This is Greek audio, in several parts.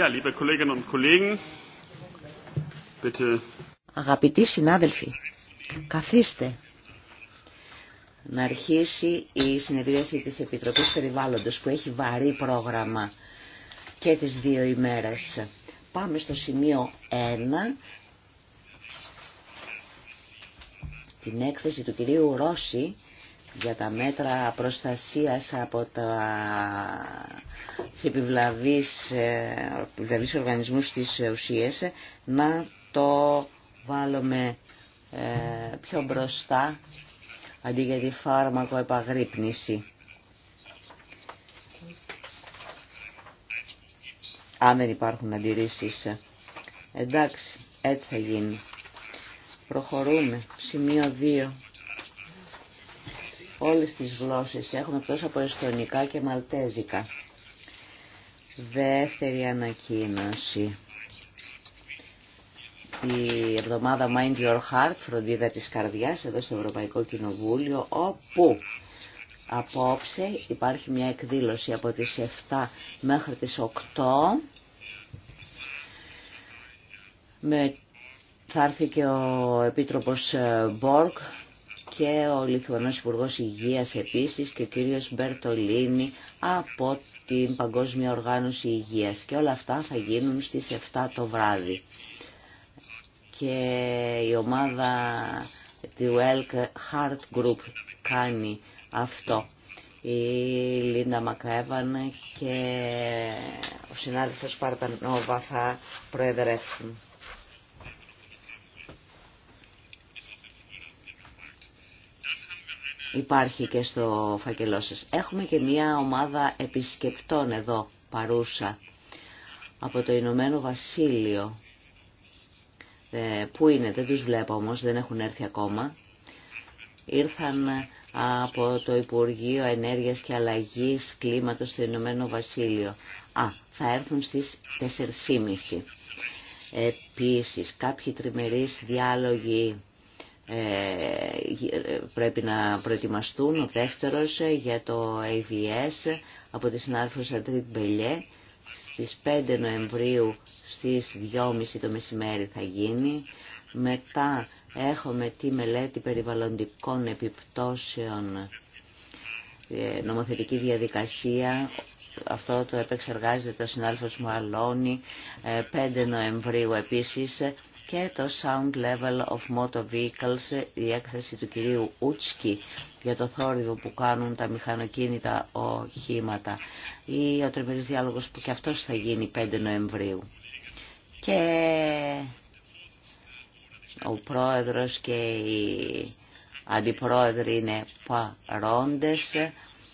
Ja, liebe Kolleginnen und Kollegen, bitte. Αγαπητοί συνάδελφοι, καθίστε να αρχίσει η συνεδρίαση της Επιτροπής Περιβάλλοντος που έχει βαρύ πρόγραμμα και τις δύο ημέρες. Πάμε στο σημείο 1, την έκθεση του κυρίου Ρώση για τα μέτρα προστασίας από τα σε επιβλαβείς, ε, επιβλαβείς οργανισμούς της ουσίας να το βάλουμε ε, πιο μπροστά αντί για τη φάρμακο επαγρύπνηση. Αν δεν υπάρχουν αντιρρήσεις. Εντάξει, έτσι θα γίνει. Προχωρούμε. Σημείο 2. Όλες τις γλώσσες έχουμε εκτός από εστονικά και μαλτέζικα. Δεύτερη ανακοίνωση. Η εβδομάδα Mind Your Heart, φροντίδα της καρδιάς, εδώ στο Ευρωπαϊκό Κοινοβούλιο, όπου απόψε υπάρχει μια εκδήλωση από τις 7 μέχρι τις 8 με θα έρθει και ο Επίτροπος Μπόρκ ε, και ο Λιθουανός Υπουργός Υγείας επίσης και ο κύριος Μπερτολίνη από την Παγκόσμια Οργάνωση Υγείας και όλα αυτά θα γίνουν στις 7 το βράδυ. Και η ομάδα του Elk Heart Group κάνει αυτό. Η Λίντα Μακέβαν και ο συνάδελφος Παρτανόβα θα προεδρεύσουν. υπάρχει και στο φακελό σας. Έχουμε και μια ομάδα επισκεπτών εδώ παρούσα από το Ηνωμένο Βασίλειο. Ε, πού είναι, δεν τους βλέπω όμως, δεν έχουν έρθει ακόμα. Ήρθαν ε, από το Υπουργείο Ενέργειας και Αλλαγής Κλίματος στο Ηνωμένο Βασίλειο. Α, θα έρθουν στις 4.30. Επίσης, κάποιοι τριμερείς διάλογοι ε, πρέπει να προετοιμαστούν. Ο δεύτερος ε, για το AVS από τη συνάδελφο Σαντρίτ Μπελιέ στις 5 Νοεμβρίου στις 2.30 το μεσημέρι θα γίνει. Μετά έχουμε τη μελέτη περιβαλλοντικών επιπτώσεων ε, νομοθετική διαδικασία. Αυτό το επεξεργάζεται ο συνάδελφος μου 5 Νοεμβρίου επίσης και το Sound Level of Motor Vehicles, η έκθεση του κυρίου Ούτσκι για το θόρυβο που κάνουν τα μηχανοκίνητα οχήματα ή ο τριμερής διάλογος που και αυτός θα γίνει 5 Νοεμβρίου. Και ο πρόεδρος και οι αντιπρόεδροι είναι παρόντες.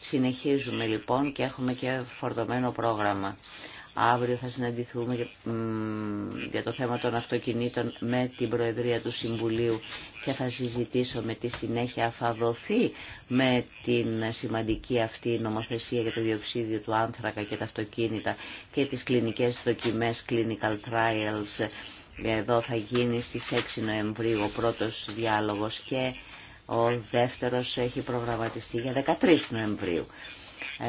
Συνεχίζουμε λοιπόν και έχουμε και φορτωμένο πρόγραμμα. Αύριο θα συναντηθούμε για το θέμα των αυτοκινήτων με την Προεδρία του Συμβουλίου και θα συζητήσω με τη συνέχεια θα δοθεί με την σημαντική αυτή νομοθεσία για το διοξίδιο του άνθρακα και τα αυτοκίνητα και τις κλινικές δοκιμές, clinical trials. Εδώ θα γίνει στις 6 Νοεμβρίου ο πρώτος διάλογος και ο δεύτερος έχει προγραμματιστεί για 13 Νοεμβρίου. Ε,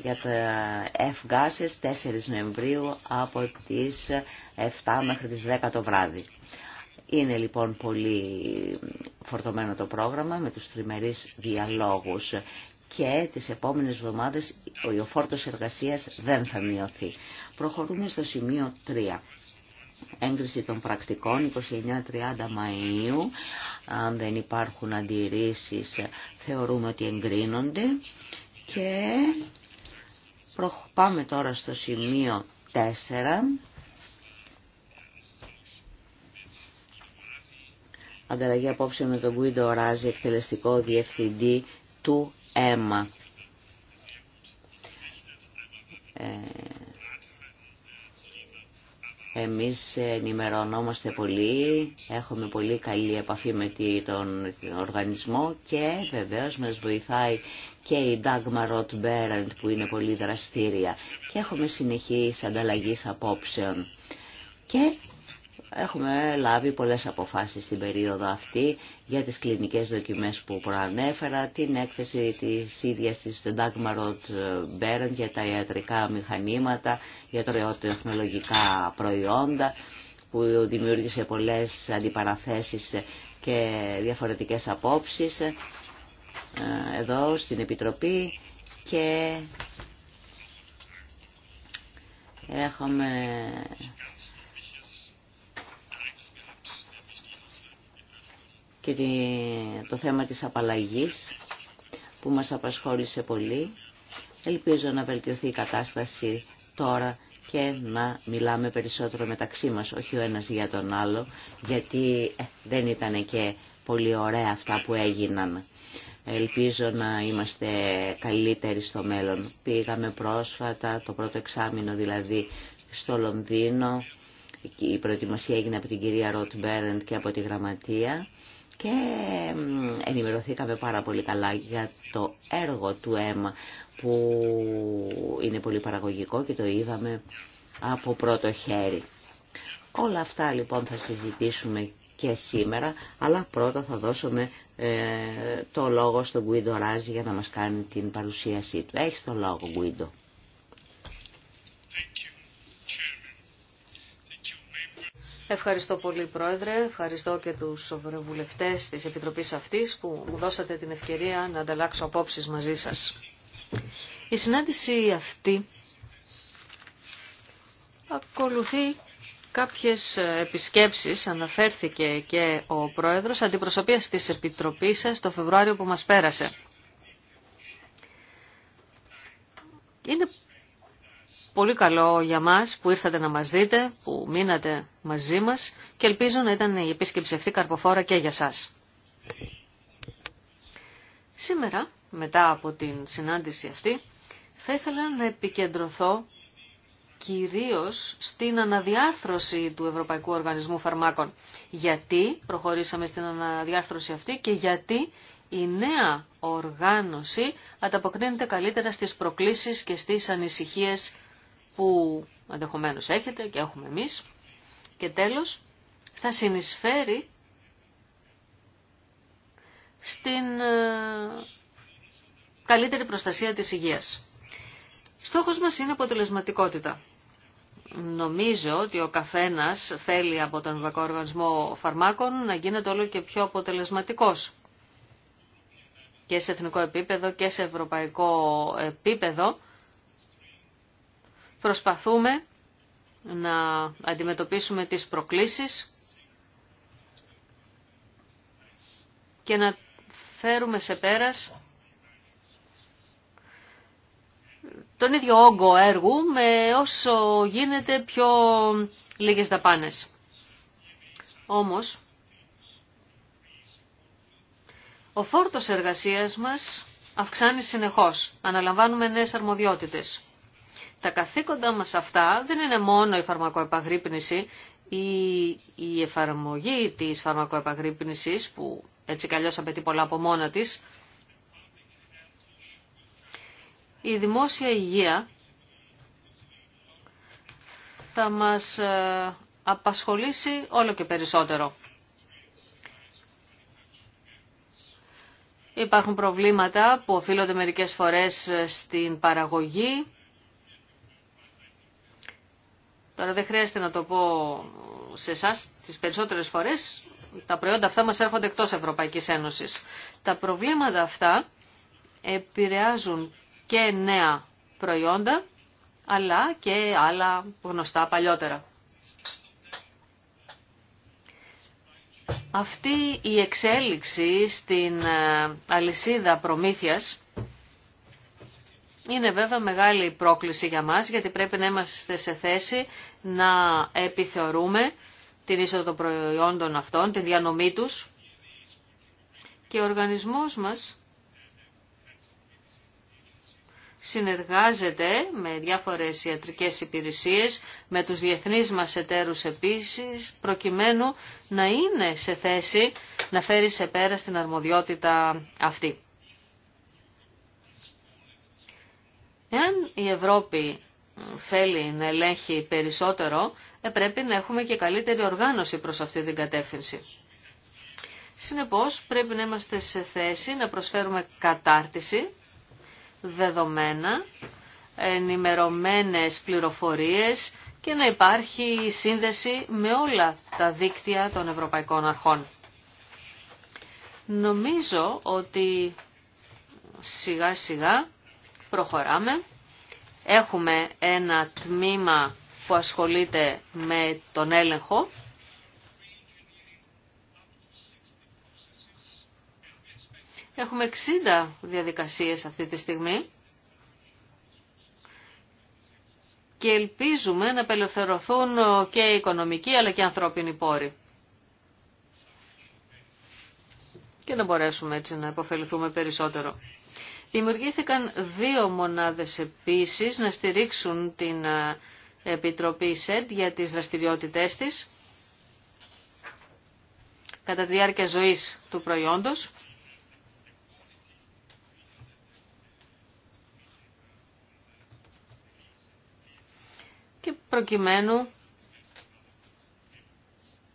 για τα f 4 Νοεμβρίου από τις 7 μέχρι τις 10 το βράδυ. Είναι λοιπόν πολύ φορτωμένο το πρόγραμμα με τους τριμερείς διαλόγους και τις επόμενες εβδομάδες ο φόρτος εργασίας δεν θα μειωθεί. Προχωρούμε στο σημείο 3 έγκριση των πρακτικών 29-30 Μαΐου. Αν δεν υπάρχουν αντιρρήσεις θεωρούμε ότι εγκρίνονται. Και πάμε τώρα στο σημείο 4. Ανταλλαγή απόψε με τον Γκουίντο Ράζη, εκτελεστικό διευθυντή του ΕΜΑ. Ε, εμείς ενημερωνόμαστε πολύ, έχουμε πολύ καλή επαφή με τον οργανισμό και βεβαίως μας βοηθάει και η Dagmar Roth που είναι πολύ δραστήρια και έχουμε συνεχής ανταλλαγής απόψεων. Και Έχουμε λάβει πολλές αποφάσεις στην περίοδο αυτή για τις κλινικές δοκιμές που προανέφερα, την έκθεση της ίδιας της Ντάγμαροτ Μπέρν για τα ιατρικά μηχανήματα, για τεχνολογικά προϊόντα, που δημιούργησε πολλές αντιπαραθέσεις και διαφορετικές απόψεις ε, εδώ στην Επιτροπή και έχουμε και το θέμα της απαλλαγής που μας απασχόλησε πολύ. Ελπίζω να βελτιωθεί η κατάσταση τώρα και να μιλάμε περισσότερο μεταξύ μας, όχι ο ένας για τον άλλο, γιατί ε, δεν ήταν και πολύ ωραία αυτά που έγιναν. Ελπίζω να είμαστε καλύτεροι στο μέλλον. Πήγαμε πρόσφατα, το πρώτο εξάμεινο δηλαδή, στο Λονδίνο. Η προετοιμασία έγινε από την κυρία Ροτ Μπέρεντ και από τη Γραμματεία και ενημερωθήκαμε πάρα πολύ καλά για το έργο του ΕΜΑ που είναι πολύ παραγωγικό και το είδαμε από πρώτο χέρι. Όλα αυτά λοιπόν θα συζητήσουμε και σήμερα, αλλά πρώτα θα δώσουμε ε, το λόγο στον Γκουίντο Ράζι για να μας κάνει την παρουσίασή του. Έχεις το λόγο Γκουίντο. Ευχαριστώ πολύ Πρόεδρε, ευχαριστώ και τους βουλευτές της Επιτροπής αυτής που μου δώσατε την ευκαιρία να ανταλλάξω απόψεις μαζί σας. Η συνάντηση αυτή ακολουθεί κάποιες επισκέψεις, αναφέρθηκε και ο Πρόεδρος, αντιπροσωπείας της Επιτροπής σας το Φεβρουάριο που μας πέρασε. Είναι πολύ καλό για μας που ήρθατε να μας δείτε, που μείνατε μαζί μας και ελπίζω να ήταν η επίσκεψη αυτή καρποφόρα και για σας. Σήμερα, μετά από την συνάντηση αυτή, θα ήθελα να επικεντρωθώ κυρίως στην αναδιάρθρωση του Ευρωπαϊκού Οργανισμού Φαρμάκων. Γιατί προχωρήσαμε στην αναδιάρθρωση αυτή και γιατί η νέα οργάνωση ανταποκρίνεται καλύτερα στις προκλήσεις και στις ανησυχίες που ενδεχομένω έχετε και έχουμε εμείς. Και τέλος, θα συνεισφέρει στην ε, καλύτερη προστασία της υγείας. Στόχος μας είναι αποτελεσματικότητα. Νομίζω ότι ο καθένας θέλει από τον Ευρωπαϊκό Οργανισμό Φαρμάκων να γίνεται όλο και πιο αποτελεσματικός. Και σε εθνικό επίπεδο και σε ευρωπαϊκό επίπεδο Προσπαθούμε να αντιμετωπίσουμε τις προκλήσεις και να φέρουμε σε πέρας τον ίδιο όγκο έργου με όσο γίνεται πιο λίγες δαπάνες. Όμως, ο φόρτος εργασίας μας αυξάνει συνεχώς. Αναλαμβάνουμε νέες αρμοδιότητες. Τα καθήκοντα μας αυτά δεν είναι μόνο η φαρμακοεπαγρύπνηση ή η εφαρμογή της φαρμακοεπαγρύπνησης που έτσι καλλιώς απαιτεί πολλά από μόνα της. Η δημόσια υγεία θα μας ε, απασχολήσει όλο και περισσότερο. Υπάρχουν προβλήματα που οφείλονται μερικές φορές ε, στην παραγωγή Τώρα δεν χρειάζεται να το πω σε εσά τις περισσότερες φορές, τα προϊόντα αυτά μας έρχονται εκτός Ευρωπαϊκής Ένωσης. Τα προβλήματα αυτά επηρεάζουν και νέα προϊόντα, αλλά και άλλα γνωστά παλιότερα. Αυτή η εξέλιξη στην ε, αλυσίδα προμήθειας είναι βέβαια μεγάλη πρόκληση για μας γιατί πρέπει να είμαστε σε θέση να επιθεωρούμε την είσοδο των προϊόντων αυτών, την διανομή τους και ο οργανισμός μας συνεργάζεται με διάφορες ιατρικές υπηρεσίες, με τους διεθνείς μας εταίρους επίσης, προκειμένου να είναι σε θέση να φέρει σε πέρα στην αρμοδιότητα αυτή. Εάν η Ευρώπη θέλει να ελέγχει περισσότερο, ε, πρέπει να έχουμε και καλύτερη οργάνωση προς αυτή την κατεύθυνση. Συνεπώς, πρέπει να είμαστε σε θέση να προσφέρουμε κατάρτιση, δεδομένα, ενημερωμένες πληροφορίες και να υπάρχει σύνδεση με όλα τα δίκτυα των Ευρωπαϊκών Αρχών. Νομίζω ότι σιγά σιγά προχωράμε. Έχουμε ένα τμήμα που ασχολείται με τον έλεγχο. Έχουμε 60 διαδικασίες αυτή τη στιγμή και ελπίζουμε να απελευθερωθούν και οι οικονομικοί αλλά και οι ανθρώπινοι πόροι. Και να μπορέσουμε έτσι να υποφεληθούμε περισσότερο. Δημιουργήθηκαν δύο μονάδες επίσης να στηρίξουν την ε, Επιτροπή ΣΕΔ για τις δραστηριότητές της κατά τη διάρκεια ζωής του προϊόντος. και προκειμένου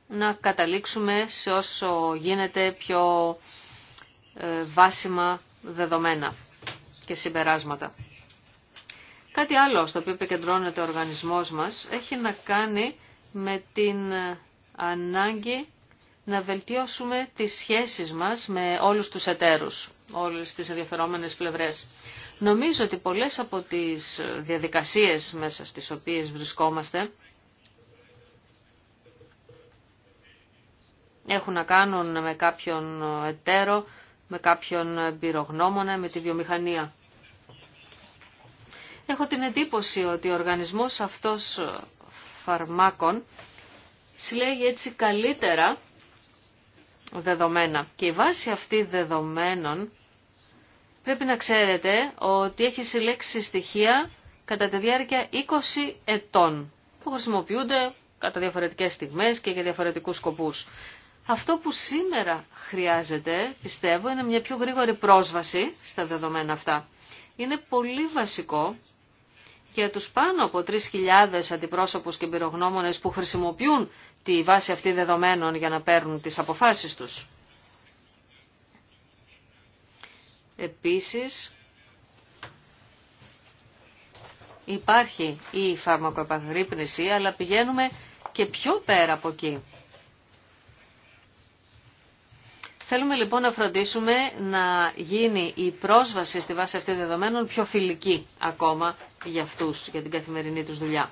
να καταλήξουμε σε όσο γίνεται πιο ε, βάσιμα δεδομένα και συμπεράσματα. Κάτι άλλο στο οποίο επικεντρώνεται ο οργανισμός μας έχει να κάνει με την ε, ανάγκη να βελτιώσουμε τις σχέσεις μας με όλους τους εταίρους, όλες τις ενδιαφερόμενες πλευρές. Νομίζω ότι πολλές από τις ε, διαδικασίες μέσα στις οποίες βρισκόμαστε έχουν να κάνουν με κάποιον εταίρο με κάποιον πυρογνώμονα, με τη βιομηχανία. Έχω την εντύπωση ότι ο οργανισμός αυτός φαρμάκων συλλέγει έτσι καλύτερα δεδομένα. Και η βάση αυτή δεδομένων πρέπει να ξέρετε ότι έχει συλλέξει στοιχεία κατά τη διάρκεια 20 ετών που χρησιμοποιούνται κατά διαφορετικές στιγμές και για διαφορετικούς σκοπούς. Αυτό που σήμερα χρειάζεται, πιστεύω, είναι μια πιο γρήγορη πρόσβαση στα δεδομένα αυτά. Είναι πολύ βασικό για τους πάνω από 3.000 αντιπρόσωπους και πυρογνώμονες που χρησιμοποιούν τη βάση αυτή δεδομένων για να παίρνουν τις αποφάσεις τους. Επίσης, υπάρχει η φαρμακοεπαγρύπνηση, αλλά πηγαίνουμε και πιο πέρα από εκεί. Θέλουμε λοιπόν να φροντίσουμε να γίνει η πρόσβαση στη βάση αυτή δεδομένων πιο φιλική ακόμα για αυτούς, για την καθημερινή τους δουλειά.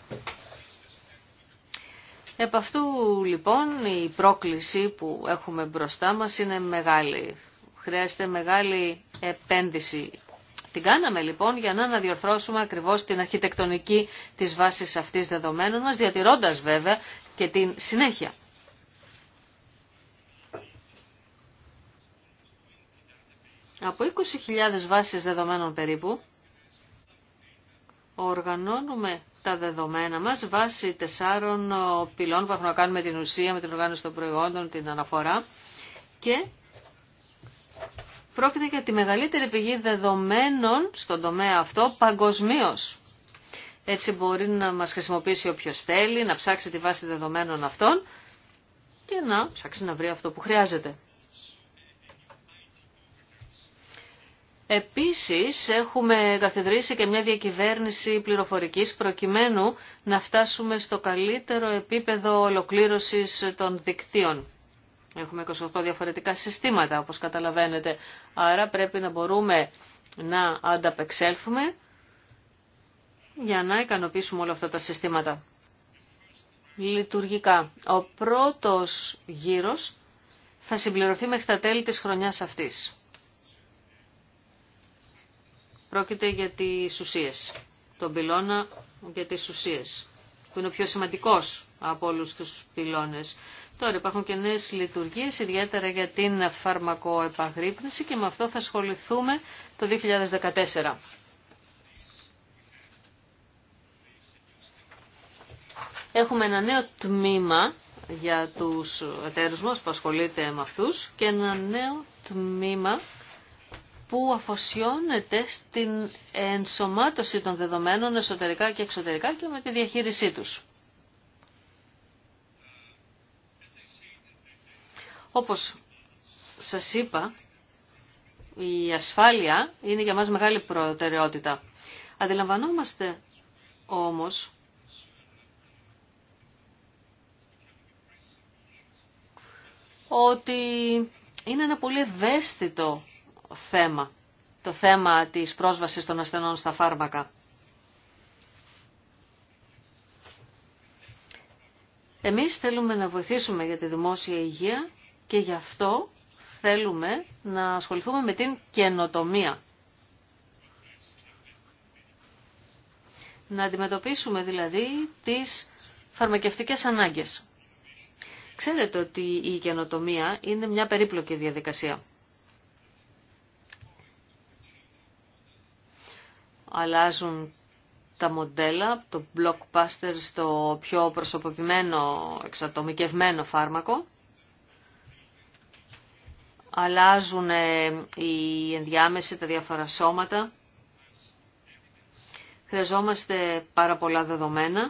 Επ' αυτού λοιπόν η πρόκληση που έχουμε μπροστά μας είναι μεγάλη. Χρειάζεται μεγάλη επένδυση. Την κάναμε λοιπόν για να αναδιορθώσουμε ακριβώς την αρχιτεκτονική της βάσης αυτής δεδομένων μας, διατηρώντας βέβαια και την συνέχεια. Από 20.000 βάσεις δεδομένων περίπου, οργανώνουμε τα δεδομένα μας βάσει τεσσάρων ε, πυλών που έχουν να κάνουν με την ουσία, με την οργάνωση των προϊόντων, την αναφορά και πρόκειται για τη μεγαλύτερη πηγή δεδομένων στον τομέα αυτό παγκοσμίω. Έτσι μπορεί να μας χρησιμοποιήσει όποιο θέλει, να ψάξει τη βάση δεδομένων αυτών και να ψάξει να βρει αυτό που χρειάζεται. Επίσης έχουμε καθιδρύσει και μια διακυβέρνηση πληροφορικής προκειμένου να φτάσουμε στο καλύτερο επίπεδο ολοκλήρωσης των δικτύων. Έχουμε 28 διαφορετικά συστήματα όπως καταλαβαίνετε, άρα πρέπει να μπορούμε να ανταπεξέλθουμε για να ικανοποιήσουμε όλα αυτά τα συστήματα. Λειτουργικά. Ο πρώτος γύρος θα συμπληρωθεί μέχρι τα τέλη της χρονιάς αυτής. Πρόκειται για τις ουσίες. Τον πυλώνα για τις ουσίες, που είναι ο πιο σημαντικός από όλους τους πυλώνες. Τώρα υπάρχουν και νέες λειτουργίες, ιδιαίτερα για την φαρμακοεπαγρύπνηση και με αυτό θα ασχοληθούμε το 2014. Έχουμε ένα νέο τμήμα για τους εταίρους μας που ασχολείται με αυτούς και ένα νέο τμήμα που αφοσιώνεται στην ενσωμάτωση των δεδομένων εσωτερικά και εξωτερικά και με τη διαχείρισή τους. Όπως σας είπα, η ασφάλεια είναι για μας μεγάλη προτεραιότητα. Αντιλαμβανόμαστε όμως ότι είναι ένα πολύ ευαίσθητο θέμα, το θέμα της πρόσβασης των ασθενών στα φάρμακα. Εμείς θέλουμε να βοηθήσουμε για τη δημόσια υγεία και γι' αυτό θέλουμε να ασχοληθούμε με την καινοτομία. Να αντιμετωπίσουμε δηλαδή τις φαρμακευτικές ανάγκες. Ξέρετε ότι η καινοτομία είναι μια περίπλοκη διαδικασία. αλλάζουν τα μοντέλα το blockbuster στο πιο προσωποποιημένο, εξατομικευμένο φάρμακο. Αλλάζουν ε, οι ενδιάμεση, τα διάφορα σώματα. Χρειαζόμαστε πάρα πολλά δεδομένα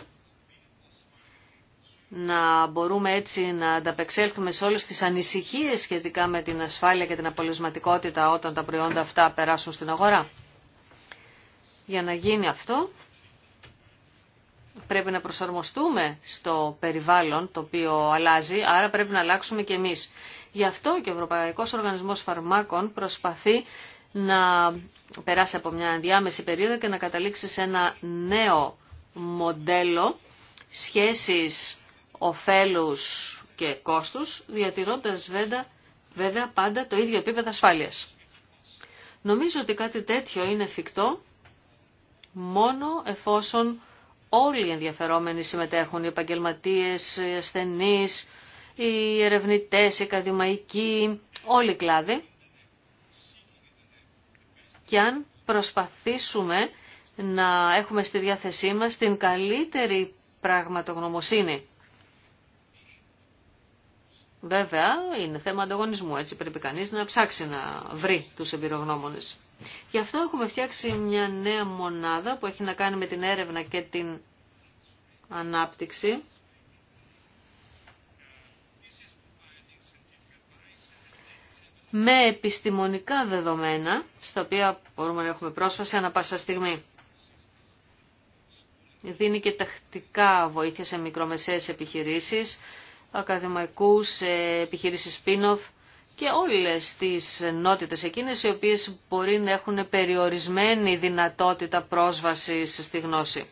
να μπορούμε έτσι να ανταπεξέλθουμε σε όλες τις ανησυχίες σχετικά με την ασφάλεια και την απολυσματικότητα όταν τα προϊόντα αυτά περάσουν στην αγορά. Για να γίνει αυτό πρέπει να προσαρμοστούμε στο περιβάλλον το οποίο αλλάζει, άρα πρέπει να αλλάξουμε και εμείς. Γι' αυτό και ο Ευρωπαϊκός Οργανισμός Φαρμάκων προσπαθεί να περάσει από μια ενδιάμεση περίοδο και να καταλήξει σε ένα νέο μοντέλο σχέσεις οφέλους και κόστους, διατηρώντας βέβαια, βέβαια πάντα το ίδιο επίπεδο ασφάλειας. Νομίζω ότι κάτι τέτοιο είναι εφικτό μόνο εφόσον όλοι οι ενδιαφερόμενοι συμμετέχουν, οι επαγγελματίες, οι ασθενείς, οι ερευνητές, οι ακαδημαϊκοί, όλοι οι κλάδοι. Και αν προσπαθήσουμε να έχουμε στη διάθεσή μας την καλύτερη πραγματογνωμοσύνη. Βέβαια, είναι θέμα ανταγωνισμού, έτσι πρέπει κανείς να ψάξει να βρει τους εμπειρογνώμονες. Γι' αυτό έχουμε φτιάξει μια νέα μονάδα που έχει να κάνει με την έρευνα και την ανάπτυξη. με επιστημονικά δεδομένα, στα οποία μπορούμε να έχουμε πρόσφαση ανά πάσα στιγμή. Δίνει και τακτικά βοήθεια σε μικρομεσαίες επιχειρήσεις, ακαδημαϊκούς, ε, επιχειρήσεις και όλες τις ενότητες εκείνες οι οποίες μπορεί να έχουν περιορισμένη δυνατότητα πρόσβασης στη γνώση.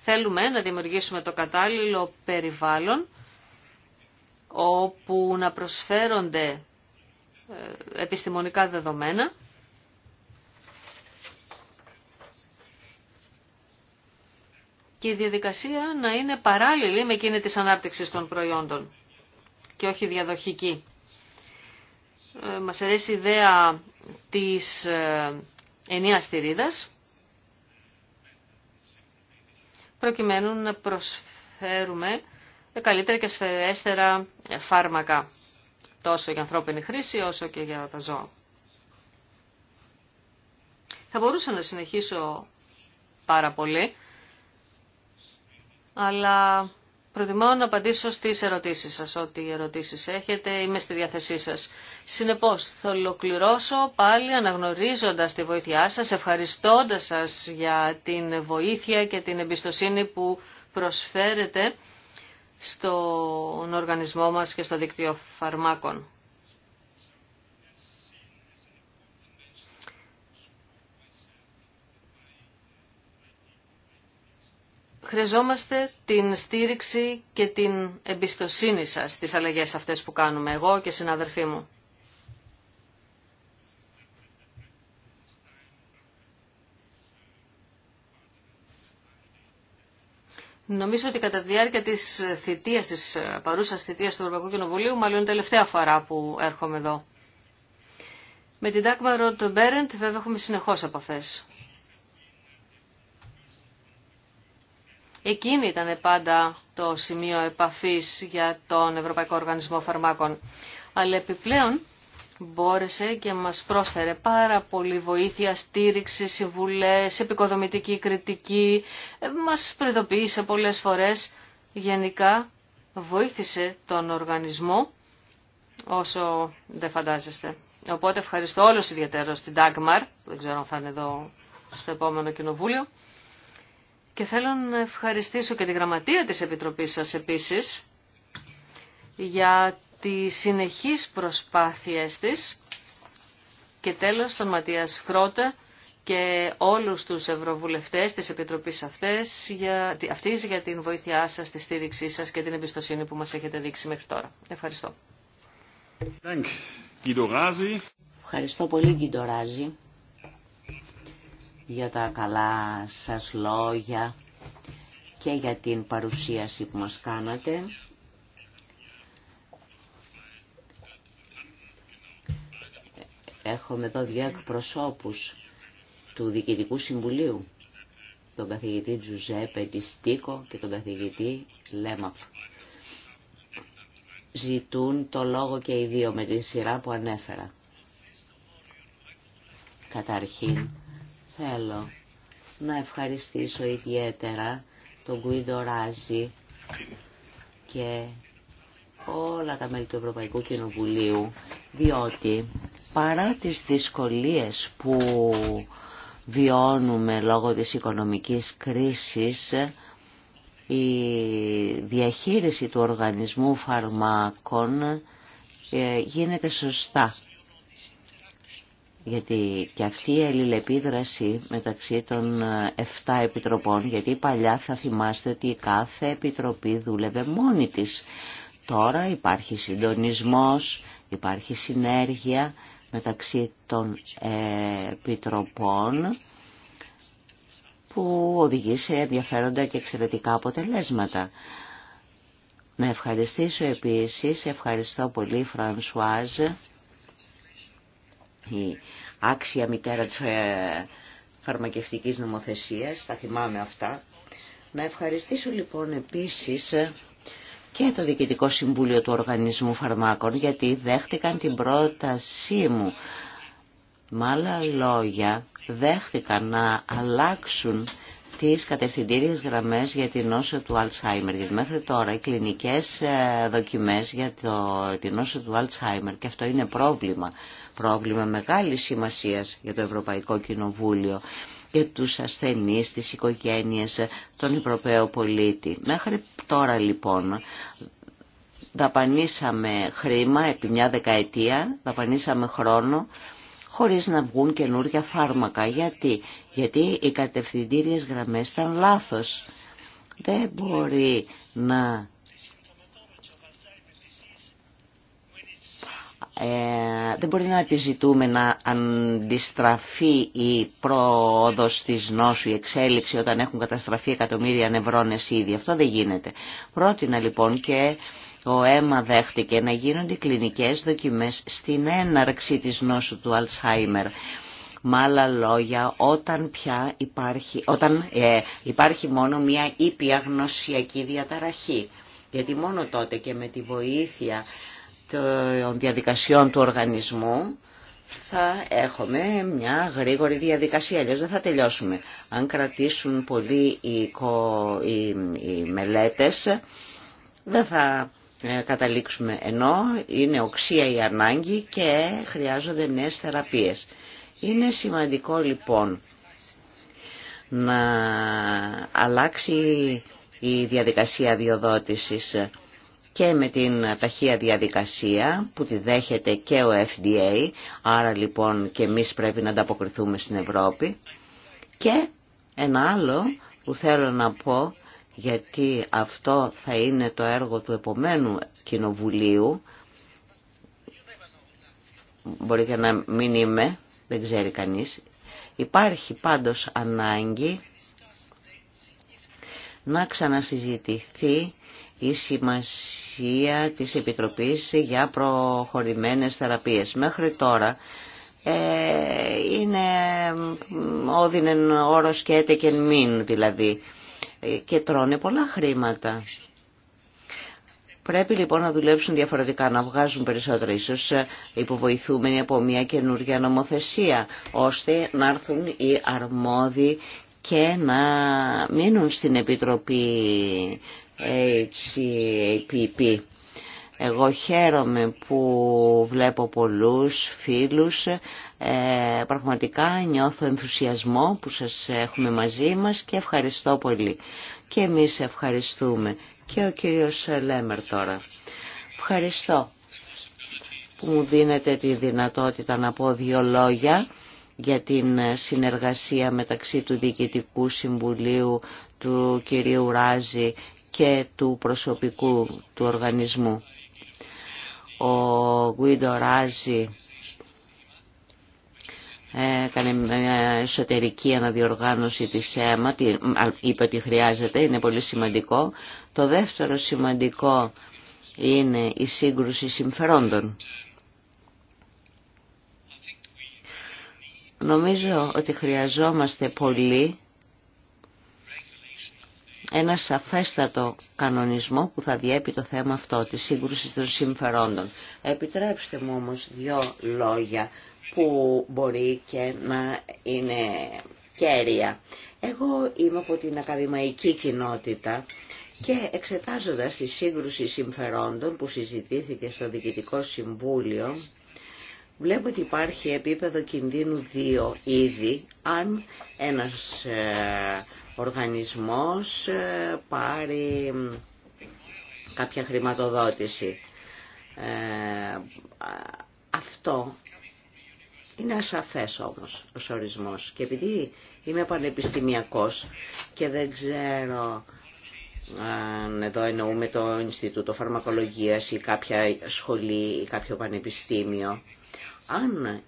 Θέλουμε να δημιουργήσουμε το κατάλληλο περιβάλλον όπου να προσφέρονται ε, επιστημονικά δεδομένα και η διαδικασία να είναι παράλληλη με εκείνη της ανάπτυξης των προϊόντων και όχι διαδοχική. Ε, μας αρέσει η ιδέα της ε, ενίας στηρίδας, προκειμένου να προσφέρουμε ε, καλύτερα και σφαιρέστερα φάρμακα, τόσο για ανθρώπινη χρήση όσο και για τα ζώα. Θα μπορούσα να συνεχίσω πάρα πολύ, αλλά προτιμώ να απαντήσω στις ερωτήσεις σας, ό,τι ερωτήσεις έχετε, είμαι στη διάθεσή σας. Συνεπώς, θα ολοκληρώσω πάλι αναγνωρίζοντας τη βοήθειά σας, ευχαριστώντας σας για την βοήθεια και την εμπιστοσύνη που προσφέρετε στον οργανισμό μας και στο δίκτυο φαρμάκων. χρειαζόμαστε την στήριξη και την εμπιστοσύνη σας στις αλλαγές αυτές που κάνουμε εγώ και συναδελφοί μου. Νομίζω ότι κατά τη διάρκεια της θητείας, της παρούσας θητείας του Ευρωπαϊκού Κοινοβουλίου, μάλλον είναι τελευταία φορά που έρχομαι εδώ. Με την Dagmar Rod Berendt βέβαια έχουμε συνεχώς επαφές. Εκείνη ήταν πάντα το σημείο επαφής για τον Ευρωπαϊκό Οργανισμό Φαρμάκων. Αλλά επιπλέον μπόρεσε και μας πρόσφερε πάρα πολύ βοήθεια, στήριξη, συμβουλές, επικοδομητική κριτική, ε, μας προειδοποίησε πολλές φορές. Γενικά βοήθησε τον οργανισμό όσο δεν φαντάζεστε. Οπότε ευχαριστώ όλους ιδιαίτερα στην Dagmar, δεν ξέρω αν θα είναι εδώ στο επόμενο κοινοβούλιο. Και θέλω να ευχαριστήσω και τη γραμματεία της Επιτροπής σας επίσης για τις συνεχείς προσπάθειες της και τέλος τον Ματίας Χρότε και όλους τους ευρωβουλευτές της Επιτροπής αυτές, για, αυτής για την βοήθειά σας, τη στήριξή σας και την εμπιστοσύνη που μας έχετε δείξει μέχρι τώρα. Ευχαριστώ. Ευχαριστώ πολύ Κιντοράζη για τα καλά σας λόγια και για την παρουσίαση που μας κάνατε. Έχουμε εδώ δύο εκπροσώπους του Διοικητικού Συμβουλίου, τον καθηγητή Τζουζέπε Τιστίκο και τον καθηγητή Λέμαφ. Ζητούν το λόγο και οι δύο με τη σειρά που ανέφερα. Καταρχήν, Θέλω να ευχαριστήσω ιδιαίτερα τον Κουίντο Ράζη και όλα τα μέλη του Ευρωπαϊκού Κοινοβουλίου, διότι παρά τις δυσκολίες που βιώνουμε λόγω της οικονομικής κρίσης, η διαχείριση του οργανισμού φαρμάκων ε, γίνεται σωστά γιατί και αυτή η αλληλεπίδραση μεταξύ των 7 ε, επιτροπών, γιατί παλιά θα θυμάστε ότι κάθε επιτροπή δούλευε μόνη της. Τώρα υπάρχει συντονισμός, υπάρχει συνέργεια μεταξύ των ε, επιτροπών που οδηγεί σε ενδιαφέροντα και εξαιρετικά αποτελέσματα. Να ευχαριστήσω επίσης, ευχαριστώ πολύ Φρανσουάζ, η άξια μητέρα της ε, φαρμακευτικής νομοθεσίας, θα θυμάμαι αυτά. Να ευχαριστήσω λοιπόν επίσης ε, και το Διοικητικό Συμβούλιο του Οργανισμού Φαρμάκων γιατί δέχτηκαν την πρότασή μου. Με άλλα λόγια, δέχτηκαν να αλλάξουν τις κατευθυντήριες γραμμές για την νόσο του Αλτσχάιμερ. Γιατί μέχρι τώρα οι κλινικές ε, δοκιμές για το, την νόσο του Αλτσχάιμερ και αυτό είναι πρόβλημα. Πρόβλημα μεγάλης σημασίας για το Ευρωπαϊκό Κοινοβούλιο και τους ασθενείς, τις οικογένειες, τον Ευρωπαίο πολίτη. Μέχρι τώρα λοιπόν δαπανίσαμε χρήμα επί μια δεκαετία, δαπανίσαμε χρόνο, χωρίς να βγουν καινούργια φάρμακα. Γιατί, γιατί οι κατευθυντήριες γραμμές ήταν λάθος. Δεν μπορεί να ε, δεν μπορεί να επιζητούμε να αντιστραφεί η πρόοδος της νόσου, η εξέλιξη όταν έχουν καταστραφεί εκατομμύρια νευρώνες ήδη. Αυτό δεν γίνεται. Πρότεινα λοιπόν και ο αίμα δέχτηκε να γίνονται κλινικές δοκιμές στην έναρξη της νόσου του Αλτσχάιμερ. Με άλλα λόγια, όταν πια υπάρχει, όταν, ε, υπάρχει μόνο μια ήπια γνωσιακή διαταραχή. Γιατί μόνο τότε και με τη βοήθεια των διαδικασιών του οργανισμού θα έχουμε μια γρήγορη διαδικασία, αλλιώς δεν θα τελειώσουμε. Αν κρατήσουν πολύ οι, οι, μελέτες, δεν θα ε, καταλήξουμε. Ενώ είναι οξία η ανάγκη και χρειάζονται νέες θεραπείες. Είναι σημαντικό λοιπόν να αλλάξει η διαδικασία διοδότησης και με την ταχεία διαδικασία που τη δέχεται και ο FDA, άρα λοιπόν και εμείς πρέπει να ανταποκριθούμε στην Ευρώπη. Και ένα άλλο που θέλω να πω, γιατί αυτό θα είναι το έργο του επομένου κοινοβουλίου, μπορεί και να μην είμαι, δεν ξέρει κανείς. Υπάρχει πάντως ανάγκη να ξανασυζητηθεί η σημασία της Επιτροπής για προχωρημένες θεραπείες. Μέχρι τώρα ε, είναι όδινεν όρος και έτεκεν μην δηλαδή ε, και τρώνε πολλά χρήματα Πρέπει λοιπόν να δουλέψουν διαφορετικά, να βγάζουν περισσότερο ίσως ε, υποβοηθούμενοι από μια καινούργια νομοθεσία, ώστε να έρθουν οι αρμόδιοι και να μείνουν στην Επιτροπή HAPP. Εγώ χαίρομαι που βλέπω πολλούς φίλους, ε, πραγματικά νιώθω ενθουσιασμό που σας έχουμε μαζί μας και ευχαριστώ πολύ. Και εμείς ευχαριστούμε και ο κύριος Λέμερ τώρα. Ευχαριστώ που μου δίνετε τη δυνατότητα να πω δύο λόγια για την συνεργασία μεταξύ του Διοικητικού Συμβουλίου του κυρίου Ράζη και του προσωπικού του οργανισμού. Ο Γουίντο Ράζη έκανε μια εσωτερική αναδιοργάνωση της ΕΜΑ, είπε ότι χρειάζεται, είναι πολύ σημαντικό. Το δεύτερο σημαντικό είναι η σύγκρουση συμφερόντων. Νομίζω ότι χρειαζόμαστε πολύ ένα σαφέστατο κανονισμό που θα διέπει το θέμα αυτό, τη σύγκρουση των συμφερόντων. Επιτρέψτε μου όμως δύο λόγια που μπορεί και να είναι κέρια. Εγώ είμαι από την ακαδημαϊκή κοινότητα και εξετάζοντας τη σύγκρουση συμφερόντων που συζητήθηκε στο Διοικητικό Συμβούλιο, βλέπω ότι υπάρχει επίπεδο κινδύνου δύο ήδη, αν ένας ε, οργανισμός ε, πάρει κάποια χρηματοδότηση. Ε, αυτό είναι ασαφές όμως ο ορισμός και επειδή είμαι πανεπιστημιακός και δεν ξέρω αν εδώ εννοούμε το Ινστιτούτο Φαρμακολογίας ή κάποια σχολή ή κάποιο πανεπιστήμιο, αν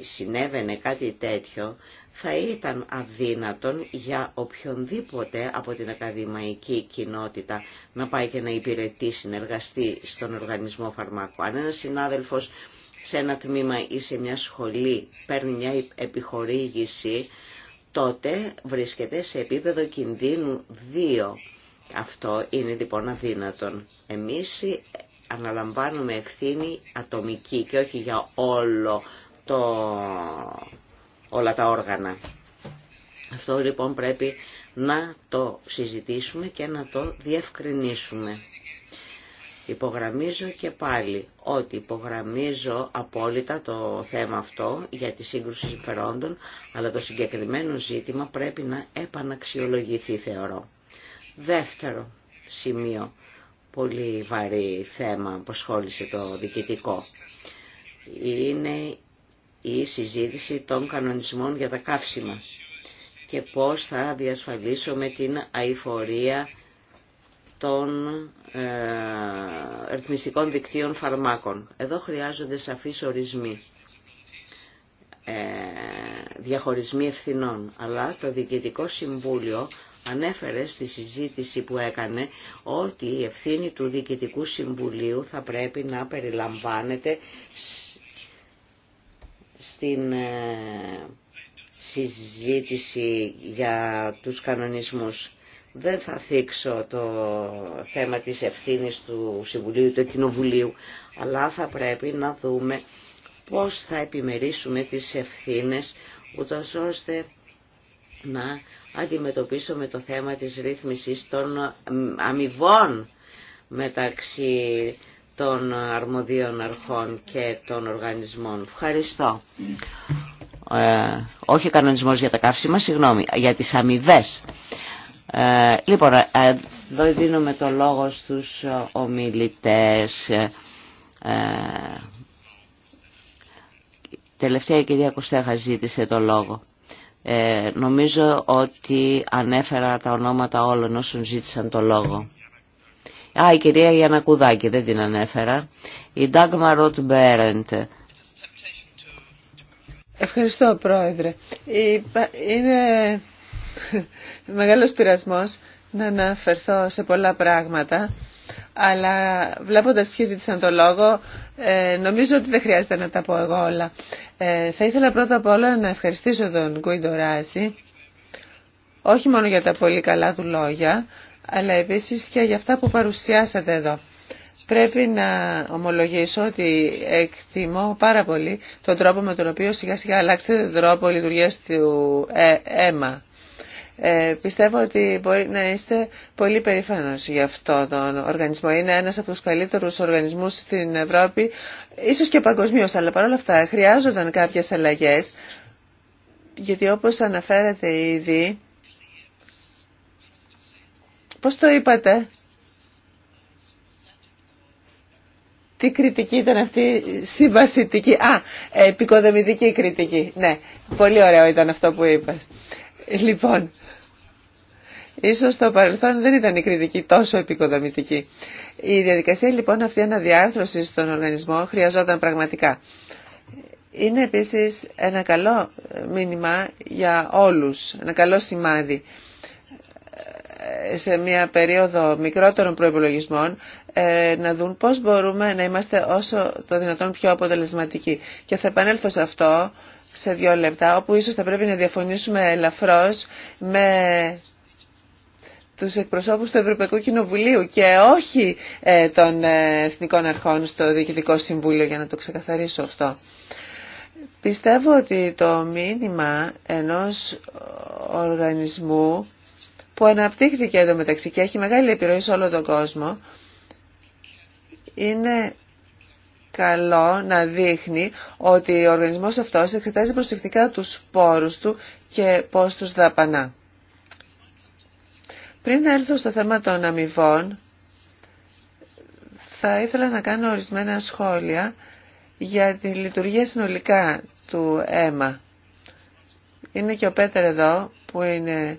συνέβαινε κάτι τέτοιο, θα ήταν αδύνατον για οποιονδήποτε από την ακαδημαϊκή κοινότητα να πάει και να υπηρετεί, συνεργαστεί στον οργανισμό φαρμάκου. Αν ένας συνάδελφος σε ένα τμήμα ή σε μια σχολή παίρνει μια επιχορήγηση, τότε βρίσκεται σε επίπεδο κινδύνου 2. Αυτό είναι λοιπόν αδύνατον. Εμείς αναλαμβάνουμε ευθύνη ατομική και όχι για όλο το... όλα τα όργανα. Αυτό λοιπόν πρέπει να το συζητήσουμε και να το διευκρινίσουμε. Υπογραμμίζω και πάλι ότι υπογραμμίζω απόλυτα το θέμα αυτό για τη σύγκρουση συμφερόντων, αλλά το συγκεκριμένο ζήτημα πρέπει να επαναξιολογηθεί θεωρώ. Δεύτερο σημείο, πολύ βαρύ θέμα που ασχόλησε το διοικητικό, είναι η συζήτηση των κανονισμών για τα καύσιμα και πώς θα διασφαλίσουμε την αηφορία των ε, δικτύων φαρμάκων. Εδώ χρειάζονται σαφείς ορισμοί, ε, διαχωρισμοί ευθυνών, αλλά το Διοικητικό Συμβούλιο ανέφερε στη συζήτηση που έκανε ότι η ευθύνη του Διοικητικού Συμβουλίου θα πρέπει να περιλαμβάνεται στην ε, συζήτηση για τους κανονισμούς. Δεν θα θίξω το θέμα της ευθύνης του Συμβουλίου του Κοινοβουλίου, αλλά θα πρέπει να δούμε πώς θα επιμερίσουμε τις ευθύνες, ούτως ώστε να αντιμετωπίσουμε το θέμα της ρύθμισης των αμοιβών μεταξύ των αρμοδίων αρχών και των οργανισμών. Ευχαριστώ. Ε, όχι κανονισμός για τα καύσιμα, συγγνώμη, για τις αμοιβέ. Ε, λοιπόν, ε, εδώ δίνουμε το λόγο στους ομιλητές. Ε, τελευταία η κυρία Κουστέχα ζήτησε το λόγο. Ε, νομίζω ότι ανέφερα τα ονόματα όλων όσων ζήτησαν το λόγο. Α, η κυρία Γιανακουδάκη, δεν την ανέφερα. Η Ντάγμα Ροτ Μπέρεντ. Ευχαριστώ, Πρόεδρε. Είναι μεγάλος πειρασμός να αναφερθώ σε πολλά πράγματα, αλλά βλέποντας ποιοι ζήτησαν το λόγο, ε, νομίζω ότι δεν χρειάζεται να τα πω εγώ όλα. Ε, θα ήθελα πρώτα απ' όλα να ευχαριστήσω τον Γκουίντο Ράση, όχι μόνο για τα πολύ καλά του λόγια, αλλά επίσης και για αυτά που παρουσιάσατε εδώ. Πρέπει να ομολογήσω ότι εκτιμώ πάρα πολύ τον τρόπο με τον οποίο σιγά σιγά αλλάξετε τον τρόπο λειτουργίας του ε, αίμα. Ε, πιστεύω ότι μπορεί να είστε πολύ περήφανος για αυτόν τον οργανισμό. Είναι ένας από τους καλύτερους οργανισμούς στην Ευρώπη, ίσως και παγκοσμίως, αλλά παρόλα αυτά χρειάζονταν κάποιες αλλαγές, γιατί όπως αναφέρατε ήδη, πώς το είπατε, Τι κριτική ήταν αυτή, συμπαθητική. Α, επικοδομητική κριτική. Ναι, πολύ ωραίο ήταν αυτό που είπες. Λοιπόν, ίσως στο παρελθόν δεν ήταν η κριτική τόσο επικοδομητική. Η διαδικασία λοιπόν αυτή αναδιάρθρωση στον οργανισμό χρειαζόταν πραγματικά. Είναι επίσης ένα καλό μήνυμα για όλους, ένα καλό σημάδι σε μια περίοδο μικρότερων προϋπολογισμών ε, να δουν πώς μπορούμε να είμαστε όσο το δυνατόν πιο αποτελεσματικοί. Και θα επανέλθω σε αυτό σε δύο λεπτά, όπου ίσως θα πρέπει να διαφωνήσουμε ελαφρώς με τους εκπροσώπους του Ευρωπαϊκού Κοινοβουλίου και όχι ε, των ε, Εθνικών Αρχών στο Διοικητικό Συμβούλιο, για να το ξεκαθαρίσω αυτό. Πιστεύω ότι το μήνυμα ενός οργανισμού που αναπτύχθηκε μεταξύ και έχει μεγάλη επιρροή σε όλο τον κόσμο, είναι καλό να δείχνει ότι ο οργανισμός αυτός εξετάζει προσεκτικά τους πόρους του και πώς τους δαπανά. Πριν έρθω στο θέμα των αμοιβών, θα ήθελα να κάνω ορισμένα σχόλια για τη λειτουργία συνολικά του αίμα. Είναι και ο Πέτερ εδώ που είναι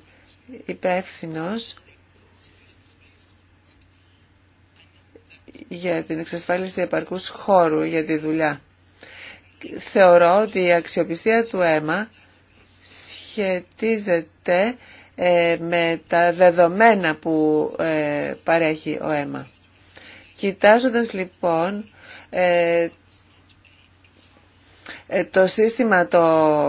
υπεύθυνο για την εξασφάλιση επαρκούς χώρου για τη δουλειά. Θεωρώ ότι η αξιοπιστία του αίμα σχετίζεται ε, με τα δεδομένα που ε, παρέχει ο αίμα. Κοιτάζοντας λοιπόν ε, το σύστημα το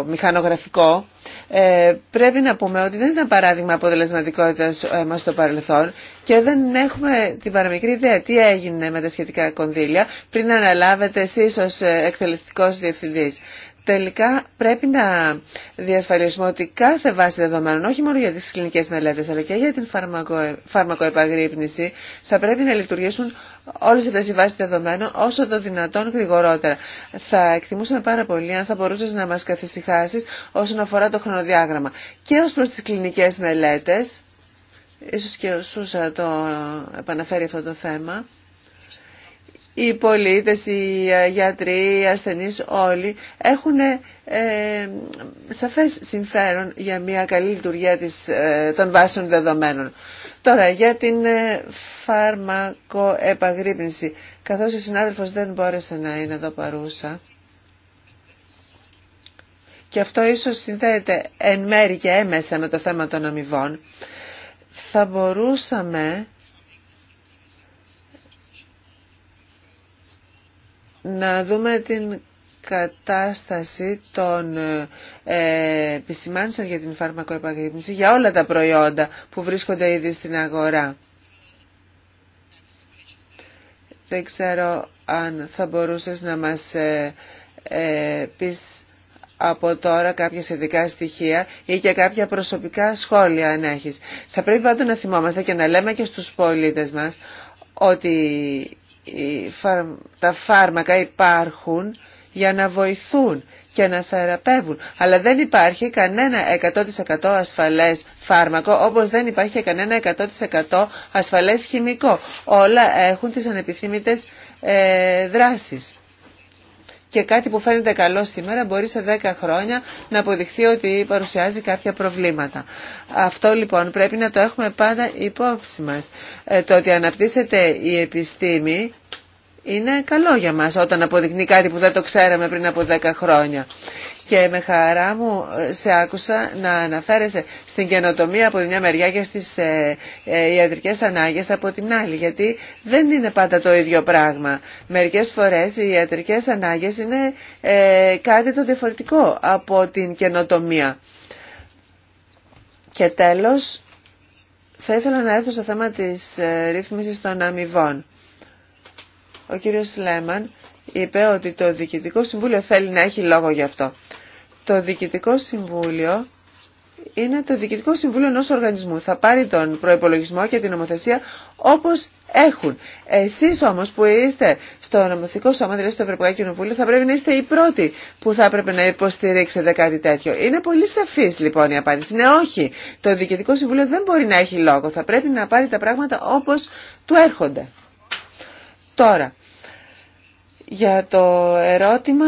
μηχανογραφικό ε, πρέπει να πούμε ότι δεν ήταν παράδειγμα αποτελεσματικότητας ε, μας στο παρελθόν και δεν έχουμε την παραμικρή ιδέα τι έγινε με τα σχετικά κονδύλια πριν αναλάβετε εσείς ως ε, εκτελεστικός διευθυντής τελικά πρέπει να διασφαλίσουμε ότι κάθε βάση δεδομένων, όχι μόνο για τις κλινικές μελέτες, αλλά και για την φαρμακο, φαρμακοεπαγρύπνηση, θα πρέπει να λειτουργήσουν όλες αυτές οι βάσεις δεδομένων όσο το δυνατόν γρηγορότερα. Θα εκτιμούσαμε πάρα πολύ αν θα μπορούσε να μας καθησυχάσεις όσον αφορά το χρονοδιάγραμμα. Και ως προς τις κλινικές μελέτες, ίσως και ο Σούσα το επαναφέρει αυτό το θέμα, οι πολίτες, οι ε, γιατροί, οι ασθενείς όλοι έχουν ε, σαφές συμφέρον για μια καλή λειτουργία της, ε, των βάσεων δεδομένων. Τώρα για την φάρμακο ε, φάρμακοεπαγρύπνηση. Καθώς ο συνάδελφος δεν μπόρεσε να είναι εδώ παρούσα και αυτό ίσως συνδέεται εν μέρη και έμεσα με το θέμα των αμοιβών, θα μπορούσαμε να δούμε την κατάσταση των ε, επισημάνσεων για την φαρμακοεπαγρύπνηση για όλα τα προϊόντα που βρίσκονται ήδη στην αγορά. Δεν ξέρω αν θα μπορούσες να μας ε, ε πεις από τώρα κάποια σχετικά στοιχεία ή και κάποια προσωπικά σχόλια αν έχεις. Θα πρέπει πάντα να θυμόμαστε και να λέμε και στους πολίτες μας ότι τα φάρμακα υπάρχουν για να βοηθούν και να θεραπεύουν. Αλλά δεν υπάρχει κανένα 100% ασφαλές φάρμακο, όπως δεν υπάρχει κανένα 100% ασφαλές χημικό. Όλα έχουν τις ανεπιθύμητες ε, δράσεις και κάτι που φαίνεται καλό σήμερα μπορεί σε 10 χρόνια να αποδειχθεί ότι παρουσιάζει κάποια προβλήματα. Αυτό λοιπόν πρέπει να το έχουμε πάντα υπόψη μας. Ε, το ότι αναπτύσσεται η επιστήμη είναι καλό για μας όταν αποδεικνύει κάτι που δεν το ξέραμε πριν από 10 χρόνια και με χαρά μου ε, σε άκουσα να αναφέρεσαι στην καινοτομία από τη μια μεριά και στις ε, ε, ιατρικές ανάγκες από την άλλη γιατί δεν είναι πάντα το ίδιο πράγμα. Μερικές φορές οι ιατρικές ανάγκες είναι κάτι το διαφορετικό από την καινοτομία. Και τέλος, θα ήθελα να έρθω στο θέμα της ρύθμισης των αμοιβών. Ο κύριος Λέμαν είπε ότι το Διοικητικό Συμβούλιο θέλει να έχει λόγο γι' αυτό το Διοικητικό Συμβούλιο είναι το Διοικητικό Συμβούλιο ενός οργανισμού. Θα πάρει τον προϋπολογισμό και την νομοθεσία όπως έχουν. Εσείς όμως που είστε στο νομοθετικό σώμα, δηλαδή στο Ευρωπαϊκό Κοινοβούλιο, θα πρέπει να είστε οι πρώτοι που θα έπρεπε να υποστηρίξετε κάτι τέτοιο. Είναι πολύ σαφής λοιπόν η απάντηση. Ναι, όχι. Το Διοικητικό Συμβούλιο δεν μπορεί να έχει λόγο. Θα πρέπει να πάρει τα πράγματα όπως του έρχονται. Τώρα, για το ερώτημα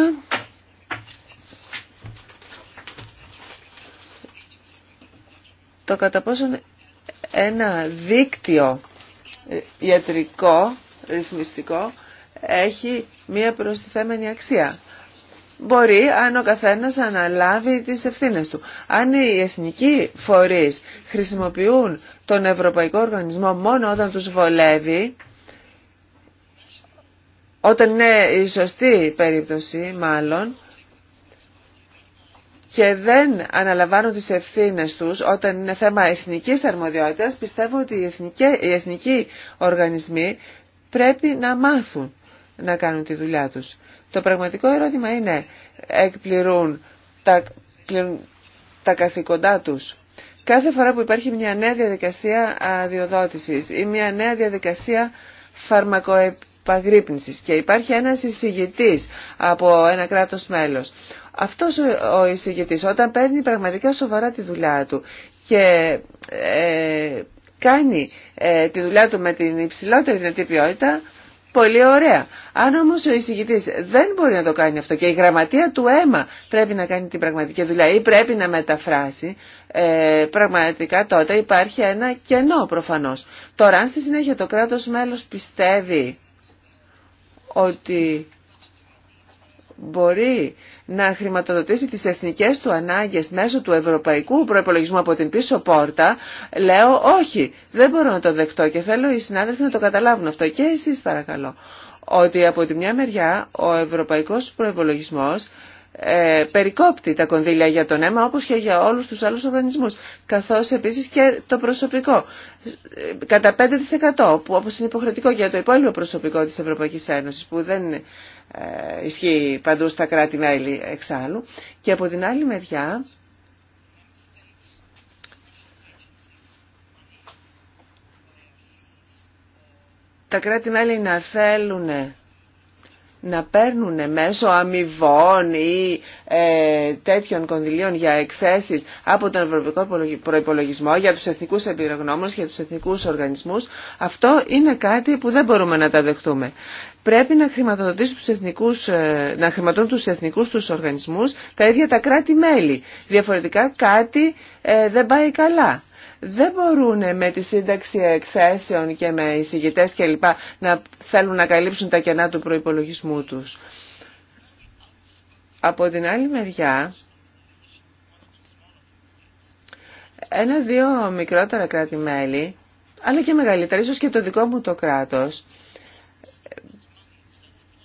το κατά πόσον ένα δίκτυο ιατρικό, ρυθμιστικό, έχει μία προστιθέμενη αξία. Μπορεί αν ο καθένας αναλάβει τις ευθύνες του. Αν οι εθνικοί φορείς χρησιμοποιούν τον Ευρωπαϊκό Οργανισμό μόνο όταν τους βολεύει, όταν είναι η σωστή περίπτωση μάλλον, και δεν αναλαμβάνουν τις ευθύνες τους όταν είναι θέμα εθνικής αρμοδιότητας, πιστεύω ότι οι, εθνικοί, οι οργανισμοί πρέπει να μάθουν να κάνουν τη δουλειά τους. Το πραγματικό ερώτημα είναι, εκπληρούν τα, τα καθήκοντά τους. Κάθε φορά που υπάρχει μια νέα διαδικασία αδειοδότησης ή μια νέα διαδικασία φαρμακοεπαγρύπνησης και υπάρχει ένας εισηγητής από ένα κράτος μέλος, αυτός ο εισηγητής όταν παίρνει πραγματικά σοβαρά τη δουλειά του και ε, κάνει ε, τη δουλειά του με την υψηλότερη δυνατή ποιότητα, πολύ ωραία. Αν όμως ο εισηγητής δεν μπορεί να το κάνει αυτό και η γραμματεία του αίμα πρέπει να κάνει την πραγματική δουλειά ή πρέπει να μεταφράσει, ε, πραγματικά τότε υπάρχει ένα κενό προφανώς. Τώρα αν στη συνέχεια το κράτος μέλος πιστεύει ότι μπορεί να χρηματοδοτήσει τις εθνικές του ανάγκες μέσω του ευρωπαϊκού προϋπολογισμού από την πίσω πόρτα, λέω όχι, δεν μπορώ να το δεχτώ και θέλω οι συνάδελφοι να το καταλάβουν αυτό και εσείς παρακαλώ. Ότι από τη μια μεριά ο ευρωπαϊκός προϋπολογισμός ε, περικόπτει τα κονδύλια για τον αίμα όπως και για όλους τους άλλους οργανισμούς καθώς επίσης και το προσωπικό κατά 5% που όπως είναι υποχρεωτικό για το υπόλοιπο προσωπικό της Ευρωπαϊκής Ένωσης που δεν ε, ισχύει παντού στα κράτη-μέλη εξάλλου. Και από την άλλη μεριά τα κράτη-μέλη να θέλουν να παίρνουν μέσω αμοιβών ή ε, τέτοιων κονδυλίων για εκθέσεις από τον Ευρωπαϊκό Προϋπολογισμό για τους εθνικούς εμπειρογνώμους, για τους εθνικούς οργανισμούς, αυτό είναι κάτι που δεν μπορούμε να τα δεχτούμε πρέπει να χρηματοδοτήσουν τους εθνικούς, ε, να χρηματοδοτούν τους εθνικούς τους οργανισμούς τα ίδια τα κράτη-μέλη. Διαφορετικά κάτι ε, δεν πάει καλά. Δεν μπορούν με τη σύνταξη εκθέσεων και με εισηγητές κλπ. να θέλουν να καλύψουν τα κενά του προϋπολογισμού τους. Από την άλλη μεριά, ένα-δύο μικρότερα κράτη-μέλη, αλλά και μεγαλύτερα, ίσως και το δικό μου το κράτος,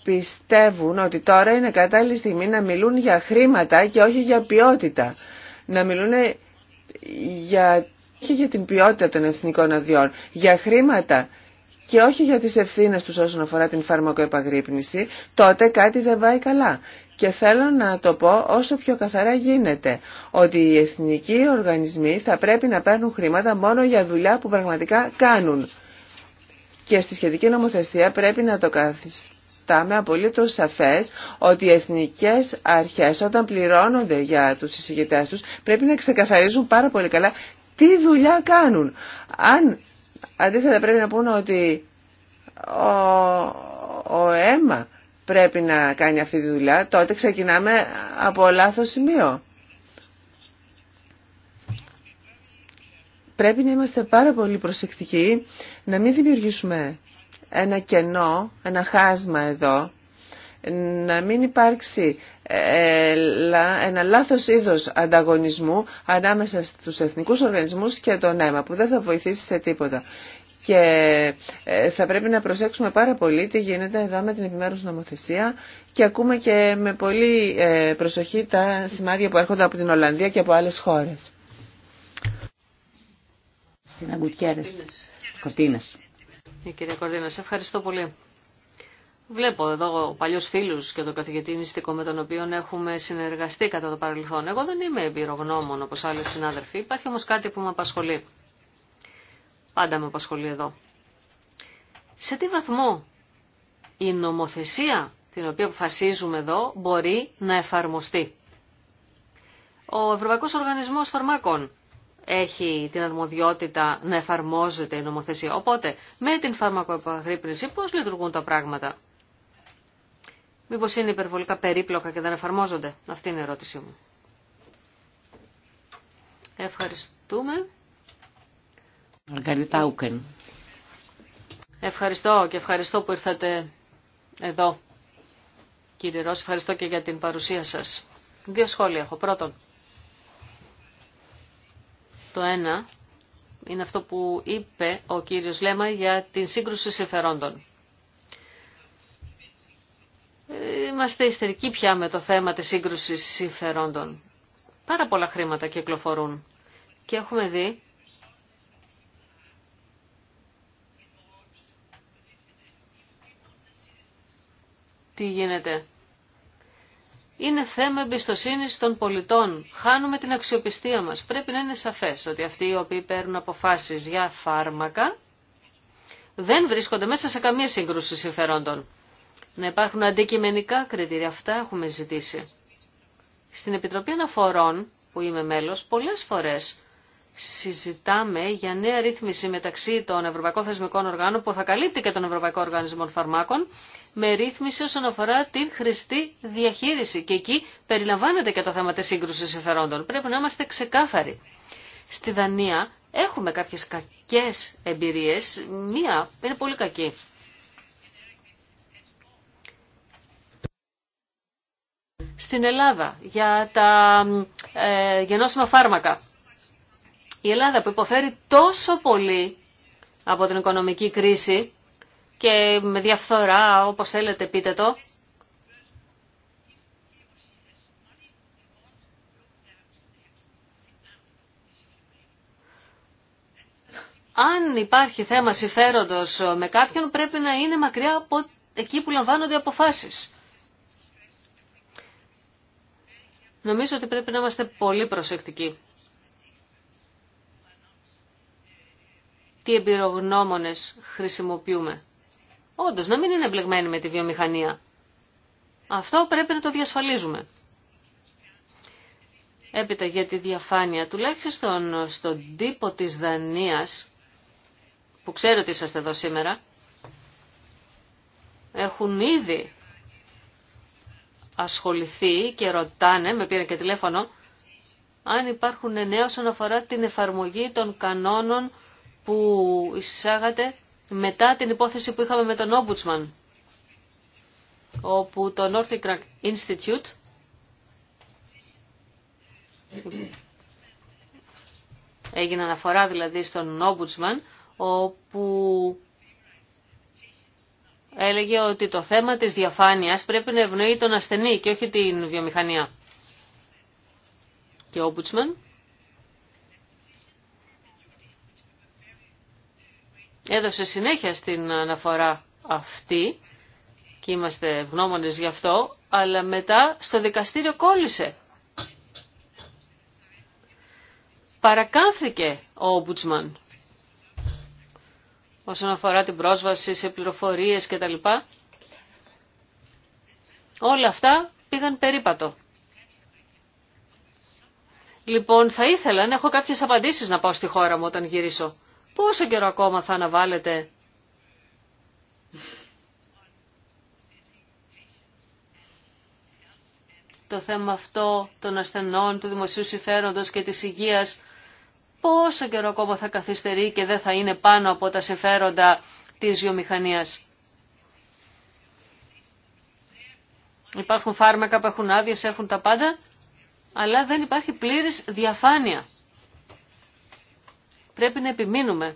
πιστεύουν ότι τώρα είναι κατάλληλη στιγμή να μιλούν για χρήματα και όχι για ποιότητα. Να μιλούν για, και για την ποιότητα των εθνικών αδειών, για χρήματα και όχι για τις ευθύνες τους όσον αφορά την φαρμακοεπαγρύπνηση, τότε κάτι δεν πάει καλά. Και θέλω να το πω όσο πιο καθαρά γίνεται, ότι οι εθνικοί οργανισμοί θα πρέπει να παίρνουν χρήματα μόνο για δουλειά που πραγματικά κάνουν. Και στη σχετική νομοθεσία πρέπει να το καθιστούν Φτάμε απολύτω σαφές ότι οι εθνικές αρχές όταν πληρώνονται για του συζητητέ του, πρέπει να ξεκαθαρίζουν πάρα πολύ καλά τι δουλειά κάνουν. Αν αντίθετα πρέπει να πούνε ότι ο, ο αίμα πρέπει να κάνει αυτή τη δουλειά, τότε ξεκινάμε από λάθος σημείο. Πρέπει να είμαστε πάρα πολύ προσεκτικοί να μην δημιουργήσουμε ένα κενό, ένα χάσμα εδώ, να μην υπάρξει ε, ε, ένα λάθος είδος ανταγωνισμού ανάμεσα στους εθνικούς οργανισμούς και τον αίμα που δεν θα βοηθήσει σε τίποτα. Και ε, θα πρέπει να προσέξουμε πάρα πολύ τι γίνεται εδώ με την επιμέρους νομοθεσία και ακούμε και με πολύ προσοχή τα σημάδια που έρχονται από την Ολλανδία και από άλλες χώρες. Στην Αγκουτιέρες, Κορτίνες. Η ε, κυρία Κορδίνα, σε ευχαριστώ πολύ. Βλέπω εδώ παλιού φίλου και τον καθηγητή νηστικό με τον οποίο έχουμε συνεργαστεί κατά το παρελθόν. Εγώ δεν είμαι εμπειρογνώμων όπω άλλοι συνάδελφοι. Υπάρχει όμω κάτι που με απασχολεί. Πάντα με απασχολεί εδώ. Σε τι βαθμό η νομοθεσία την οποία αποφασίζουμε εδώ μπορεί να εφαρμοστεί. Ο Ευρωπαϊκός Οργανισμός Φαρμάκων έχει την αρμοδιότητα να εφαρμόζεται η νομοθεσία. Οπότε, με την φαρμακοεπαγρύπνηση πώς λειτουργούν τα πράγματα. Μήπως είναι υπερβολικά περίπλοκα και δεν εφαρμόζονται. Αυτή είναι η ερώτησή μου. Ευχαριστούμε. Μαργαρίτα Ούκεν. Ευχαριστώ και ευχαριστώ που ήρθατε εδώ. Κύριε Ρώση, ευχαριστώ και για την παρουσία σας. Δύο σχόλια έχω. Πρώτον, το ένα είναι αυτό που είπε ο κύριος Λέμα για την σύγκρουση συμφερόντων. Είμαστε ιστερικοί πια με το θέμα της σύγκρουσης συμφερόντων. Πάρα πολλά χρήματα κυκλοφορούν και έχουμε δει τι γίνεται είναι θέμα εμπιστοσύνη των πολιτών. Χάνουμε την αξιοπιστία μας. Πρέπει να είναι σαφές ότι αυτοί οι οποίοι παίρνουν αποφάσεις για φάρμακα δεν βρίσκονται μέσα σε καμία σύγκρουση συμφερόντων. Να υπάρχουν αντικειμενικά κριτήρια. Αυτά έχουμε ζητήσει. Στην Επιτροπή Αναφορών, που είμαι μέλος, πολλές φορές συζητάμε για νέα ρύθμιση μεταξύ των Ευρωπαϊκών Θεσμικών Οργάνων που θα καλύπτει και τον Ευρωπαϊκό Οργανισμό Φαρμάκων με ρύθμιση όσον αφορά την χρηστή διαχείριση και εκεί περιλαμβάνεται και το θέμα της σύγκρουσης συμφερόντων. Πρέπει να είμαστε ξεκάθαροι. Στη Δανία έχουμε κάποιες κακές εμπειρίες, μία είναι πολύ κακή. Στην Ελλάδα για τα ε, γενώσιμα φάρμακα η Ελλάδα που υποφέρει τόσο πολύ από την οικονομική κρίση και με διαφθορά, όπως θέλετε πείτε το, αν υπάρχει θέμα συμφέροντος με κάποιον πρέπει να είναι μακριά από εκεί που λαμβάνονται αποφάσεις. Νομίζω ότι πρέπει να είμαστε πολύ προσεκτικοί. τι εμπειρογνώμονες χρησιμοποιούμε. Όντω, να μην είναι εμπλεγμένοι με τη βιομηχανία. Αυτό πρέπει να το διασφαλίζουμε. Έπειτα για τη διαφάνεια, τουλάχιστον στον τύπο της Δανίας, που ξέρω ότι είσαστε εδώ σήμερα, έχουν ήδη ασχοληθεί και ρωτάνε, με πήραν και τηλέφωνο, αν υπάρχουν νέα όσον αφορά την εφαρμογή των κανόνων που εισάγατε μετά την υπόθεση που είχαμε με τον Ombudsman, όπου το Northern Institute έγινε αναφορά δηλαδή στον Ombudsman, όπου έλεγε ότι το θέμα της διαφάνειας πρέπει να ευνοεί τον ασθενή και όχι την βιομηχανία. Και ο Ombudsman έδωσε συνέχεια στην αναφορά αυτή και είμαστε ευγνώμονες γι' αυτό, αλλά μετά στο δικαστήριο κόλλησε. Παρακάνθηκε ο Ομπουτσμαν όσον αφορά την πρόσβαση σε πληροφορίες κτλ. Όλα αυτά πήγαν περίπατο. Λοιπόν, θα ήθελα να έχω κάποιες απαντήσεις να πάω στη χώρα μου όταν γυρίσω. Πόσο καιρό ακόμα θα αναβάλλετε. Το θέμα αυτό των ασθενών, του δημοσίου συμφέροντος και της υγείας, πόσο καιρό ακόμα θα καθυστερεί και δεν θα είναι πάνω από τα συμφέροντα της βιομηχανίας. Υπάρχουν φάρμακα που έχουν άδειες, έχουν τα πάντα, αλλά δεν υπάρχει πλήρης διαφάνεια πρέπει να επιμείνουμε.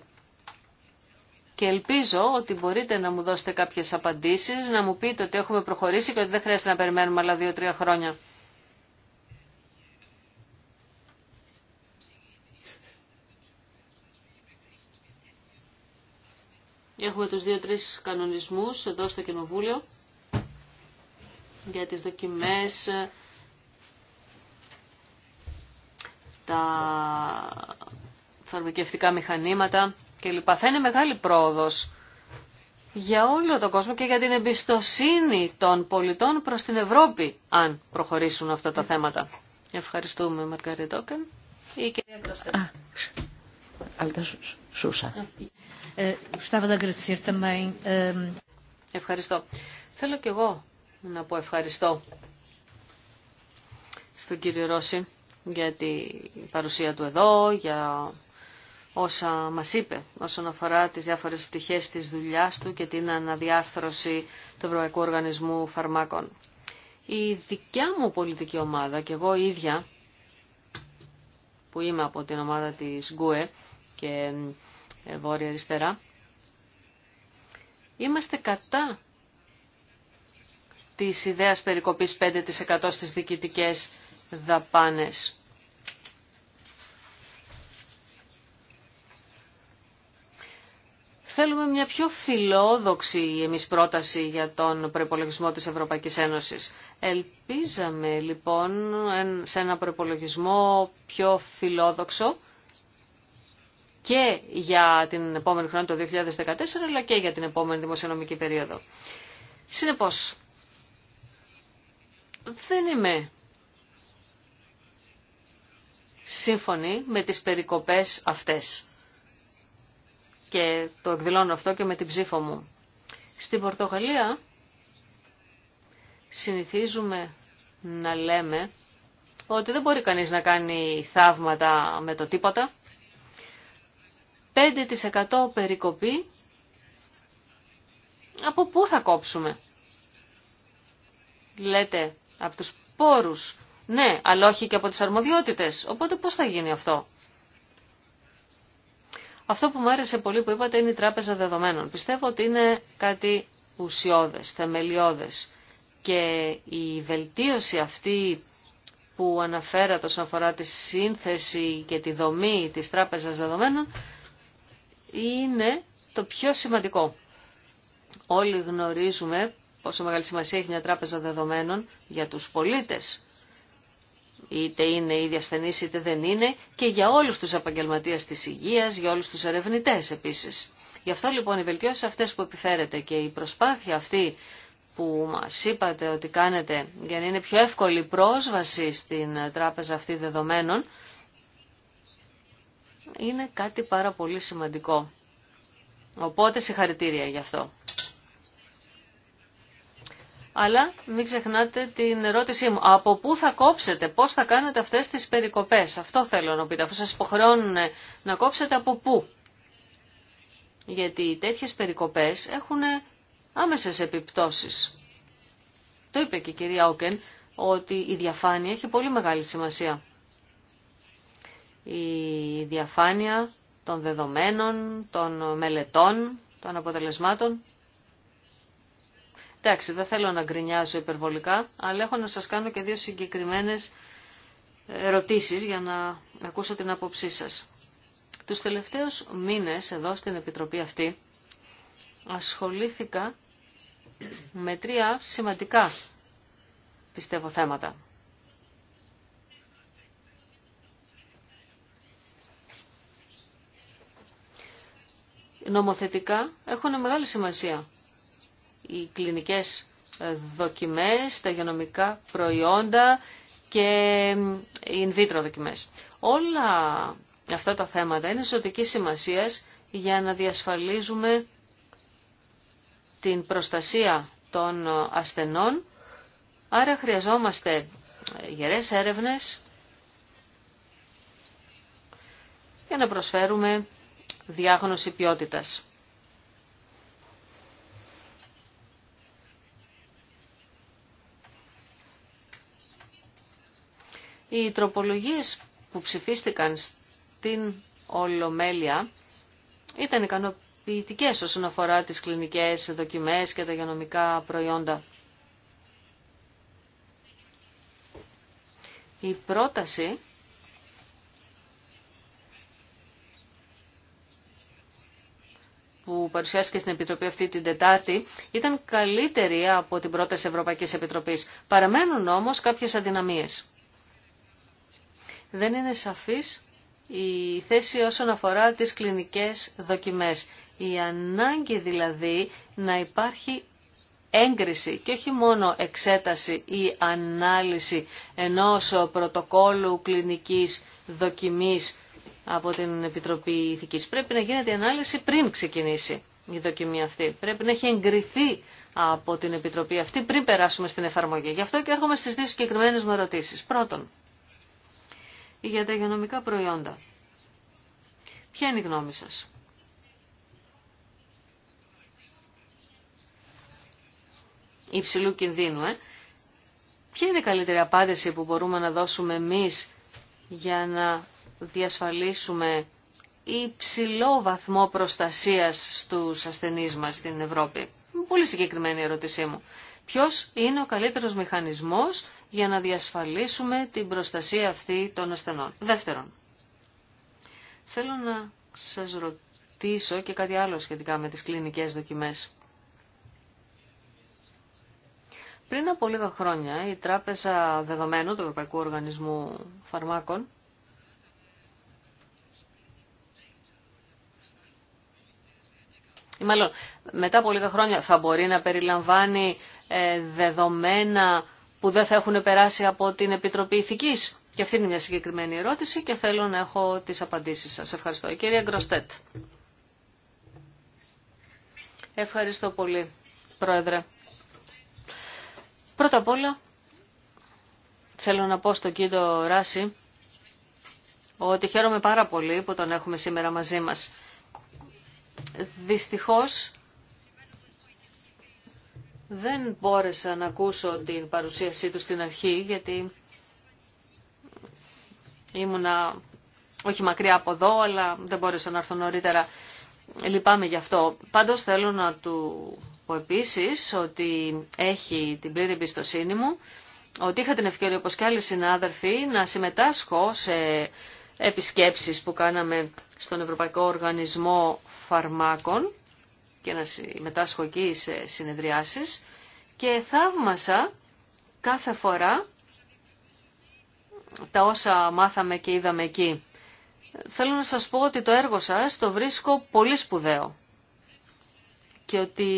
Και ελπίζω ότι μπορείτε να μου δώσετε κάποιες απαντήσεις, να μου πείτε ότι έχουμε προχωρήσει και ότι δεν χρειάζεται να περιμένουμε άλλα δύο-τρία χρόνια. Έχουμε τους δύο-τρεις κανονισμούς εδώ στο Κοινοβούλιο για τις δοκιμές, τα φαρμακευτικά μηχανήματα κλπ. Θα είναι μεγάλη πρόοδος για όλο τον κόσμο και για την εμπιστοσύνη των πολιτών προς την Ευρώπη, αν προχωρήσουν αυτά τα θέματα. Ευχαριστούμε, Μαργαρή Τόκεν. Η κυρία ε, Ευχαριστώ. Θέλω κι εγώ να πω ευχαριστώ στον κύριο Ρώση για την παρουσία του εδώ, για όσα μας είπε όσον αφορά τις διάφορες πτυχές της δουλειάς του και την αναδιάρθρωση του Ευρωπαϊκού Οργανισμού Φαρμάκων. Η δικιά μου πολιτική ομάδα και εγώ ίδια που είμαι από την ομάδα της ΓΚΟΕ και ε, Βόρεια Αριστερά είμαστε κατά της ιδέας περικοπής 5% στις διοικητικές δαπάνες. θέλουμε μια πιο φιλόδοξη εμείς πρόταση για τον προπολογισμό της Ευρωπαϊκής Ένωσης. Ελπίζαμε λοιπόν σε ένα προπολογισμό πιο φιλόδοξο και για την επόμενη χρονιά το 2014 αλλά και για την επόμενη δημοσιονομική περίοδο. Συνεπώς, δεν είμαι σύμφωνη με τις περικοπές αυτές και το εκδηλώνω αυτό και με την ψήφο μου. Στην Πορτογαλία συνηθίζουμε να λέμε ότι δεν μπορεί κανείς να κάνει θαύματα με το τίποτα. 5% περικοπή από πού θα κόψουμε. Λέτε από τους πόρους. Ναι, αλλά όχι και από τις αρμοδιότητες. Οπότε πώς θα γίνει αυτό. Αυτό που μου άρεσε πολύ που είπατε είναι η τράπεζα δεδομένων. Πιστεύω ότι είναι κάτι ουσιώδες, θεμελιώδες και η βελτίωση αυτή που αναφέρατε όσον αφορά τη σύνθεση και τη δομή της τράπεζας δεδομένων είναι το πιο σημαντικό. Όλοι γνωρίζουμε πόσο μεγάλη σημασία έχει μια τράπεζα δεδομένων για τους πολίτες είτε είναι ήδη ασθενείς είτε δεν είναι, και για όλους τους επαγγελματίε της υγεία, για όλους τους ερευνητέ επίσης. Γι' αυτό λοιπόν οι βελτιώσει αυτές που επιφέρετε και η προσπάθεια αυτή που μα είπατε ότι κάνετε για να είναι πιο εύκολη πρόσβαση στην τράπεζα αυτή δεδομένων, είναι κάτι πάρα πολύ σημαντικό. Οπότε συγχαρητήρια γι' αυτό. Αλλά μην ξεχνάτε την ερώτησή μου. Από πού θα κόψετε, πώς θα κάνετε αυτές τις περικοπές. Αυτό θέλω να πείτε. Αφού σα υποχρεώνουν να κόψετε από πού. Γιατί τέτοιε περικοπές έχουν άμεσε επιπτώσεις. Το είπε και η κυρία Όκεν ότι η διαφάνεια έχει πολύ μεγάλη σημασία. Η διαφάνεια των δεδομένων, των μελετών, των αποτελεσμάτων. Εντάξει, δεν θέλω να γκρινιάζω υπερβολικά, αλλά έχω να σας κάνω και δύο συγκεκριμένες ερωτήσεις για να ακούσω την άποψή σας. Τους τελευταίους μήνες εδώ στην Επιτροπή αυτή ασχολήθηκα με τρία σημαντικά πιστεύω θέματα. Νομοθετικά έχουν μεγάλη σημασία οι κλινικές ε, δοκιμές, τα υγειονομικά προϊόντα και in vitro δοκιμές. Όλα αυτά τα θέματα είναι ζωτική σημασίας για να διασφαλίζουμε την προστασία των ε, ασθενών. Άρα χρειαζόμαστε ε, γερές έρευνες για να προσφέρουμε διάγνωση ποιότητας. Οι τροπολογίες που ψηφίστηκαν στην Ολομέλεια ήταν ικανοποιητικές όσον αφορά τις κλινικές δοκιμές και τα γενομικά προϊόντα. Η πρόταση που παρουσιάστηκε στην Επιτροπή αυτή την Τετάρτη ήταν καλύτερη από την πρόταση Ευρωπαϊκής Επιτροπής. Παραμένουν όμως κάποιες αδυναμίες δεν είναι σαφής η θέση όσον αφορά τις κλινικές δοκιμές. Η ανάγκη δηλαδή να υπάρχει έγκριση και όχι μόνο εξέταση ή ανάλυση ενός πρωτοκόλου κλινικής δοκιμής από την Επιτροπή Ηθικής. Πρέπει να γίνεται η ανάλυση πριν ξεκινήσει η δοκιμή αυτή. Πρέπει να έχει εγκριθεί από την Επιτροπή αυτή πριν περάσουμε στην εφαρμογή. Γι' αυτό και έρχομαι στις δύο συγκεκριμένες μου ερωτήσεις. Πρώτον, για τα υγειονομικά προϊόντα. Ποια είναι η γνώμη σας. Υψηλού κινδύνου, ε. Ποια είναι η καλύτερη απάντηση που μπορούμε να δώσουμε εμείς για να διασφαλίσουμε υψηλό βαθμό προστασίας στους ασθενείς μας στην Ευρώπη. Πολύ συγκεκριμένη η ερώτησή μου ποιος είναι ο καλύτερος μηχανισμός για να διασφαλίσουμε την προστασία αυτή των ασθενών. Δεύτερον, θέλω να σας ρωτήσω και κάτι άλλο σχετικά με τις κλινικές δοκιμές. Πριν από λίγα χρόνια η Τράπεζα Δεδομένου του Ευρωπαϊκού Οργανισμού Φαρμάκων μάλλον μετά από λίγα χρόνια θα μπορεί να περιλαμβάνει ε, δεδομένα που δεν θα έχουν περάσει από την Επιτροπή Ηθικής. Και αυτή είναι μια συγκεκριμένη ερώτηση και θέλω να έχω τις απαντήσεις σας. Ευχαριστώ. Η κυρία Γκροστέτ. Ευχαριστώ πολύ, Πρόεδρε. Πρώτα απ' όλα, θέλω να πω στον κύριο Ράση ότι χαίρομαι πάρα πολύ που τον έχουμε σήμερα μαζί μας. Δυστυχώς, δεν μπόρεσα να ακούσω την παρουσίασή του στην αρχή γιατί ήμουνα όχι μακριά από εδώ αλλά δεν μπόρεσα να έρθω νωρίτερα. Λυπάμαι γι' αυτό. Πάντως θέλω να του πω επίσης ότι έχει την πλήρη εμπιστοσύνη μου ότι είχα την ευκαιρία όπως και άλλοι συνάδελφοι να συμμετάσχω σε επισκέψεις που κάναμε στον Ευρωπαϊκό Οργανισμό Φαρμάκων και να συμμετάσχω εκεί σε συνεδριάσεις και θαύμασα κάθε φορά τα όσα μάθαμε και είδαμε εκεί. Θέλω να σας πω ότι το έργο σας το βρίσκω πολύ σπουδαίο και ότι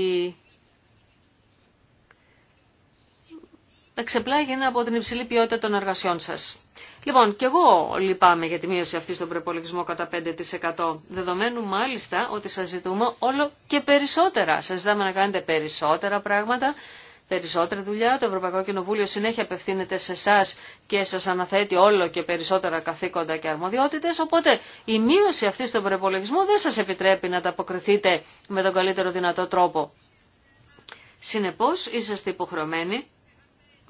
εξεπλάγει από την υψηλή ποιότητα των εργασιών σας. Λοιπόν, και εγώ λυπάμαι για τη μείωση αυτή στον προπολογισμό κατά 5%. Δεδομένου μάλιστα ότι σας ζητούμε όλο και περισσότερα. Σας ζητάμε να κάνετε περισσότερα πράγματα, περισσότερη δουλειά. Το Ευρωπαϊκό Κοινοβούλιο συνέχεια απευθύνεται σε εσά και σας αναθέτει όλο και περισσότερα καθήκοντα και αρμοδιότητες. Οπότε η μείωση αυτή στον προπολογισμό δεν σας επιτρέπει να τα αποκριθείτε με τον καλύτερο δυνατό τρόπο. Συνεπώς είσαστε υποχρεωμένοι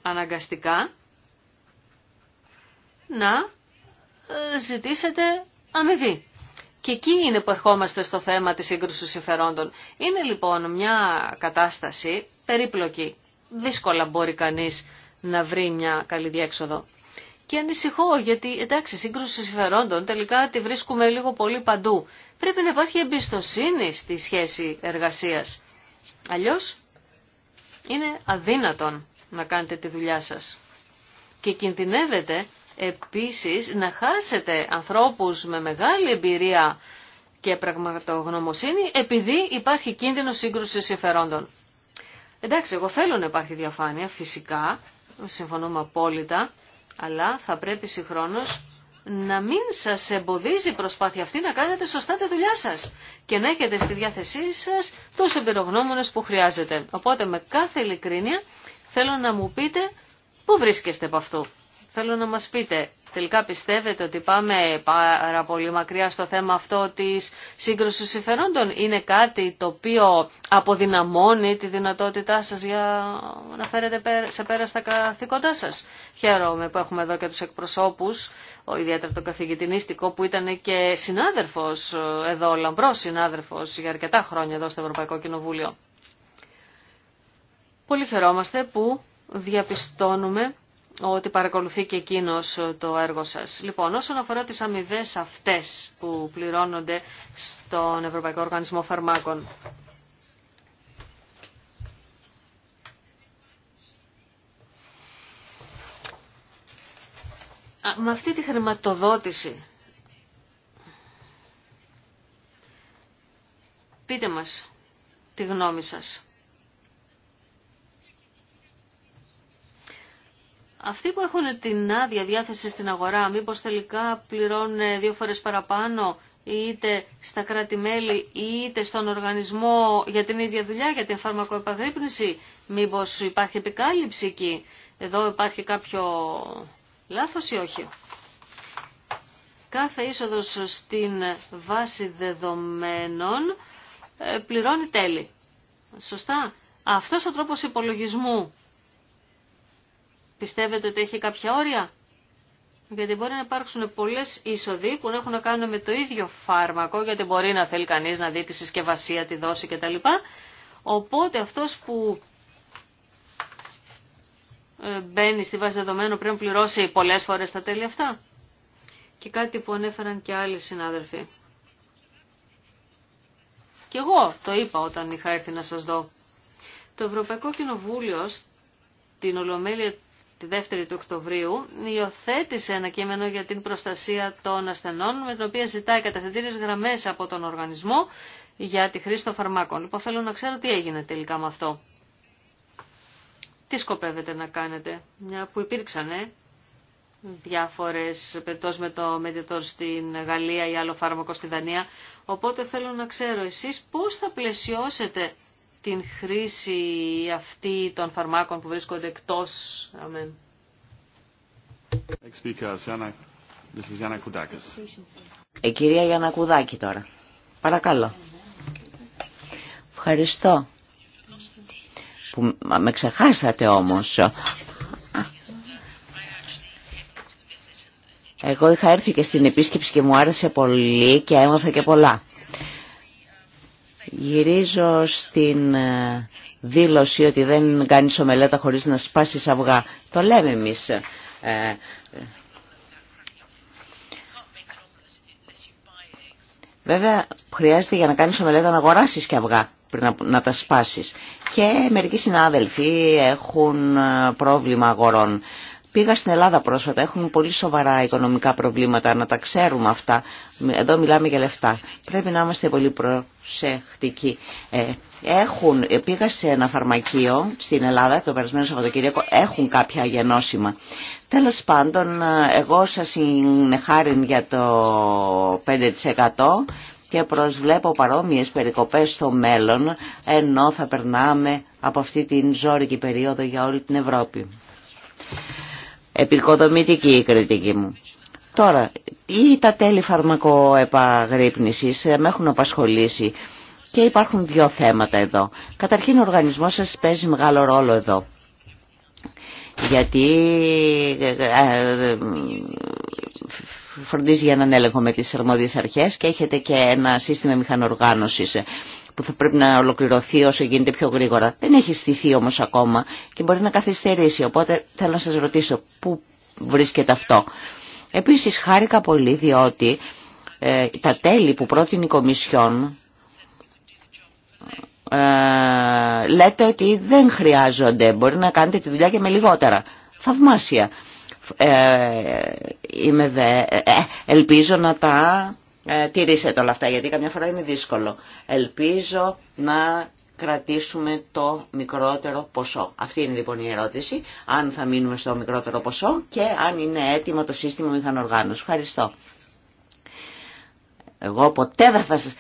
αναγκαστικά να ε, ζητήσετε αμοιβή. Και εκεί είναι που ερχόμαστε στο θέμα της σύγκρουσης συμφερόντων. Είναι λοιπόν μια κατάσταση περίπλοκη. Δύσκολα μπορεί κανείς να βρει μια καλή διέξοδο. Και ανησυχώ γιατί εντάξει σύγκρουση συμφερόντων τελικά τη βρίσκουμε λίγο πολύ παντού. Πρέπει να υπάρχει εμπιστοσύνη στη σχέση εργασίας. Αλλιώς είναι αδύνατον να κάνετε τη δουλειά σας. Και κινδυνεύετε επίσης να χάσετε ανθρώπους με μεγάλη εμπειρία και πραγματογνωμοσύνη επειδή υπάρχει κίνδυνο σύγκρουση συμφερόντων. Εντάξει, εγώ θέλω να υπάρχει διαφάνεια, φυσικά, συμφωνούμε απόλυτα, αλλά θα πρέπει συγχρόνως να μην σας εμποδίζει η προσπάθεια αυτή να κάνετε σωστά τη δουλειά σας και να έχετε στη διάθεσή σας τους εμπειρογνώμονες που χρειάζεται. Οπότε με κάθε ειλικρίνεια θέλω να μου πείτε πού βρίσκεστε από αυτού. Θέλω να μας πείτε, τελικά πιστεύετε ότι πάμε πάρα πολύ μακριά στο θέμα αυτό της σύγκρουσης συμφερόντων. Είναι κάτι το οποίο αποδυναμώνει τη δυνατότητά σας για να φέρετε σε πέρα στα καθήκοντά σας. Χαίρομαι που έχουμε εδώ και τους εκπροσώπους, ιδιαίτερα τον καθηγητή που ήταν και συνάδελφος ε, εδώ, λαμπρός συνάδελφος για αρκετά χρόνια εδώ στο Ευρωπαϊκό Κοινοβούλιο. Πολύ χαιρόμαστε που διαπιστώνουμε ότι παρακολουθεί και εκείνο ε, το έργο σας. Λοιπόν, όσον αφορά τις αμοιβέ αυτές που πληρώνονται στον Ευρωπαϊκό Οργανισμό Φαρμάκων, με αυτή τη χρηματοδότηση, πείτε μας τη γνώμη σας. Αυτοί που έχουν την άδεια διάθεση στην αγορά, μήπως τελικά πληρώνουν δύο φορές παραπάνω είτε στα κράτη-μέλη είτε στον οργανισμό για την ίδια δουλειά, για την φαρμακοεπαγρύπνηση, μήπως υπάρχει επικάλυψη εκεί, εδώ υπάρχει κάποιο λάθος ή όχι. Κάθε είσοδος στην βάση δεδομένων ε, πληρώνει τέλη. Σωστά. Αυτός ο τρόπος υπολογισμού Πιστεύετε ότι έχει κάποια όρια? Γιατί μπορεί να υπάρξουν πολλέ είσοδοι που έχουν να κάνουν με το ίδιο φάρμακο, γιατί μπορεί να θέλει κανεί να δει τη συσκευασία, τη δόση κτλ. Οπότε αυτό που ε, μπαίνει στη βάση δεδομένων πρέπει να πληρώσει πολλέ φορέ τα τέλη αυτά. Και κάτι που ανέφεραν και άλλοι συνάδελφοι. Και εγώ το είπα όταν είχα έρθει να σας δω. Το Ευρωπαϊκό Κοινοβούλιο την Ολομέλεια τη 2η του Οκτωβρίου υιοθέτησε ένα κείμενο για την προστασία των ασθενών με την οποία ζητάει κατευθυντήριες γραμμές από τον οργανισμό για τη χρήση των φαρμάκων. Λοιπόν, θέλω να ξέρω τι έγινε τελικά με αυτό. Τι σκοπεύετε να κάνετε, μια που υπήρξαν ε? διάφορες περιπτώσεις με το Μεδιατόρ στην Γαλλία ή άλλο φάρμακο στη Δανία. Οπότε θέλω να ξέρω εσείς πώς θα πλαισιώσετε την χρήση αυτή των φαρμάκων που βρίσκονται εκτός. Αμέν. Η κυρία Κουδάκη τώρα. Παρακαλώ. Ευχαριστώ. Που με ξεχάσατε όμως. Εγώ είχα έρθει και στην επίσκεψη και μου άρεσε πολύ και έμαθα και πολλά. Γυρίζω στην ε, δήλωση ότι δεν κάνεις ομελέτα χωρίς να σπάσεις αυγά. Το λέμε εμείς. Ε, ε, βέβαια χρειάζεται για να κάνεις ομελέτα να αγοράσεις και αυγά πριν να τα σπάσεις. Και μερικοί συνάδελφοι έχουν πρόβλημα αγορών. Πήγα στην Ελλάδα πρόσφατα, Έχουν πολύ σοβαρά οικονομικά προβλήματα, να τα ξέρουμε αυτά. Εδώ μιλάμε για λεφτά. Πρέπει να είμαστε πολύ προσεκτικοί. Ε, έχουν, πήγα σε ένα φαρμακείο στην Ελλάδα το περασμένο Σαββατοκύριακο, έχουν κάποια γενώσιμα. Τέλος πάντων, εγώ σας συνεχάριν για το 5% και προσβλέπω παρόμοιες περικοπές στο μέλλον, ενώ θα περνάμε από αυτή την ζώρικη περίοδο για όλη την Ευρώπη επικοδομητική η κριτική μου. Τώρα, ή τα τέλη φαρμακοεπαγρύπνησης ε, με έχουν απασχολήσει και υπάρχουν δύο θέματα εδώ. Καταρχήν ο οργανισμός σας παίζει μεγάλο ρόλο εδώ. Γιατί ε, ε, φροντίζει για έναν έλεγχο με τις αρμόδιες αρχές και έχετε και ένα σύστημα μηχανοργάνωσης που θα πρέπει να ολοκληρωθεί όσο γίνεται πιο γρήγορα. Δεν έχει στηθεί όμως ακόμα και μπορεί να καθυστερήσει, οπότε θέλω να σας ρωτήσω πού βρίσκεται αυτό. Επίσης χάρηκα πολύ διότι ε, τα τέλη που πρότεινε η Κομισιόν ε, λέτε ότι δεν χρειάζονται, μπορεί να κάνετε τη δουλειά και με λιγότερα. Θαυμάσια. Ε, ε, ε ελπίζω να τα ε, τηρήσετε όλα αυτά, γιατί καμιά φορά είναι δύσκολο. Ελπίζω να κρατήσουμε το μικρότερο ποσό. Αυτή είναι λοιπόν η ερώτηση, αν θα μείνουμε στο μικρότερο ποσό και αν είναι έτοιμο το σύστημα μηχανοργάνωσης. Ευχαριστώ. Εγώ ποτέ δεν θα σας,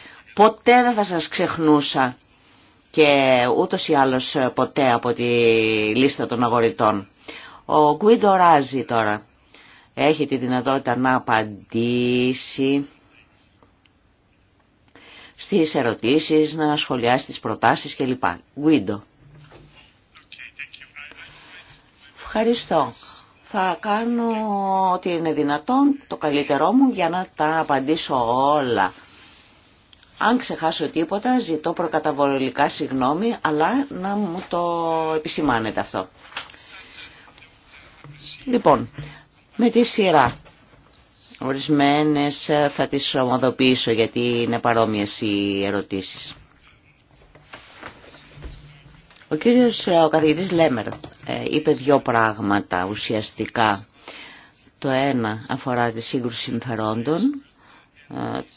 θα σας ξεχνούσα και ούτως ή άλλως ποτέ από τη λίστα των αγοριτών. Ο Γκουίντο Ράζι τώρα έχει τη δυνατότητα να απαντήσει στις ερωτήσεις, να σχολιάσει τις προτάσεις κλπ. Ευχαριστώ. Θα κάνω ό,τι είναι δυνατόν, το καλύτερό μου, για να τα απαντήσω όλα. Αν ξεχάσω τίποτα, ζητώ προκαταβολικά συγγνώμη, αλλά να μου το επισημάνετε αυτό. Λοιπόν, με τη σειρά Ορισμένες ε, θα τις ομοδοποιήσω γιατί είναι παρόμοιες οι ερωτήσεις. Ο κύριος ε, ο καθηγητής Λέμερ ε, είπε δύο πράγματα ουσιαστικά. Το ένα αφορά τη σύγκρουση συμφερόντων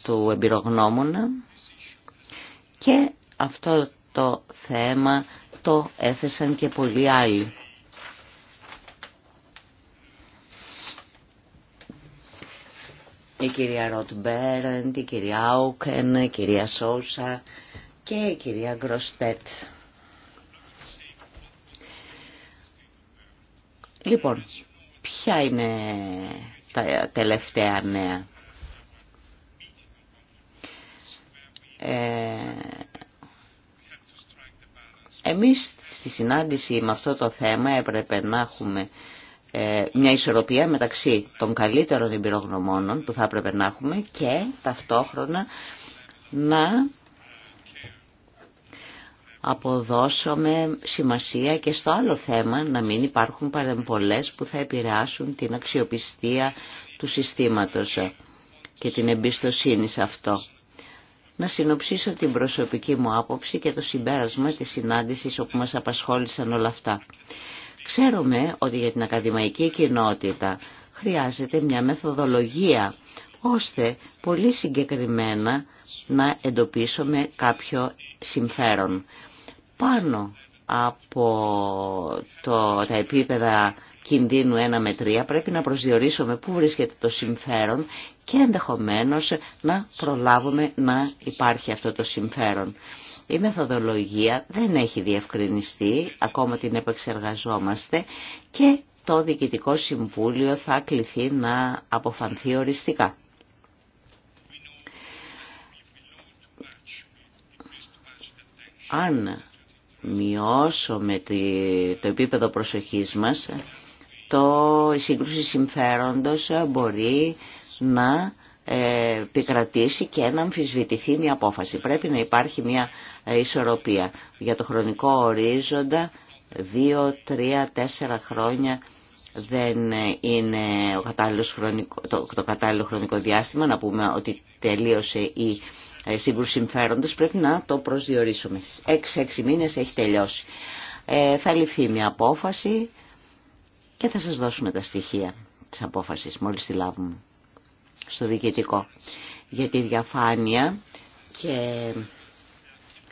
του εμπειρογνώμονα και αυτό το θέμα το έθεσαν και πολλοί άλλοι. η κυρία Ροτ Μπέρεντ, η κυρία Άουκεν, η κυρία Σόουσα και η κυρία Γκροστέτ. Λοιπόν, ποια είναι τα τελευταία νέα. Ε, εμείς στη συνάντηση με αυτό το θέμα έπρεπε να έχουμε ε, μια ισορροπία μεταξύ των καλύτερων εμπειρογνωμόνων που θα έπρεπε να έχουμε και ταυτόχρονα να αποδώσουμε σημασία και στο άλλο θέμα να μην υπάρχουν παρεμπολές που θα επηρεάσουν την αξιοπιστία του συστήματος και την εμπιστοσύνη σε αυτό. Να συνοψίσω την προσωπική μου άποψη και το συμπέρασμα της συνάντησης όπου μας απασχόλησαν όλα αυτά. Ξέρουμε ότι για την ακαδημαϊκή κοινότητα χρειάζεται μια μεθοδολογία ώστε πολύ συγκεκριμένα να εντοπίσουμε κάποιο συμφέρον. Πάνω από το, τα επίπεδα κινδύνου 1 με 3 πρέπει να προσδιορίσουμε πού βρίσκεται το συμφέρον και ενδεχομένως να προλάβουμε να υπάρχει αυτό το συμφέρον. Η μεθοδολογία δεν έχει διευκρινιστεί, ακόμα την επεξεργαζόμαστε και το Διοικητικό Συμβούλιο θα κληθεί να αποφανθεί οριστικά. Αν μειώσουμε το επίπεδο προσοχής μας, το, η σύγκρουση συμφέροντος μπορεί να ε, επικρατήσει και να αμφισβητηθεί μια απόφαση. Πρέπει να υπάρχει μια ε, ισορροπία για το χρονικό ορίζοντα δύο, τρία, τέσσερα χρόνια δεν ε, είναι ο χρονικό, το, το κατάλληλο χρονικό διάστημα να πούμε ότι τελείωσε η σύγκρουση συμφέροντος πρέπει να το προσδιορίσουμε. Έξι-έξι μήνες έχει τελειώσει. θα ληφθεί μια απόφαση και θα σας δώσουμε τα στοιχεία της απόφασης μόλις τη λάβουμε στο διοικητικό για τη διαφάνεια και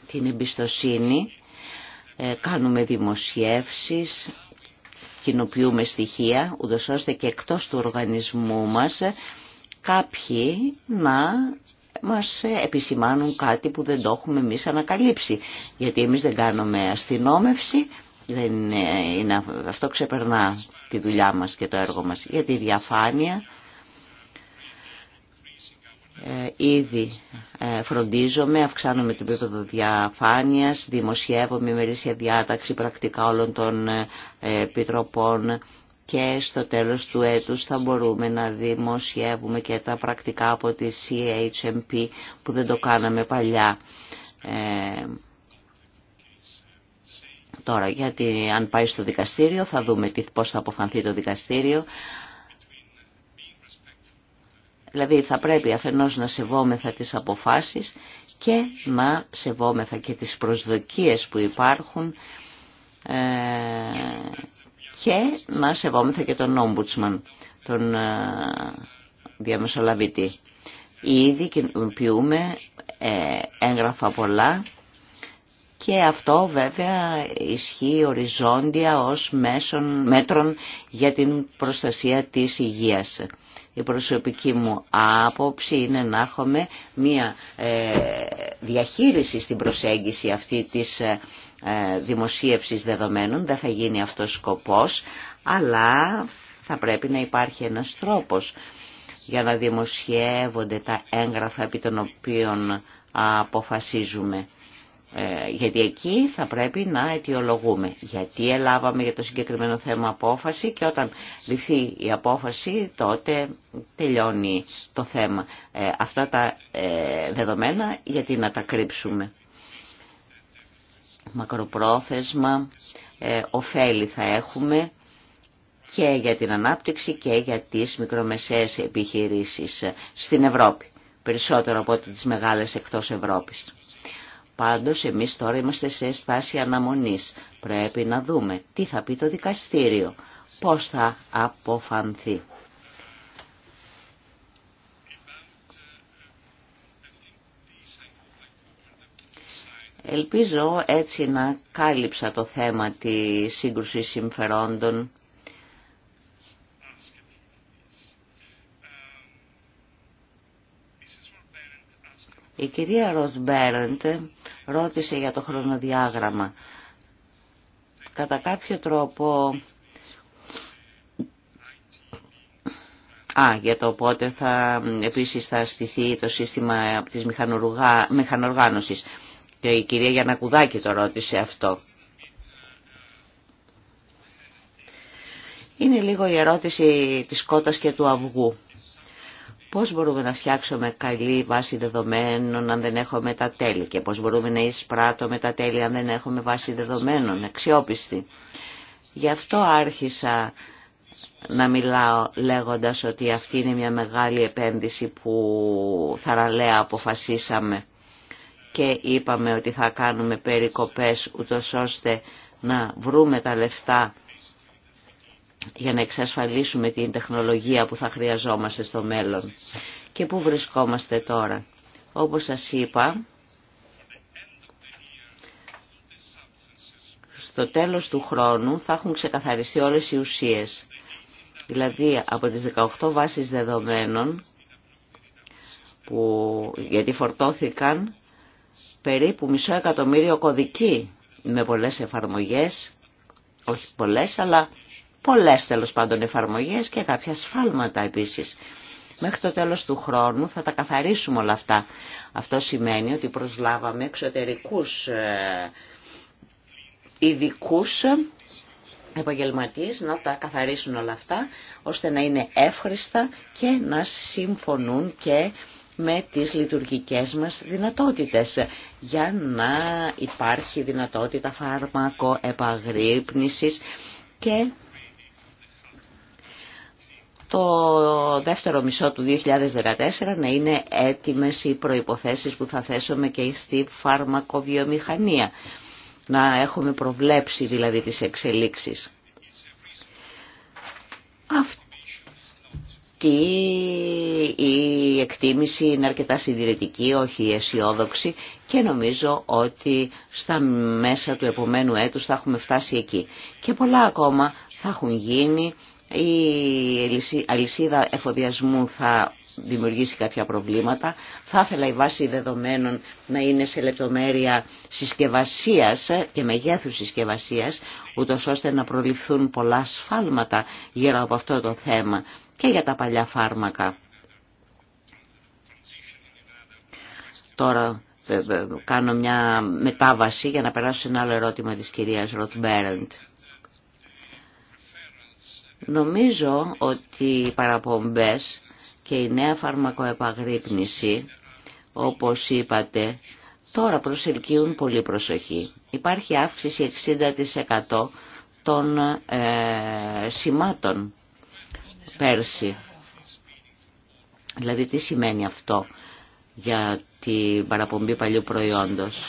την εμπιστοσύνη. Ε, κάνουμε δημοσιεύσεις, κοινοποιούμε στοιχεία, ούτως ώστε και εκτός του οργανισμού μας ε, κάποιοι να μας ε, επισημάνουν κάτι που δεν το έχουμε εμείς ανακαλύψει. Γιατί εμείς δεν κάνουμε αστυνόμευση, δεν είναι, αυτό ξεπερνά τη δουλειά μας και το έργο μας. Για τη διαφάνεια ε, ήδη ε, φροντίζομαι, αυξάνομαι το επίπεδο διαφάνειας, δημοσιεύομαι ημερήσια διάταξη πρακτικά όλων των ε, επιτροπών και στο τέλος του έτους θα μπορούμε να δημοσιεύουμε και τα πρακτικά από τη CHMP που δεν το κάναμε παλιά. τώρα, γιατί αν πάει στο δικαστήριο θα δούμε πώς θα αποφανθεί το δικαστήριο. Δηλαδή θα πρέπει αφενός να σεβόμεθα τις αποφάσεις και να σεβόμεθα και τις προσδοκίες που υπάρχουν ε, και να σεβόμεθα και τον νόμπουτσμαν, τον ε, διαμεσολαβητή. Ήδη κοινοποιούμε ε, έγγραφα πολλά και αυτό βέβαια ισχύει οριζόντια ως μέσον μέτρων για την προστασία της υγείας. Η προσωπική μου άποψη είναι να έχουμε μία ε, διαχείριση στην προσέγγιση αυτή της ε, ε, δημοσίευσης δεδομένων. Δεν θα γίνει αυτός σκοπός, αλλά θα πρέπει να υπάρχει ένας τρόπος για να δημοσιεύονται τα έγγραφα επί των οποίων αποφασίζουμε. Ε, γιατί εκεί θα πρέπει να αιτιολογούμε γιατί ελάβαμε για το συγκεκριμένο θέμα απόφαση και όταν ληφθεί η απόφαση τότε τελειώνει το θέμα. Ε, αυτά τα ε, δεδομένα γιατί να τα κρύψουμε. Μακροπρόθεσμα, ωφέλη θα έχουμε και για την ανάπτυξη και για τις μικρομεσαίες επιχειρήσεις στην Ευρώπη. Περισσότερο από τις μεγάλες εκτός Ευρώπης. Πάντως εμείς τώρα είμαστε σε στάση αναμονής. Πρέπει να δούμε τι θα πει το δικαστήριο, πώς θα αποφανθεί. Ελπίζω έτσι να κάλυψα το θέμα της σύγκρουσης συμφερόντων Η κυρία Ροσμπέραντ ρώτησε για το χρονοδιάγραμμα. Κατά κάποιο τρόπο... Α, για το πότε θα, επίσης θα στηθεί το σύστημα της μηχανοργάνωσης. Και η κυρία Γιανακουδάκη το ρώτησε αυτό. Είναι λίγο η ερώτηση της κότας και του αυγού. Πώς μπορούμε να φτιάξουμε καλή βάση δεδομένων αν δεν έχουμε τα τέλη και πώς μπορούμε να εισπράττουμε τα τέλη αν δεν έχουμε βάση δεδομένων, αξιόπιστη. Γι' αυτό άρχισα να μιλάω λέγοντας ότι αυτή είναι μια μεγάλη επένδυση που θαραλέα αποφασίσαμε και είπαμε ότι θα κάνουμε περικοπές ούτω ώστε να βρούμε τα λεφτά για να εξασφαλίσουμε την τεχνολογία που θα χρειαζόμαστε στο μέλλον. Και πού βρισκόμαστε τώρα. Όπως σας είπα, στο τέλος του χρόνου θα έχουν ξεκαθαριστεί όλες οι ουσίες. Δηλαδή από τις 18 βάσεις δεδομένων που γιατί φορτώθηκαν περίπου μισό εκατομμύριο κωδικοί με πολλές εφαρμογές, όχι πολλές αλλά πολλές τέλο πάντων εφαρμογές και κάποια σφάλματα επίσης. Μέχρι το τέλος του χρόνου θα τα καθαρίσουμε όλα αυτά. Αυτό σημαίνει ότι προσλάβαμε εξωτερικούς ε, ειδικού ε, επαγγελματίες να τα καθαρίσουν όλα αυτά, ώστε να είναι εύχριστα και να συμφωνούν και με τις λειτουργικές μας δυνατότητες για να υπάρχει δυνατότητα φάρμακο επαγρύπνησης και το δεύτερο μισό του 2014 να είναι έτοιμες οι προϋποθέσεις που θα θέσουμε και στη φαρμακοβιομηχανία. Να έχουμε προβλέψει δηλαδή τις εξελίξεις. Αυτή η εκτίμηση είναι αρκετά συντηρητική, όχι αισιόδοξη και νομίζω ότι στα μέσα του επομένου έτους θα έχουμε φτάσει εκεί. Και πολλά ακόμα θα έχουν γίνει η αλυσίδα εφοδιασμού θα δημιουργήσει κάποια προβλήματα. Θα ήθελα η βάση δεδομένων να είναι σε λεπτομέρεια συσκευασίας και μεγέθους συσκευασίας, ούτως ώστε να προληφθούν πολλά σφάλματα γύρω από αυτό το θέμα και για τα παλιά φάρμακα. Τώρα ε, ε, κάνω μια μετάβαση για να περάσω σε ένα άλλο ερώτημα της κυρίας Ροτ Μπέρεντ. Νομίζω ότι οι παραπομπές και η νέα φαρμακοεπαγρύπνηση, όπως είπατε, τώρα προσελκύουν πολύ προσοχή. Υπάρχει αύξηση 60% των ε, σημάτων πέρσι. Δηλαδή τι σημαίνει αυτό για την παραπομπή παλιού προϊόντος.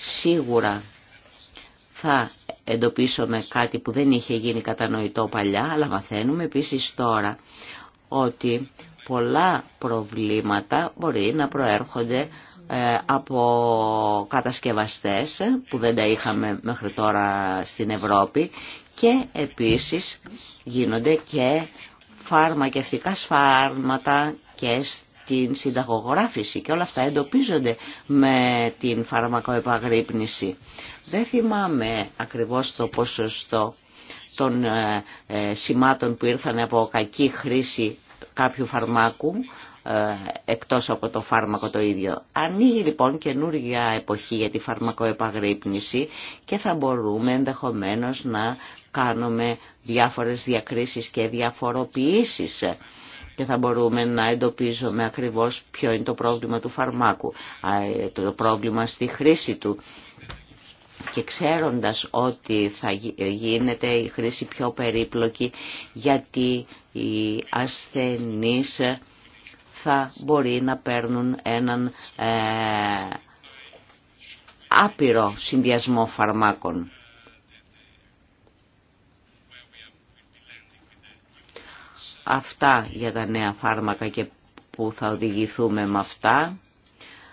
Σίγουρα θα εντοπίσουμε κάτι που δεν είχε γίνει κατανοητό παλιά, αλλά μαθαίνουμε επίσης τώρα ότι πολλά προβλήματα μπορεί να προέρχονται ε, από κατασκευαστές που δεν τα είχαμε μέχρι τώρα στην Ευρώπη και επίσης γίνονται και φαρμακευτικά σφάρματα και την συνταγογράφηση και όλα αυτά εντοπίζονται με την φαρμακοεπαγρύπνηση. Δεν θυμάμαι ακριβώς το ποσοστό των ε, ε, σημάτων που ήρθαν από κακή χρήση κάποιου φαρμάκου ε, εκτός από το φάρμακο το ίδιο. Ανοίγει λοιπόν καινούργια εποχή για τη φαρμακοεπαγρύπνηση και θα μπορούμε ενδεχομένως να κάνουμε διάφορες διακρίσεις και διαφοροποιήσεις και θα μπορούμε να εντοπίζουμε ακριβώς ποιο είναι το πρόβλημα του φαρμάκου, το πρόβλημα στη χρήση του και ξέροντας ότι θα ε, γίνεται η χρήση πιο περίπλοκη γιατί οι ασθενείς θα μπορεί να παίρνουν έναν ε, άπειρο συνδυασμό φαρμάκων. αυτά για τα νέα φάρμακα και που θα οδηγηθούμε με αυτά.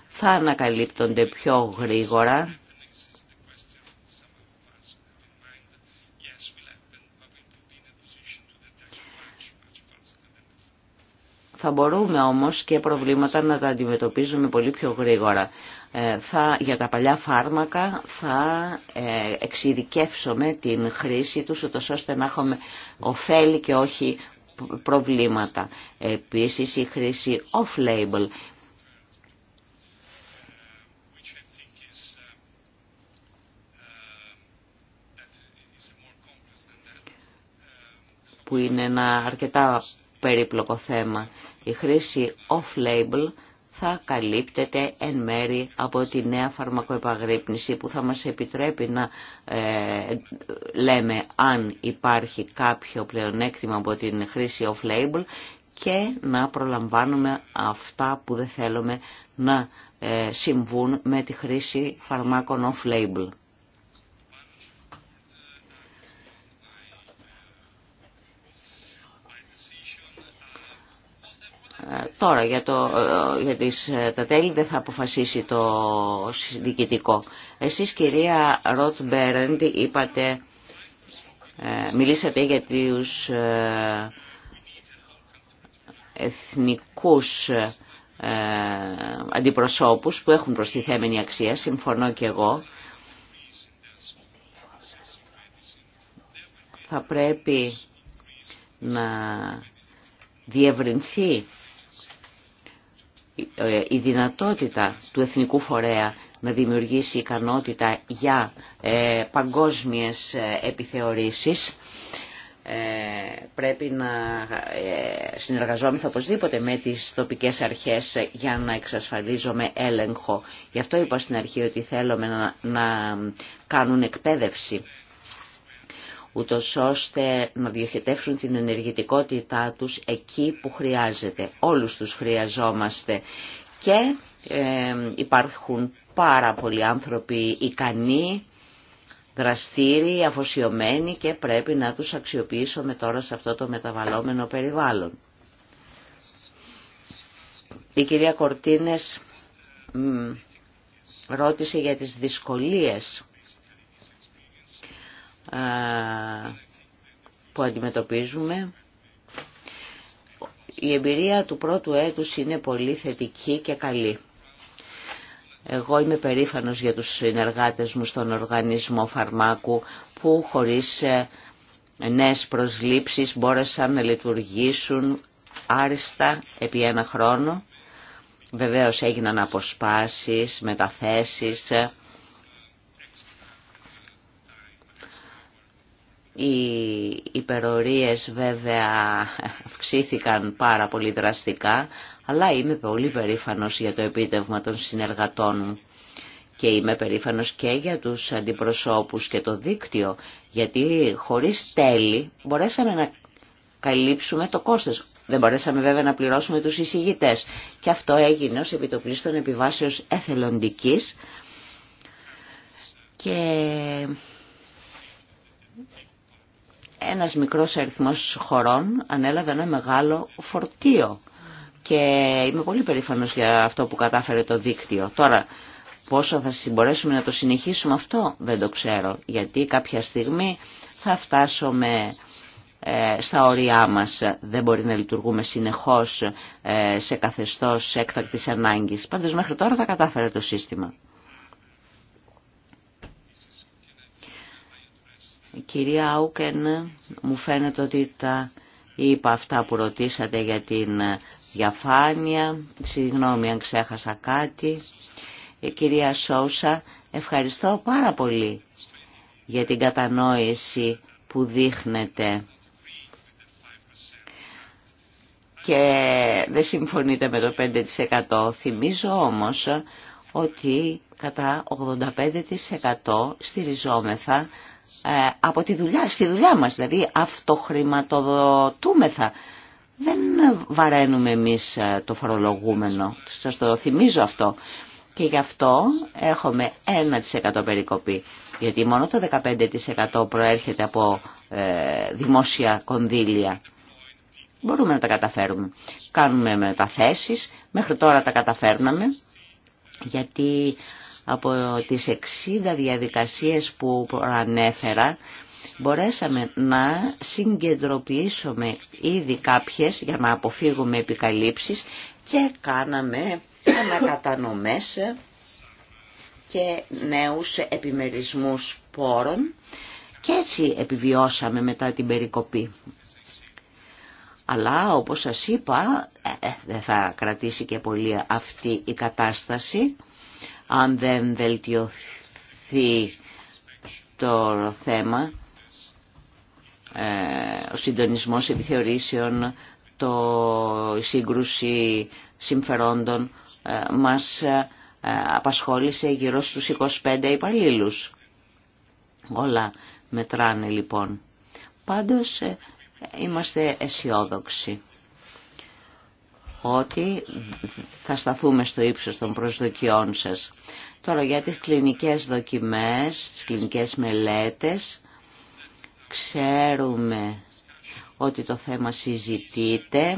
Θα ανακαλύπτονται πιο γρήγορα. Θα μπορούμε όμως και προβλήματα να τα αντιμετωπίζουμε πολύ πιο γρήγορα. Ε, θα, για τα παλιά φάρμακα θα ε, εξειδικεύσουμε την χρήση τους ώστε να έχουμε ωφέλη και όχι προβλήματα. Επίσης η χρήση off-label που είναι ένα αρκετά περίπλοκο θέμα. Η χρήση off-label θα καλύπτεται εν μέρη από τη νέα φαρμακοεπαγρύπνηση που θα μας επιτρέπει να ε, λέμε αν υπάρχει κάποιο πλεονέκτημα από την χρήση off-label και να προλαμβάνουμε αυτά που δεν θέλουμε να ε, συμβούν με τη χρήση φαρμάκων off-label. Τώρα για, το, ε, για τις, ε, τα τέλη δεν θα αποφασίσει το διοικητικό. Εσείς κυρία Ροτ Μπέρεντ είπατε, ε, μιλήσατε για τους εθνικούς αντιπροσώπους που έχουν προστιθέμενη αξία, συμφωνώ και εγώ. Θα πρέπει να διευρυνθεί η δυνατότητα του Εθνικού Φορέα να δημιουργήσει ικανότητα για ε, παγκόσμιες ε, επιθεωρήσεις ε, πρέπει να συνεργαζόμεθα οπωσδήποτε με τις τοπικές αρχές για να εξασφαλίζουμε έλεγχο. Γι' αυτό είπα στην αρχή ότι θέλουμε να, να κάνουν εκπαίδευση ούτω ώστε να διοχετεύσουν την ενεργητικότητά τους εκεί που χρειάζεται. Όλους τους χρειαζόμαστε και ε, υπάρχουν πάρα πολλοί άνθρωποι ικανοί, δραστήριοι, αφοσιωμένοι και πρέπει να τους αξιοποιήσουμε τώρα σε αυτό το μεταβαλλόμενο περιβάλλον. Η κυρία Κορτίνες μ, ρώτησε για τις δυσκολίες που αντιμετωπίζουμε. Η εμπειρία του πρώτου έτους είναι πολύ θετική και καλή. Εγώ είμαι περήφανος για τους συνεργάτες μου στον οργανισμό φαρμάκου που χωρίς ε, νέες προσλήψεις μπόρεσαν να λειτουργήσουν άριστα επί ένα χρόνο. Βεβαίως έγιναν αποσπάσεις, μεταθέσεις, ε, Οι υπερορίες βέβαια αυξήθηκαν πάρα πολύ δραστικά, αλλά είμαι πολύ περήφανος για το επίτευγμα των συνεργατών μου. Και είμαι περήφανος και για τους αντιπροσώπους και το δίκτυο, γιατί χωρίς τέλη μπορέσαμε να καλύψουμε το κόστος. Δεν μπορέσαμε βέβαια να πληρώσουμε τους εισηγητές. Και αυτό έγινε ως των επιβάσεως εθελοντικής. Και ένας μικρός αριθμός χωρών ανέλαβε ένα μεγάλο φορτίο και είμαι πολύ περήφανος για αυτό που κατάφερε το δίκτυο. Τώρα, πόσο θα συμπορέσουμε να το συνεχίσουμε αυτό δεν το ξέρω, γιατί κάποια στιγμή θα φτάσουμε ε, στα όρια μας. Δεν μπορεί να λειτουργούμε συνεχώς ε, σε καθεστώς έκτακτης ανάγκης. Πάντως μέχρι τώρα τα κατάφερε το σύστημα. κυρία Άουκεν μου φαίνεται ότι τα είπα αυτά που ρωτήσατε για την διαφάνεια. Συγγνώμη αν ξέχασα κάτι. Ε, κυρία Σόουσα, ευχαριστώ πάρα πολύ για την κατανόηση που δείχνετε. Και δεν συμφωνείτε με το 5%. Θυμίζω όμως ότι κατά 85% στηριζόμεθα ε, από τη δουλειά, στη δουλειά μας, δηλαδή αυτοχρηματοδοτούμεθα. Δεν βαραίνουμε εμείς ε, το φορολογούμενο, σας το θυμίζω αυτό. Και γι' αυτό έχουμε 1% περικοπή, γιατί μόνο το 15% προέρχεται από ε, δημόσια κονδύλια. Μπορούμε να τα καταφέρουμε. Κάνουμε μεταθέσεις, μέχρι τώρα τα καταφέρναμε γιατί από τις 60 διαδικασίες που προανέφερα μπορέσαμε να συγκεντροποιήσουμε ήδη κάποιες για να αποφύγουμε επικαλύψεις και κάναμε ανακατανομές και νέους επιμερισμούς πόρων και έτσι επιβιώσαμε μετά την περικοπή αλλά όπως σας είπα ε, ε, δεν θα κρατήσει και πολύ αυτή η κατάσταση αν δεν βελτιωθεί το θέμα ε, ο συντονισμός επιθεωρήσεων, το η σύγκρουση συμφερόντων μας απασχόλησε γύρω στους 25 υπαλλήλους. Όλα μετράνε λοιπόν. Πάντως είμαστε αισιόδοξοι ότι θα σταθούμε στο ύψος των προσδοκιών σας. Τώρα για τις κλινικές δοκιμές, τις κλινικές μελέτες, ξέρουμε ότι το θέμα συζητείται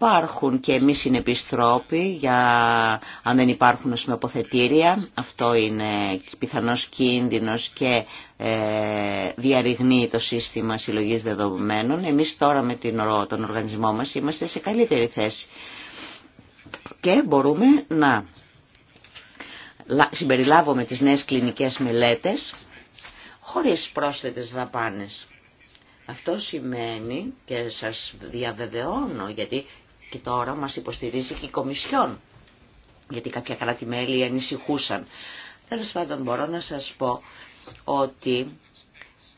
υπάρχουν και εμείς συνεπιστρόποι για αν δεν υπάρχουν ας Αυτό είναι πιθανό κίνδυνος και ε, διαρριγνύει το σύστημα συλλογή δεδομένων. Εμείς τώρα με την, τον οργανισμό μας είμαστε σε καλύτερη θέση και μπορούμε να συμπεριλάβουμε τις νέες κλινικές μελέτες χωρίς πρόσθετες δαπάνες. Αυτό σημαίνει και σας διαβεβαιώνω γιατί και τώρα μας υποστηρίζει και η Κομισιόν, γιατί κάποια κράτη-μέλη ανησυχούσαν. Τέλο πάντων μπορώ να σας πω ότι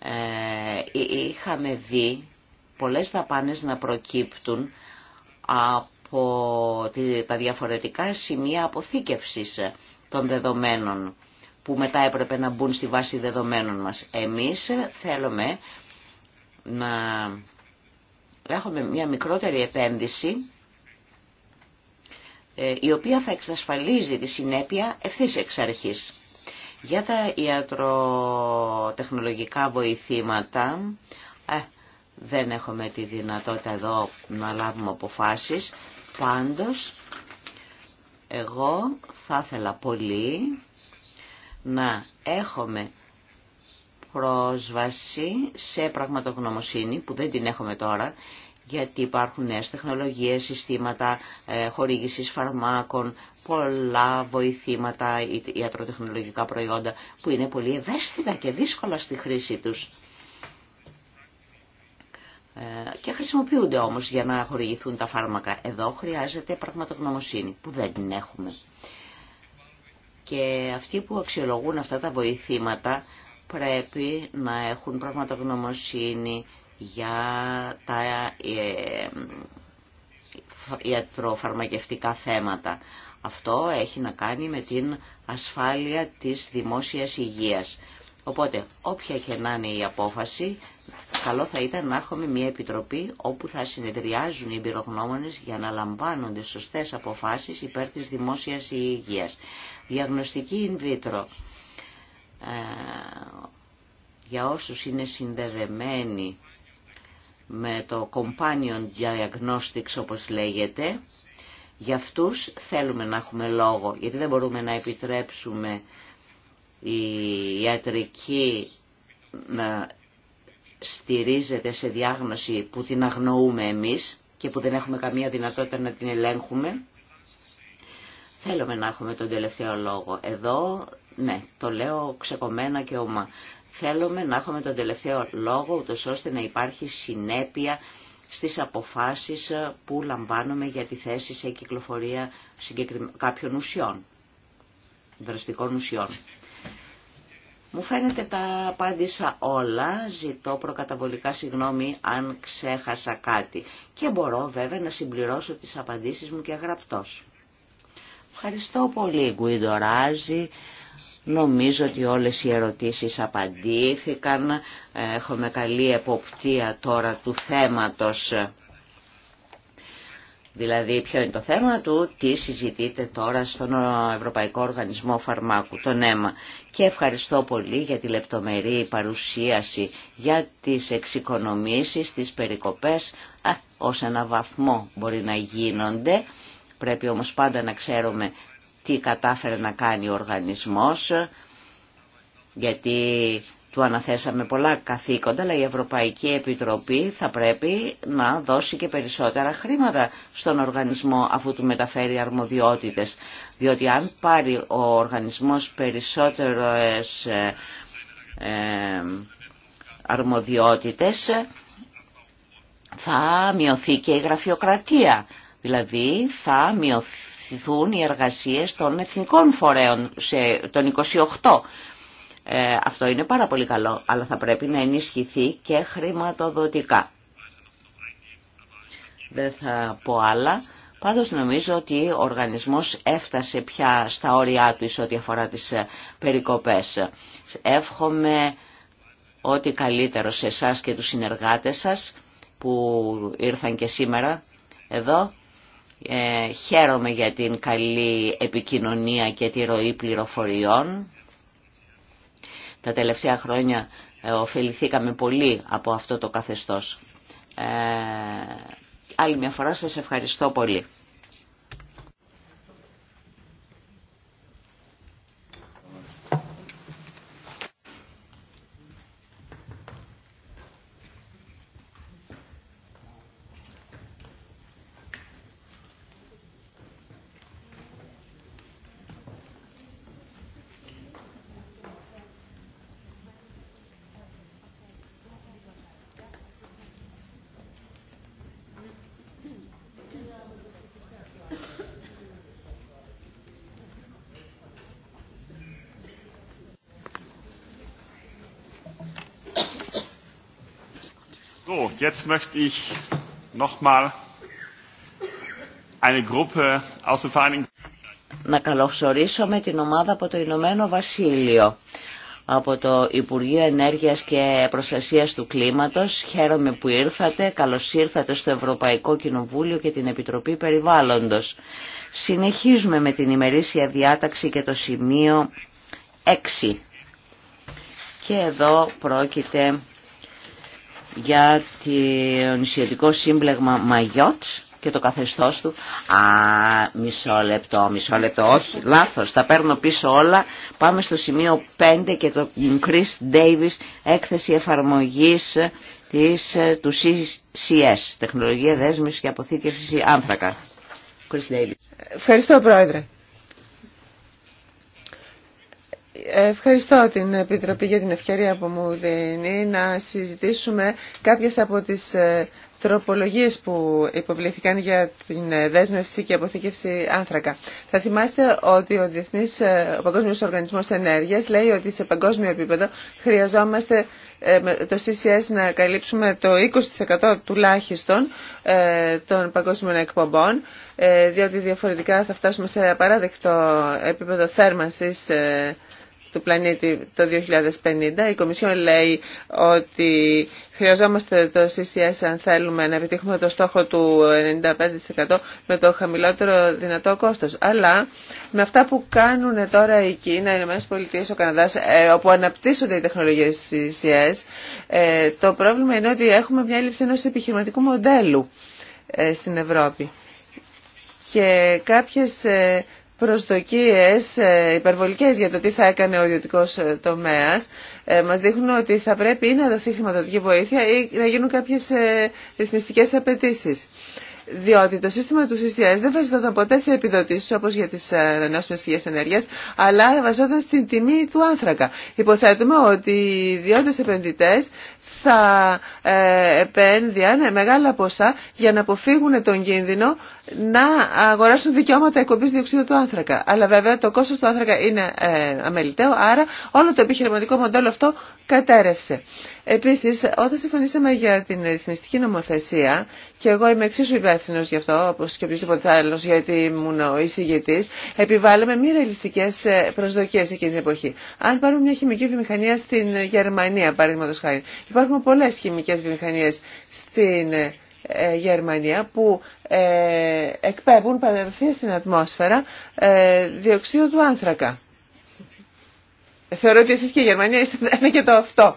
ε, είχαμε δει πολλές δαπάνες να προκύπτουν από τα διαφορετικά σημεία αποθήκευσης των δεδομένων που μετά έπρεπε να μπουν στη βάση δεδομένων μας. Εμείς θέλουμε να έχουμε μια μικρότερη επένδυση ε, η οποία θα εξασφαλίζει τη συνέπεια ευθύς εξ αρχής. Για τα ιατροτεχνολογικά βοηθήματα, ε, δεν έχουμε τη δυνατότητα εδώ να λάβουμε αποφάσεις. Πάντως, εγώ θα ήθελα πολύ να έχουμε πρόσβαση σε πραγματογνωμοσύνη, που δεν την έχουμε τώρα, γιατί υπάρχουν νέες τεχνολογίες, συστήματα ε, χορήγησης φαρμάκων, πολλά βοηθήματα, ιατροτεχνολογικά προϊόντα που είναι πολύ ευαίσθητα και δύσκολα στη χρήση τους ε, και χρησιμοποιούνται όμως για να χορηγηθούν τα φάρμακα. Εδώ χρειάζεται πραγματογνωμοσύνη που δεν την έχουμε. Και αυτοί που αξιολογούν αυτά τα βοηθήματα πρέπει να έχουν πραγματογνωμοσύνη για τα ε, ιατροφαρμακευτικά θέματα. Αυτό έχει να κάνει με την ασφάλεια της δημόσιας υγείας. Οπότε, όποια και να είναι η απόφαση, καλό θα ήταν να έχουμε μια επιτροπή όπου θα συνεδριάζουν οι εμπειρογνώμονες για να λαμβάνονται σωστές αποφάσεις υπέρ της δημόσιας υγείας. Διαγνωστική in vitro. Ε, για όσους είναι συνδεδεμένοι με το Companion Diagnostics όπως λέγεται. Για αυτούς θέλουμε να έχουμε λόγο, γιατί δεν μπορούμε να επιτρέψουμε η ιατρική να στηρίζεται σε διάγνωση που την αγνοούμε εμείς και που δεν έχουμε καμία δυνατότητα να την ελέγχουμε. Θέλουμε να έχουμε τον τελευταίο λόγο. Εδώ, ναι, το λέω ξεκομμένα και όμα. Θέλουμε να έχουμε τον τελευταίο λόγο, ούτως ώστε να υπάρχει συνέπεια στις αποφάσεις που λαμβάνουμε για τη θέση σε κυκλοφορία κάποιων ουσιών, δραστικών ουσιών. Μου φαίνεται τα απάντησα όλα, ζητώ προκαταβολικά συγγνώμη αν ξέχασα κάτι και μπορώ βέβαια να συμπληρώσω τις απαντήσεις μου και γραπτός. Ευχαριστώ πολύ Γκουιντοράζη. Νομίζω ότι όλες οι ερωτήσεις απαντήθηκαν. Έχουμε καλή εποπτεία τώρα του θέματος. Δηλαδή ποιο είναι το θέμα του, τι συζητείτε τώρα στον Ευρωπαϊκό Οργανισμό Φαρμάκου, τον ΕΜΑ. Και ευχαριστώ πολύ για τη λεπτομερή παρουσίαση για τις εξοικονομήσεις, τις περικοπές, α, ως ένα βαθμό μπορεί να γίνονται. Πρέπει όμως πάντα να ξέρουμε τι κατάφερε να κάνει ο οργανισμός, γιατί του αναθέσαμε πολλά καθήκοντα, αλλά η Ευρωπαϊκή Επιτροπή θα πρέπει να δώσει και περισσότερα χρήματα στον οργανισμό αφού του μεταφέρει αρμοδιότητες. Διότι αν πάρει ο οργανισμός περισσότερες ε, ε, αρμοδιότητες, θα μειωθεί και η γραφειοκρατία. Δηλαδή θα μειωθεί αυξηθούν οι εργασίες των εθνικών φορέων σε τον 28. Ε, αυτό είναι πάρα πολύ καλό, αλλά θα πρέπει να ενισχυθεί και χρηματοδοτικά. Δεν θα πω άλλα. Πάντως νομίζω ότι ο οργανισμός έφτασε πια στα όρια του σε ό,τι αφορά τις ε, περικοπές. Εύχομαι ό,τι καλύτερο σε εσά και τους συνεργάτες σας που ήρθαν και σήμερα εδώ ε, χαίρομαι για την καλή επικοινωνία και τη ροή πληροφοριών. Τα τελευταία χρόνια ε, ωφεληθήκαμε πολύ από αυτό το καθεστώς. Ε, άλλη μια φορά σας ευχαριστώ πολύ. Jetzt möchte ich να καλωσορίσω με την ομάδα από το Ηνωμένο Βασίλειο από το Υπουργείο Ενέργειας και Προστασίας του Κλίματος. Χαίρομαι που ήρθατε. Καλώς ήρθατε στο Ευρωπαϊκό Κοινοβούλιο και την Επιτροπή Περιβάλλοντος. Συνεχίζουμε με την ημερήσια διάταξη και το σημείο 6. Και εδώ πρόκειται για το νησιωτικό σύμπλεγμα Μαγιότ και το καθεστώς του. Α, μισό λεπτό, μισό λεπτό, όχι, λάθος, τα παίρνω πίσω όλα. Πάμε στο σημείο 5 και το Chris Davis, έκθεση εφαρμογής της, του CCS, τεχνολογία δέσμευσης και αποθήκευση άνθρακα. Chris Davis. Ευχαριστώ, Πρόεδρε. Ευχαριστώ την Επιτροπή για την ευκαιρία που μου δίνει να συζητήσουμε κάποιες από τις ε, τροπολογίες που υποβλήθηκαν για την ε, δέσμευση και αποθήκευση άνθρακα. Θα θυμάστε ότι ο, Διεθνής, ε, ο Παγκόσμιος Οργανισμός Ενέργειας λέει ότι σε παγκόσμιο επίπεδο χρειαζόμαστε το CCS να καλύψουμε το 20% τουλάχιστον των παγκόσμιων εκπομπών, διότι διαφορετικά θα φτάσουμε σε απαράδεκτο επίπεδο θέρμανσης του πλανήτη το 2050. Η Κομισιόν λέει ότι χρειαζόμαστε το CCS αν θέλουμε να επιτύχουμε το στόχο του 95% με το χαμηλότερο δυνατό κόστος. Αλλά με αυτά που κάνουν τώρα η Κίνα, οι Ηνωμένες Πολιτείες, ο Καναδάς, ε, όπου αναπτύσσονται οι τεχνολογίες CCS, ε, το πρόβλημα είναι ότι έχουμε μια έλλειψη ενός επιχειρηματικού μοντέλου ε, στην Ευρώπη. Και κάποιες προσδοκίες ε, υπερβολικές για το τι θα έκανε ο ιδιωτικό ε, τομέας ε, μας δείχνουν ότι θα πρέπει ή να δοθεί χρηματοδοτική βοήθεια ή να γίνουν κάποιες ρυθμιστικές απαιτήσει. Διότι το σύστημα του CCS δεν βασιζόταν ποτέ σε επιδοτήσεις όπως για τις ανανεώσιμε πηγές ενέργειας, αλλά βασιζόταν στην τιμή του άνθρακα. Υποθέτουμε ότι οι ιδιώτες επενδυτές θα επένδυαν μεγάλα ποσά για να αποφύγουν τον κίνδυνο να αγοράσουν δικαιώματα εκπομπή διοξείδου του άνθρακα. Αλλά βέβαια το κόστο του άνθρακα είναι ε, αμεληταίο, άρα όλο το επιχειρηματικό μοντέλο αυτό κατέρευσε. Επίση, όταν συμφωνήσαμε για την ρυθμιστική νομοθεσία, και εγώ είμαι εξίσου υπεύθυνο γι' αυτό, όπω και οποιοδήποτε άλλο, γιατί ήμουν ο εισηγητή, επιβάλλαμε μη ρεαλιστικέ ε, προσδοκίε εκείνη την εποχή. Αν πάρουμε μια χημική βιομηχανία στην Γερμανία, παραδείγματο χάρη, υπάρχουν πολλέ χημικέ βιομηχανίε στην ε, ε, Γερμανία που ε, εκπέμπουν παρευθείαν στην ατμόσφαιρα ε, διοξείδιο του άνθρακα. Θεωρώ ότι εσείς και η Γερμανία είστε ένα και το αυτό.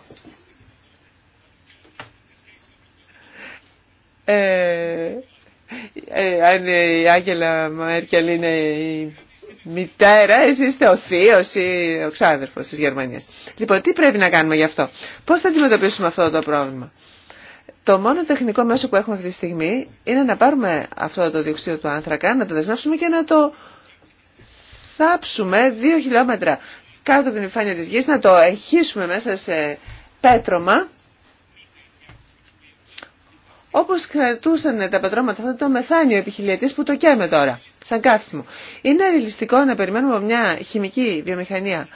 αν η Άγγελα Μέρκελ είναι η μητέρα, εσείς είστε ο θείος ή ο ξάδερφος της Γερμανίας. Λοιπόν, τι πρέπει να κάνουμε γι' αυτό. Πώς θα αντιμετωπίσουμε αυτό το πρόβλημα. Το μόνο τεχνικό μέσο που έχουμε αυτή τη στιγμή είναι να πάρουμε αυτό το διοξείδιο του άνθρακα, να το δεσμεύσουμε και να το θάψουμε δύο χιλιόμετρα κάτω από την επιφάνεια της γης, να το εχίσουμε μέσα σε πέτρωμα, όπως κρατούσαν τα πετρώματα αυτό το μεθάνιο επιχιλιατής που το καίμε τώρα, σαν καύσιμο. Είναι ρεαλιστικό να περιμένουμε μια χημική βιομηχανία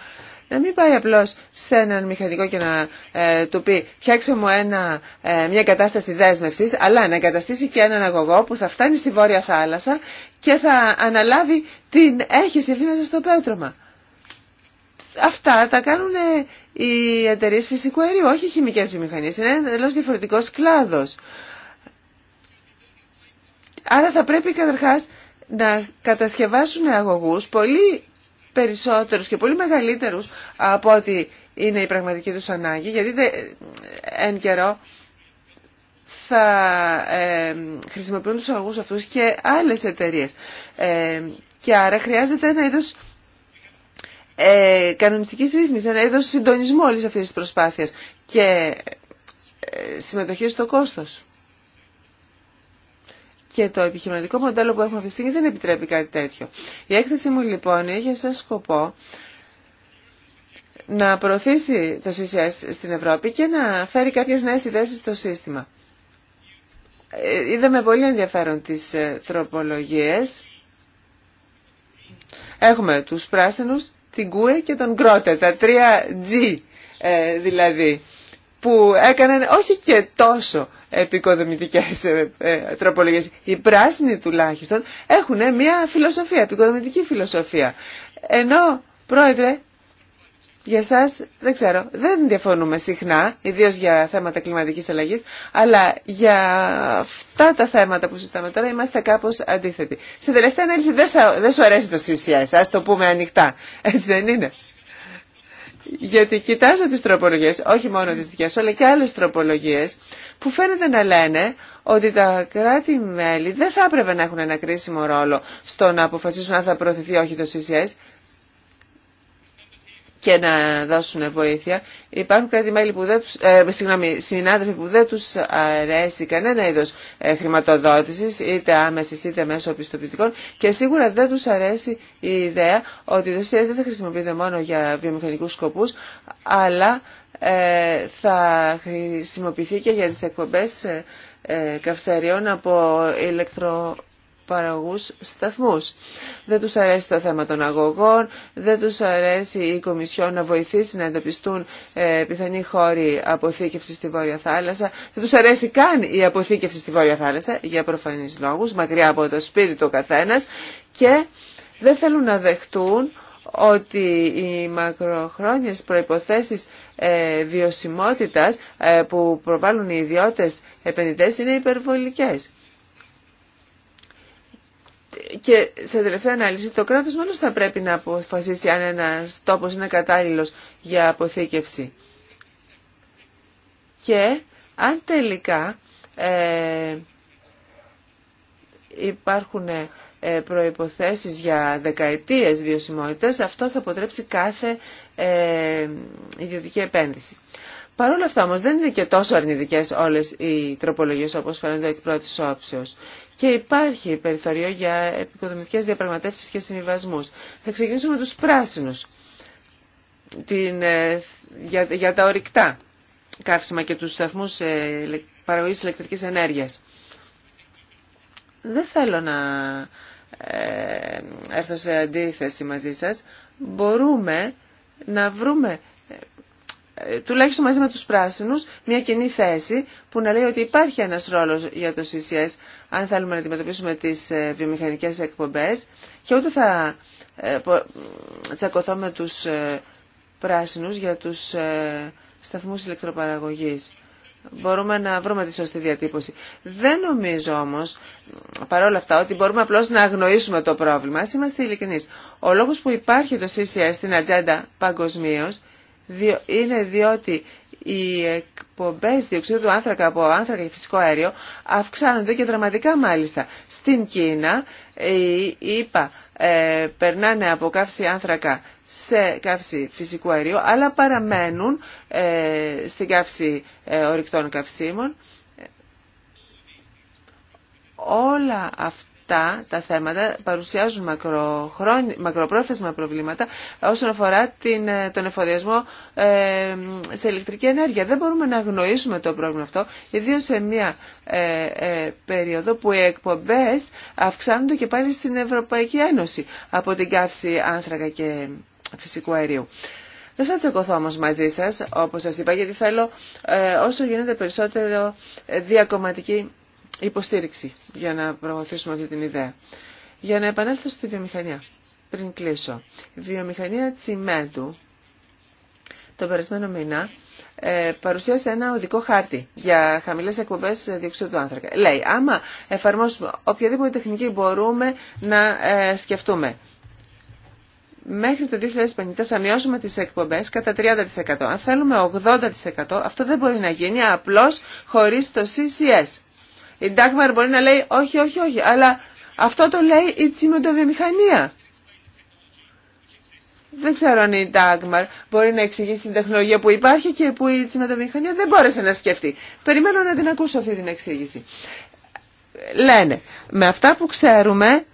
να μην πάει απλώς σε έναν μηχανικό και να ε, του πει φτιάξε μου ένα, ε, μια κατάσταση δέσμευσης, αλλά να εγκαταστήσει και έναν αγωγό που θα φτάνει στη Βόρεια Θάλασσα και θα αναλάβει την έχηση αυτή μέσα στο πέτρωμα. Αυτά τα κάνουν ε, οι εταιρείε φυσικού αερίου, όχι οι χημικές βιομηχανίες. Είναι ένα διαφορετικός κλάδος. Άρα θα πρέπει καταρχάς να κατασκευάσουν αγωγούς πολύ περισσότερους και πολύ μεγαλύτερους από ό,τι είναι η πραγματική τους ανάγκη, γιατί εν καιρό θα ε, χρησιμοποιούν τους αγωγούς αυτούς και άλλες εταιρείες. Ε, και άρα χρειάζεται ένα είδος ε, κανονιστικής ρύθμισης, ένα είδος συντονισμού όλης αυτής της προσπάθειας και ε, συμμετοχή στο κόστος και το επιχειρηματικό μοντέλο που έχουμε αυτή τη στιγμή δεν επιτρέπει κάτι τέτοιο. Η έκθεση μου λοιπόν είχε σαν σκοπό να προωθήσει το CCS στην Ευρώπη και να φέρει κάποιες νέες ιδέες στο σύστημα. Ε, είδαμε πολύ ενδιαφέρον τις ε, τροπολογίες. Έχουμε τους πράσινους, την ΚΟΕ και τον Γκρότε, τα τρία G ε, δηλαδή που έκαναν όχι και τόσο επικοδομητικές ε, ε, τροπολογίες. Οι πράσινοι τουλάχιστον έχουν μια φιλοσοφία, επικοδομητική φιλοσοφία. Ενώ, πρόεδρε, για σας δεν ξέρω, δεν διαφωνούμε συχνά, ιδίως για θέματα κλιματικής αλλαγής, αλλά για αυτά τα θέματα που συζητάμε τώρα είμαστε κάπως αντίθετοι. Σε τελευταία ανάλυση δεν, σου αρέσει το CCS, α το πούμε ανοιχτά. Έτσι δεν είναι. Γιατί κοιτάζω τις τροπολογίες, όχι μόνο τις δικές, αλλά και άλλες τροπολογίες, που φαίνεται να λένε ότι τα κράτη-μέλη δεν θα έπρεπε να έχουν ένα κρίσιμο ρόλο στο να αποφασίσουν αν θα προωθηθεί όχι το CCS, και να δώσουν βοήθεια. Υπάρχουν κράτη-μέλη που δεν τους, ε, συγγνώμη, συνάδελφοι που δεν τους αρέσει κανένα είδος ε, χρηματοδότησης, είτε άμεσης είτε μέσω πιστοποιητικών και σίγουρα δεν τους αρέσει η ιδέα ότι η Δοσία δεν θα χρησιμοποιείται μόνο για βιομηχανικούς σκοπούς, αλλά ε, θα χρησιμοποιηθεί και για τις εκπομπές ε, καυσαριών από ηλεκτρο παραγωγούς σταθμούς. Δεν τους αρέσει το θέμα των αγωγών, δεν τους αρέσει η Κομισιόν να βοηθήσει να εντοπιστούν ε, πιθανή χώρη αποθήκευση στη Βόρεια Θάλασσα. Δεν τους αρέσει καν η αποθήκευση στη Βόρεια Θάλασσα, για προφανείς λόγους, μακριά από το σπίτι του καθένας και δεν θέλουν να δεχτούν ότι οι μακροχρόνιες προϋποθέσεις ε, βιωσιμότητας ε, που προβάλλουν οι ιδιώτες επενδυτές είναι υπερβολικές. Και σε τελευταία ανάλυση το κράτος μόνο θα πρέπει να αποφασίσει αν ένας τόπος είναι κατάλληλος για αποθήκευση. Και αν τελικά ε, υπάρχουν ε, προϋποθέσεις για δεκαετίες βιωσιμότητας, αυτό θα αποτρέψει κάθε ε, ιδιωτική επένδυση. Παρ' όλα αυτά όμως δεν είναι και τόσο αρνητικές όλες οι τροπολογίες όπως φαίνονται εκ πρώτης όψεως και υπάρχει περιθώριο για επικοδομητικές διαπραγματεύσεις και συμβιβασμούς. Θα ξεκινήσουμε με τους πράσινους ε, για, τα ορυκτά καύσιμα και τους σταθμούς ε, παραγωγής ηλεκτρικής ενέργειας. Δεν θέλω να ε, έρθω σε αντίθεση μαζί σας. Μπορούμε να βρούμε τουλάχιστον μαζί με τους πράσινους, μια κοινή θέση που να λέει ότι υπάρχει ένας ρόλος για το CCS αν θέλουμε να αντιμετωπίσουμε τις ε, βιομηχανικές εκπομπές και ούτε θα ε, τσακωθώ με τους ε, πράσινους για τους σταθμούς ηλεκτροπαραγωγής. Μπορούμε να βρούμε τη σωστή διατύπωση. Δεν νομίζω όμως, παρόλα αυτά, ότι μπορούμε απλώς να αγνοήσουμε το πρόβλημα. Ας είμαστε ειλικρινείς. Ο λόγος που υπάρχει το CCS στην ατζέντα παγκοσμίω είναι διότι οι εκπομπέ διοξείδου του άνθρακα από άνθρακα και φυσικό αέριο αυξάνονται και δραματικά μάλιστα. Στην Κίνα, οι ε, ΙΠΑ ε, περνάνε από καύση άνθρακα σε καύση φυσικού αερίου, αλλά παραμένουν ε, στην καύση ε, ορυκτών καυσίμων. Όλα αυτά τα θέματα παρουσιάζουν μακροπρόθεσμα προβλήματα όσον αφορά την, ε, τον εφοδιασμό ε, σε ηλεκτρική ενέργεια. Δεν μπορούμε να αγνοήσουμε το πρόβλημα αυτό, ιδίως σε μια ε, περίοδο που οι εκπομπές αυξάνονται και πάλι στην Ευρωπαϊκή Ένωση από την καύση άνθρακα και φυσικού αερίου. Δεν θα στεκωθώ όμω μαζί σας, όπως σας είπα, γιατί θέλω όσο γίνεται περισσότερο διακομματική υποστήριξη για να προωθήσουμε αυτή την ιδέα. Για να επανέλθω στη βιομηχανία, πριν κλείσω. βιομηχανία τσιμέντου το περασμένο μήνα ε, παρουσίασε ένα οδικό χάρτη για χαμηλέ εκπομπέ διοξείδου του άνθρακα. Λέει, άμα εφαρμόσουμε οποιαδήποτε τεχνική μπορούμε να ε, σκεφτούμε, μέχρι το 2050 θα μειώσουμε τις εκπομπές κατά 30%. Αν θέλουμε 80% αυτό δεν μπορεί να γίνει απλώς χωρίς το CCS. Η Ντάγμαρ μπορεί να λέει όχι, όχι, όχι, αλλά αυτό το λέει η τσιμεντοβιομηχανία. Δεν ξέρω αν η Ντάγμαρ μπορεί να εξηγήσει την τεχνολογία που υπάρχει και που η τσιμεντοβιομηχανία δεν μπόρεσε να σκεφτεί. Περιμένω να την ακούσω αυτή την εξήγηση. Λένε, με αυτά που ξέρουμε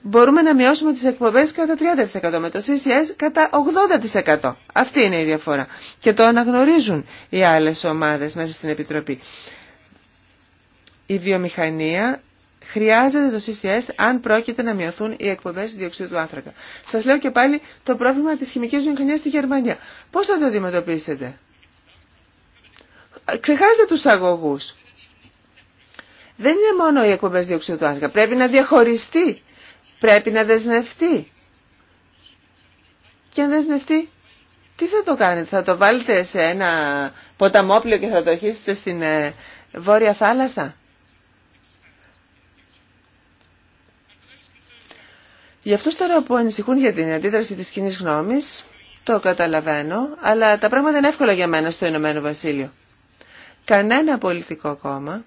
μπορούμε να μειώσουμε τις εκπομπές κατά 30%, με το CCS κατά 80%. Αυτή είναι η διαφορά. Και το αναγνωρίζουν οι άλλες ομάδες μέσα στην Επιτροπή η βιομηχανία χρειάζεται το CCS αν πρόκειται να μειωθούν οι εκπομπές διοξιδίου του άνθρακα. Σας λέω και πάλι το πρόβλημα της χημικής βιομηχανία στη Γερμανία. Πώς θα το αντιμετωπίσετε. Ξεχάσετε τους αγωγού. Δεν είναι μόνο οι εκπομπές διοξιδίου του άνθρακα. Πρέπει να διαχωριστεί. Πρέπει να δεσμευτεί. Και αν δεσμευτεί, τι θα το κάνετε. Θα το βάλετε σε ένα ποταμόπλιο και θα το χύσετε στην ε, Βόρεια Θάλασσα. Για αυτό τώρα που ανησυχούν για την αντίδραση της κοινή γνώμης, το καταλαβαίνω, αλλά τα πράγματα είναι εύκολα για μένα στο Ηνωμένο Βασίλειο. Κανένα πολιτικό κόμμα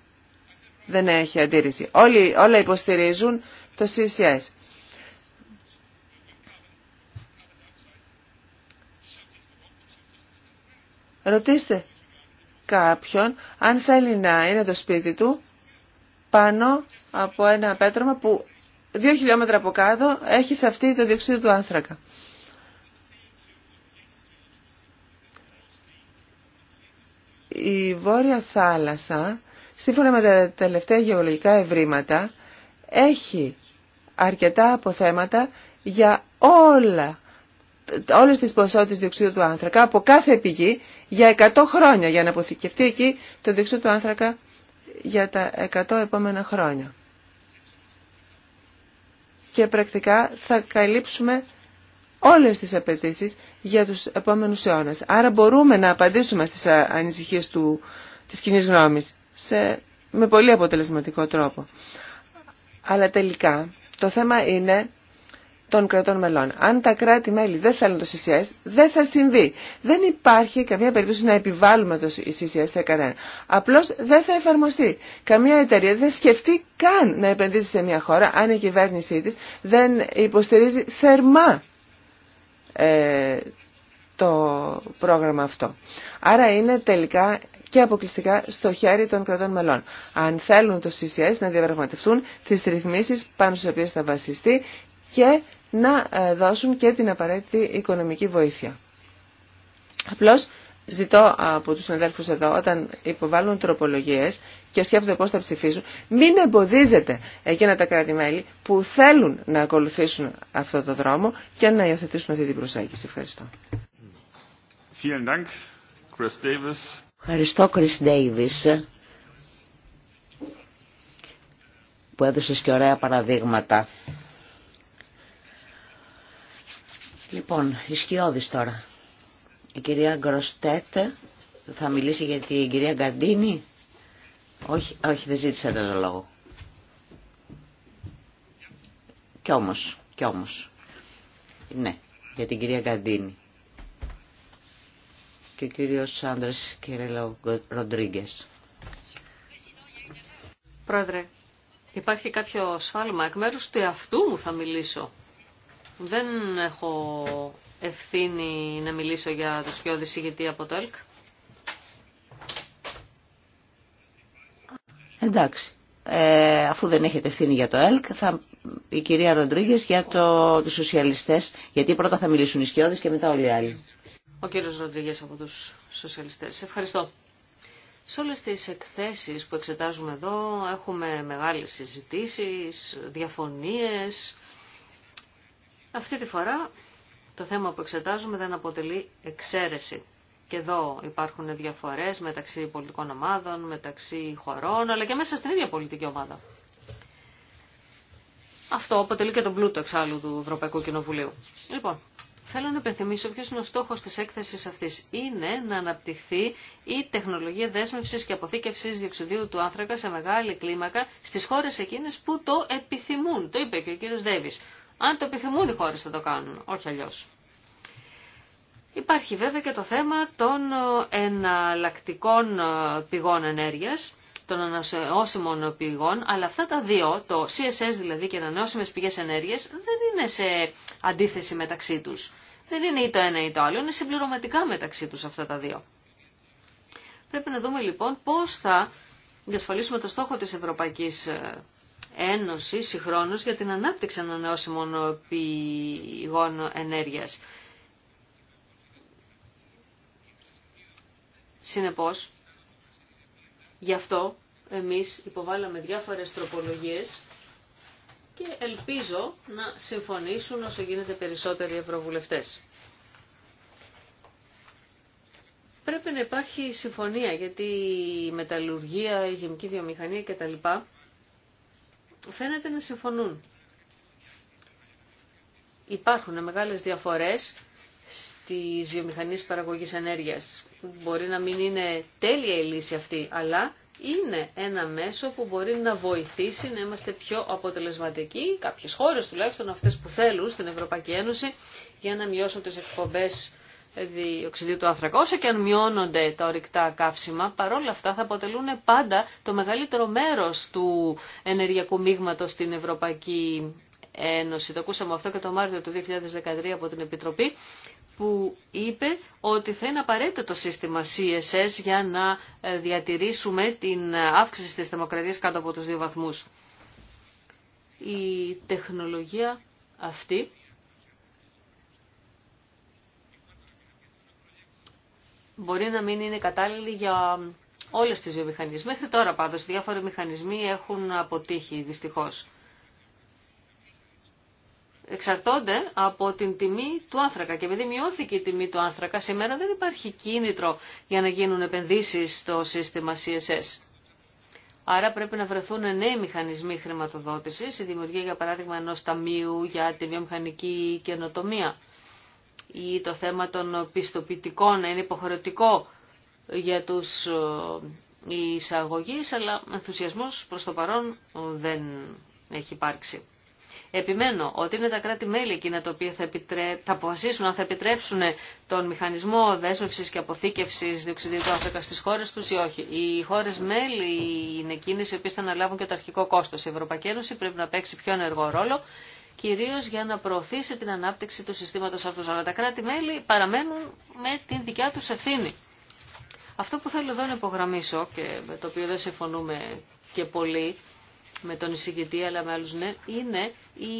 δεν έχει αντίρρηση. Όλοι, όλα υποστηρίζουν το CCS. Ρωτήστε κάποιον αν θέλει να είναι το σπίτι του πάνω από ένα πέτρωμα που δύο χιλιόμετρα από κάτω έχει θαυτεί το διοξείδιο του άνθρακα. Η Βόρεια Θάλασσα, σύμφωνα με τα τελευταία γεωλογικά ευρήματα, έχει αρκετά αποθέματα για όλα, όλες τις ποσότητες διοξείδου του άνθρακα από κάθε πηγή για 100 χρόνια για να αποθηκευτεί εκεί το διοξείδιο του άνθρακα για τα 100 επόμενα χρόνια και πρακτικά θα καλύψουμε όλες τις απαιτήσει για τους επόμενους αιώνες. Άρα μπορούμε να απαντήσουμε στις ανησυχίες του, της κοινή γνώμης με πολύ αποτελεσματικό τρόπο. Αλλά τελικά το θέμα είναι των κρατών μελών. Αν τα κράτη-μέλη δεν θέλουν το CCS, δεν θα συμβεί. Δεν υπάρχει καμία περίπτωση να επιβάλλουμε το CCS σε κανένα. Απλώ δεν θα εφαρμοστεί. Καμία εταιρεία δεν σκεφτεί καν να επενδύσει σε μια χώρα αν η κυβέρνησή τη, δεν υποστηρίζει θερμά ε, το πρόγραμμα αυτό. Άρα είναι τελικά και αποκλειστικά στο χέρι των κρατών μελών. Αν θέλουν το CCS να διαπραγματευτούν τις ρυθμίσεις πάνω στις οποίες θα βασιστεί και να ε, δώσουν και την απαραίτητη οικονομική βοήθεια. Απλώς ζητώ από τους συναδέλφους εδώ όταν υποβάλλουν τροπολογίες και σκέφτονται πώς θα ψηφίζουν, μην εμποδίζετε εκείνα τα κράτη-μέλη που θέλουν να ακολουθήσουν αυτό το δρόμο και να υιοθετήσουν αυτή την προσέγγιση. Ευχαριστώ. Ευχαριστώ, Chris Davis, που έδωσες και ωραία παραδείγματα. Λοιπόν, η Σκιώδης τώρα. Η κυρία Γκροστέτ θα μιλήσει για την κυρία Γκαντίνη. Όχι, όχι, δεν ζήτησα τον λόγο. Κι όμως, κι όμως. Ναι, για την κυρία Γκαντίνη. Και ο κύριος Άντρες Κυρέλο Ροντρίγκες. Πρόεδρε, υπάρχει κάποιο σφάλμα. Εκ μέρους του εαυτού μου θα μιλήσω. Δεν έχω ευθύνη να μιλήσω για το σκιώδη συγητή από το ΕΛΚ. Εντάξει. Ε, αφού δεν έχετε ευθύνη για το ΕΛΚ, θα, η κυρία Ροντρίγκε για το, τους σοσιαλιστές, γιατί πρώτα θα μιλήσουν οι σκιώδει και μετά όλοι οι άλλοι. Ο κύριο Ροντρίγκε από του Σοσιαλιστέ. Ευχαριστώ. Σε όλε τι εκθέσει που εξετάζουμε εδώ έχουμε μεγάλε συζητήσει, διαφωνίε. Αυτή τη φορά το θέμα που εξετάζουμε δεν αποτελεί εξαίρεση. Και εδώ υπάρχουν διαφορές μεταξύ πολιτικών ομάδων, μεταξύ χωρών, αλλά και μέσα στην ίδια πολιτική ομάδα. Αυτό αποτελεί και τον πλούτο εξάλλου του Ευρωπαϊκού Κοινοβουλίου. Λοιπόν, θέλω να υπενθυμίσω ποιο είναι ο στόχο τη έκθεση αυτή. Είναι να αναπτυχθεί η τεχνολογία δέσμευση και αποθήκευση διοξιδίου του άνθρακα σε μεγάλη κλίμακα στι χώρε εκείνε που το επιθυμούν. Το είπε και ο κύριο αν το επιθυμούν οι χώρες θα το κάνουν, όχι αλλιώς. Υπάρχει βέβαια και το θέμα των εναλλακτικών πηγών ενέργειας, των ανανεώσιμων πηγών, αλλά αυτά τα δύο, το CSS δηλαδή και ανανεώσιμε πηγές ενέργειας, δεν είναι σε αντίθεση μεταξύ τους. Δεν είναι ή το ένα ή το άλλο, είναι συμπληρωματικά μεταξύ τους αυτά τα δύο. Πρέπει να δούμε λοιπόν πώς θα διασφαλίσουμε το στόχο της Ευρωπαϊκής Ένωση συγχρόνως για την ανάπτυξη ανανεώσιμων πηγών ενέργεια. Συνεπώ. γι' αυτό εμεί υποβάλαμε διάφορες τροπολογίες και ελπίζω να συμφωνήσουν όσο γίνεται περισσότεροι ευρωβουλευτές. Πρέπει να υπάρχει συμφωνία γιατί η μεταλλουργία, η γεμική βιομηχανία κτλ φαίνεται να συμφωνούν. Υπάρχουν μεγάλες διαφορές στις βιομηχανίες παραγωγής ενέργειας. Μπορεί να μην είναι τέλεια η λύση αυτή, αλλά είναι ένα μέσο που μπορεί να βοηθήσει να είμαστε πιο αποτελεσματικοί, κάποιες χώρες τουλάχιστον αυτές που θέλουν στην Ευρωπαϊκή Ένωση, για να μειώσουν τις εκπομπές διοξιδίου του άνθρακα. Όσο και αν μειώνονται τα ορυκτά καύσιμα, παρόλα αυτά θα αποτελούν πάντα το μεγαλύτερο μέρος του ενεργειακού μείγματος στην Ευρωπαϊκή Ένωση. Το ακούσαμε αυτό και το Μάρτιο του 2013 από την Επιτροπή που είπε ότι θα είναι απαραίτητο το σύστημα CSS για να ε, διατηρήσουμε την αύξηση της δημοκρατίας κάτω από τους δύο βαθμούς. Η τεχνολογία αυτή μπορεί να μην είναι κατάλληλη για όλες τις βιομηχανίες. Μέχρι τώρα πάντως διάφοροι μηχανισμοί έχουν αποτύχει δυστυχώς. Εξαρτώνται από την τιμή του άνθρακα και επειδή μειώθηκε η τιμή του άνθρακα σήμερα δεν υπάρχει κίνητρο για να γίνουν επενδύσεις στο σύστημα CSS. Άρα πρέπει να βρεθούν νέοι μηχανισμοί χρηματοδότησης, η δημιουργία για παράδειγμα ενός ταμείου για τη βιομηχανική καινοτομία ή το θέμα των πιστοποιητικών είναι υποχρεωτικό για τους ε, εισαγωγείς, αλλά ενθουσιασμός προς το παρόν δεν έχει υπάρξει. Επιμένω ότι είναι τα κράτη-μέλη εκείνα τα οποία θα, επιτρέ... θα αποφασίσουν αν θα επιτρέψουν τον μηχανισμό δέσμευσης και αποθήκευσης διοξιδίου του άνθρακα στις χώρες τους ή όχι. Οι χώρες μέλη είναι εκείνες οι οποίες θα αναλάβουν και το αρχικό κόστος. Η Ευρωπαϊκή Ένωση πρέπει να παίξει πιο ενεργό ρόλο κυρίως για να προωθήσει την ανάπτυξη του συστήματος αυτού. Αλλά τα κράτη-μέλη παραμένουν με την δικιά τους ευθύνη. Αυτό που θέλω εδώ να υπογραμμίσω και με το οποίο δεν συμφωνούμε και πολύ με τον εισηγητή αλλά με άλλους ναι, είναι η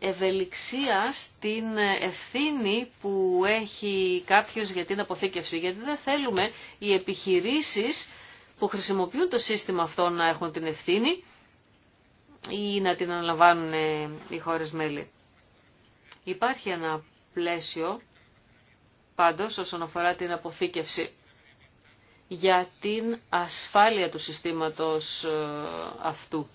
ευελιξία στην ευθύνη που έχει κάποιος για την αποθήκευση. Γιατί δεν θέλουμε οι επιχειρήσεις που χρησιμοποιούν το σύστημα αυτό να έχουν την ευθύνη, ή να την αναλαμβάνουν ε, οι χώρες μέλη. Υπάρχει ένα πλαίσιο πάντως όσον αφορά την αποθήκευση για την ασφάλεια του συστήματος ε, αυτού.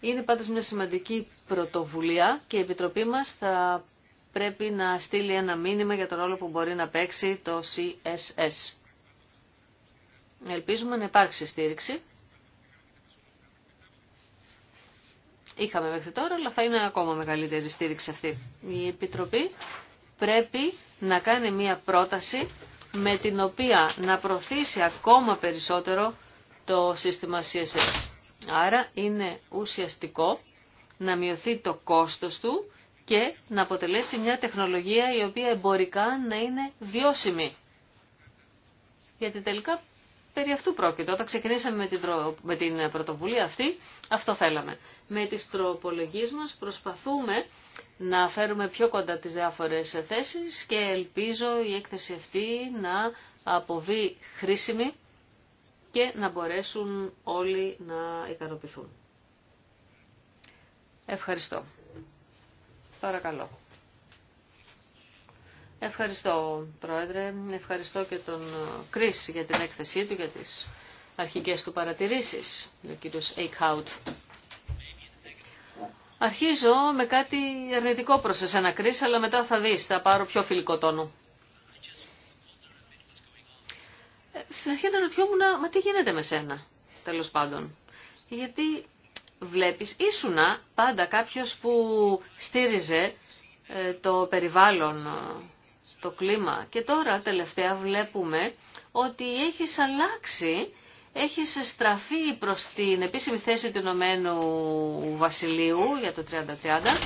Είναι πάντως μια σημαντική πρωτοβουλία και η Επιτροπή μας θα πρέπει να στείλει ένα μήνυμα για τον ρόλο που μπορεί να παίξει το CSS. Ελπίζουμε να υπάρξει στήριξη είχαμε μέχρι τώρα, αλλά θα είναι ακόμα μεγαλύτερη στήριξη αυτή. Η Επιτροπή πρέπει να κάνει μία πρόταση με την οποία να προωθήσει ακόμα περισσότερο το σύστημα CSS. Άρα είναι ουσιαστικό να μειωθεί το κόστος του και να αποτελέσει μια τεχνολογία η οποία εμπορικά να είναι βιώσιμη. Γιατί τελικά περί αυτού πρόκειται. Όταν ξεκινήσαμε με την, με την πρωτοβουλία αυτή, αυτό θέλαμε. Με τις τροπολογίες μας προσπαθούμε να φέρουμε πιο κοντά τις διάφορες θέσεις και ελπίζω η έκθεση αυτή να αποβεί χρήσιμη και να μπορέσουν όλοι να ικανοποιηθούν. Ευχαριστώ. Παρακαλώ. Ευχαριστώ, Πρόεδρε. Ευχαριστώ και τον Κρίς ε, για την έκθεσή του, για τις αρχικές του παρατηρήσεις, ο κύριος Eichhout. Αρχίζω με κάτι αρνητικό προς εσένα, Κρίς, αλλά μετά θα δεις, θα πάρω πιο φιλικό τόνο. Ε, στην αρχή ρωτιόμουν, μα τι γίνεται με σένα, τέλος πάντων. Γιατί βλέπεις, ήσουνα πάντα κάποιος που στήριζε ε, το περιβάλλον το κλίμα. Και τώρα τελευταία βλέπουμε ότι έχει αλλάξει, έχει στραφεί προς την επίσημη θέση του Ηνωμένου Βασιλείου για το 30-30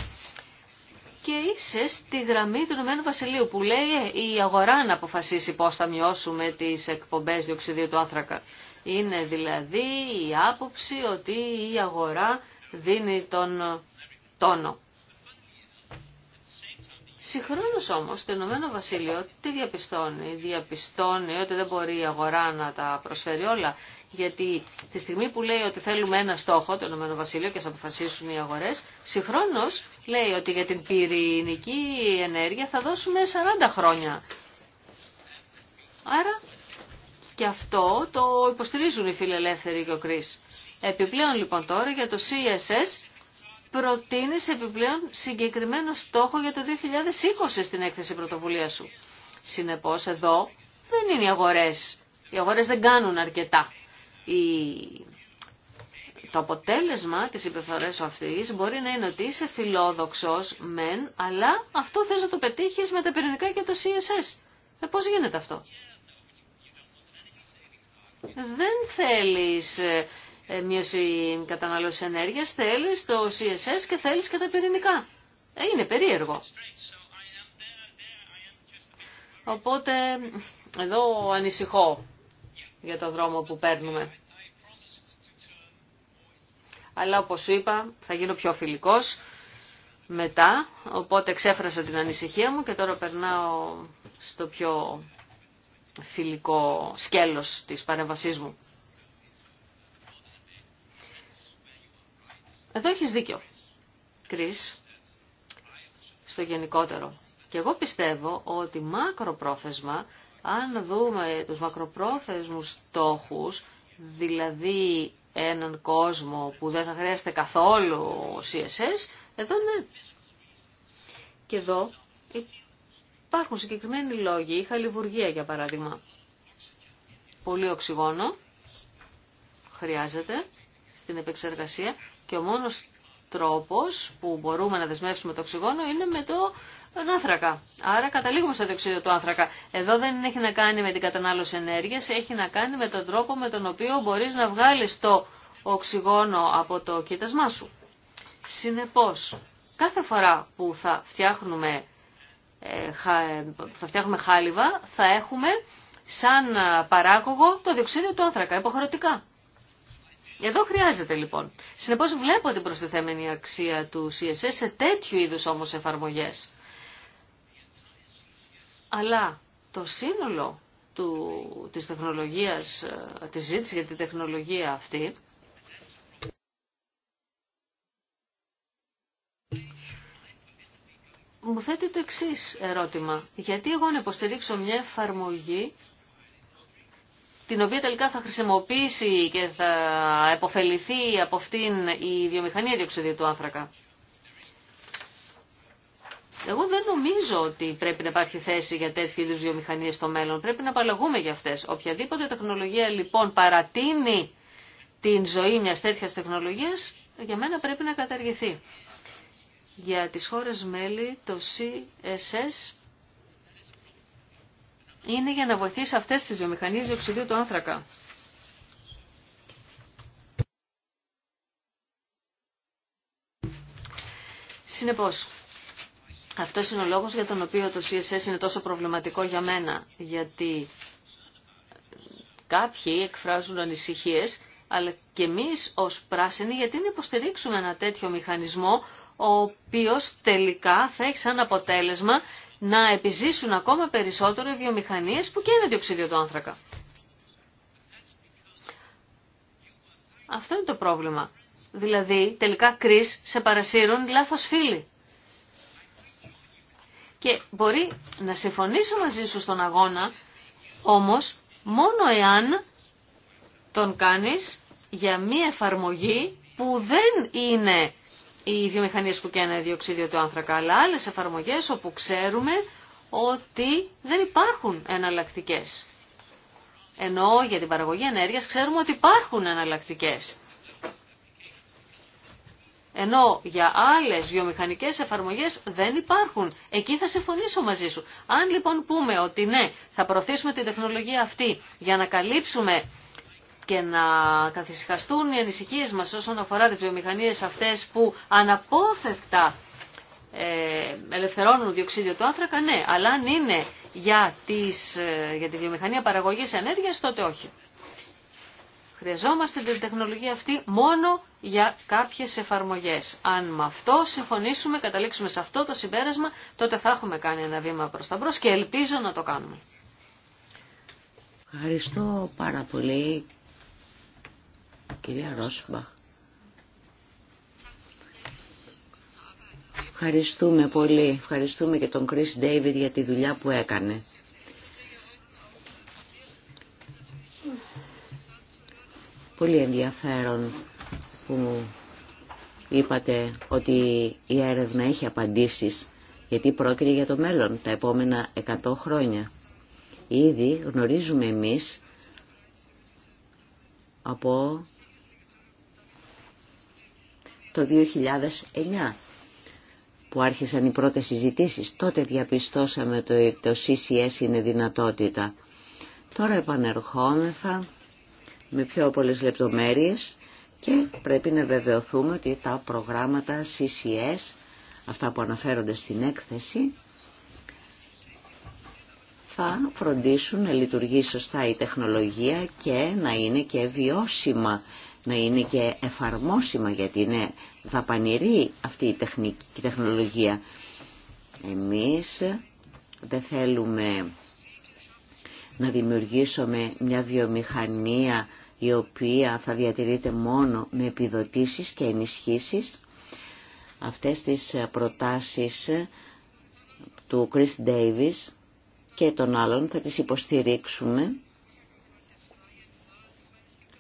και είσαι στη γραμμή του Ηνωμένου Βασιλείου που λέει «Ε, η αγορά να αποφασίσει πώς θα μειώσουμε τις εκπομπές διοξιδίου του άνθρακα. Είναι δηλαδή η άποψη ότι η αγορά δίνει τον τόνο. Συγχρόνως όμως το Ηνωμένο Βασίλειο τι διαπιστώνει. Διαπιστώνει ότι δεν μπορεί η αγορά να τα προσφέρει όλα. Γιατί τη στιγμή που λέει ότι θέλουμε ένα στόχο, το Ηνωμένο Βασίλειο, και θα αποφασίσουν οι αγορές, συγχρόνως λέει ότι για την πυρηνική ενέργεια θα δώσουμε 40 χρόνια. Άρα και αυτό το υποστηρίζουν οι φιλελεύθεροι και ο Κρίς. Επιπλέον λοιπόν τώρα για το CSS προτείνεις επιπλέον συγκεκριμένο στόχο για το 2020 στην έκθεση πρωτοβουλία σου. Συνεπώς εδώ δεν είναι οι αγορές. Οι αγορές δεν κάνουν αρκετά. Η... Το αποτέλεσμα της σου αυτής μπορεί να είναι ότι είσαι φιλόδοξος μεν, αλλά αυτό θες να το πετύχεις με τα πυρηνικά και το CSS. Ε, πώς γίνεται αυτό. Δεν θέλεις ε, ε, μείωση κατανάλωση ενέργειας, θέλεις το CSS και θέλεις και τα πυρηνικά. Ε, είναι περίεργο. Οπότε εδώ ανησυχώ για το δρόμο που παίρνουμε. Αλλά όπως σου είπα θα γίνω πιο φιλικός μετά, οπότε ξέφρασα την ανησυχία μου και τώρα περνάω στο πιο φιλικό σκέλος της παρέμβασής μου. Εδώ έχεις δίκιο. Κρίς, στο γενικότερο. Και εγώ πιστεύω ότι μακροπρόθεσμα, αν δούμε τους μακροπρόθεσμους στόχους, δηλαδή έναν κόσμο που δεν θα χρειάζεται καθόλου CSS, εδώ ναι. Και εδώ υπάρχουν συγκεκριμένοι λόγοι, η χαλιβουργία για παράδειγμα. Πολύ οξυγόνο χρειάζεται στην επεξεργασία και ο μόνος τρόπος που μπορούμε να δεσμεύσουμε το οξυγόνο είναι με το άνθρακα. Άρα καταλήγουμε στο διοξείδιο του άνθρακα. Εδώ δεν έχει να κάνει με την κατανάλωση ενέργειας, έχει να κάνει με τον τρόπο με τον οποίο μπορείς να βγάλεις το οξυγόνο από το κοίτασμά σου. Συνεπώς, κάθε φορά που θα φτιάχνουμε, ε, ε, θα φτιάχνουμε χάλιβα, θα έχουμε σαν παράγωγο το διοξείδιο του άνθρακα, υποχρεωτικά. Εδώ χρειάζεται λοιπόν. Συνεπώ βλέπω την προστιθέμενη αξία του CSS σε τέτοιου είδου όμω εφαρμογέ. Αλλά το σύνολο του, της τεχνολογίας, ε, της ζήτησης για την τεχνολογία αυτή, μου θέτει το εξής ερώτημα. Γιατί εγώ να υποστηρίξω μια εφαρμογή την οποία τελικά θα χρησιμοποιήσει και θα επωφεληθεί από αυτήν η βιομηχανία διοξιδίου του άνθρακα. Εγώ δεν νομίζω ότι πρέπει να υπάρχει θέση για τέτοιου είδου βιομηχανίε στο μέλλον. Πρέπει να απαλλαγούμε για αυτέ. Οποιαδήποτε τεχνολογία λοιπόν παρατείνει την ζωή μια τέτοια τεχνολογία, για μένα πρέπει να καταργηθεί. Για τις χώρες μέλη το CSS είναι για να βοηθήσει αυτές τις βιομηχανίες διοξιδίου του άνθρακα. Συνεπώς, αυτός είναι ο λόγος για τον οποίο το CSS είναι τόσο προβληματικό για μένα, γιατί κάποιοι εκφράζουν ανησυχίες, αλλά και εμείς ως πράσινοι, γιατί να υποστηρίξουμε ένα τέτοιο μηχανισμό, ο οποίος τελικά θα έχει σαν αποτέλεσμα να επιζήσουν ακόμα περισσότερο οι βιομηχανίες που και είναι διοξίδιο του άνθρακα. Αυτό είναι το πρόβλημα. Δηλαδή, τελικά κρίς σε παρασύρουν λάθος φίλοι. Και μπορεί να συμφωνήσω μαζί σου στον αγώνα, όμως μόνο εάν τον κάνεις για μία εφαρμογή που δεν είναι οι βιομηχανίες που καίνε διοξίδιο του άνθρακα, αλλά άλλες εφαρμογές όπου ξέρουμε ότι δεν υπάρχουν εναλλακτικέ. Ενώ για την παραγωγή ενέργειας ξέρουμε ότι υπάρχουν εναλλακτικέ. Ενώ για άλλες βιομηχανικές εφαρμογές δεν υπάρχουν. Εκεί θα συμφωνήσω μαζί σου. Αν λοιπόν πούμε ότι ναι, θα προωθήσουμε την τεχνολογία αυτή για να καλύψουμε και να καθησυχαστούν οι ανησυχίες μας όσον αφορά τις βιομηχανίες αυτές που αναπόφευκτα ε, ελευθερώνουν διοξίδιο του άνθρακα, ναι, αλλά αν είναι για, τις, ε, για τη βιομηχανία παραγωγής ενέργειας, τότε όχι. Χρειαζόμαστε την τεχνολογία αυτή μόνο για κάποιες εφαρμογές. Αν με αυτό συμφωνήσουμε, καταλήξουμε σε αυτό το συμπέρασμα, τότε θα έχουμε κάνει ένα βήμα προς τα μπρος και ελπίζω να το κάνουμε. Ευχαριστώ πάρα πολύ Κυρία Ρόσμπαχ. Ευχαριστούμε πολύ. Ευχαριστούμε και τον Κρις Ντέιβιντ για τη δουλειά που έκανε. Πολύ ενδιαφέρον που μου είπατε ότι η έρευνα έχει απαντήσεις γιατί πρόκειται για το μέλλον τα επόμενα 100 χρόνια. Ήδη γνωρίζουμε εμείς από το 2009 που άρχισαν οι πρώτες συζητήσεις. Τότε διαπιστώσαμε το, το CCS είναι δυνατότητα. Τώρα επανερχόμεθα με πιο πολλές λεπτομέρειες και πρέπει να βεβαιωθούμε ότι τα προγράμματα CCS, αυτά που αναφέρονται στην έκθεση, θα φροντίσουν να λειτουργεί σωστά η τεχνολογία και να είναι και βιώσιμα να είναι και εφαρμόσιμα γιατί είναι δαπανηρή αυτή η τεχνολογία. Εμείς δεν θέλουμε να δημιουργήσουμε μια βιομηχανία η οποία θα διατηρείται μόνο με επιδοτήσεις και ενισχύσεις. Αυτές τις προτάσεις του Chris Davis και των άλλων θα τις υποστηρίξουμε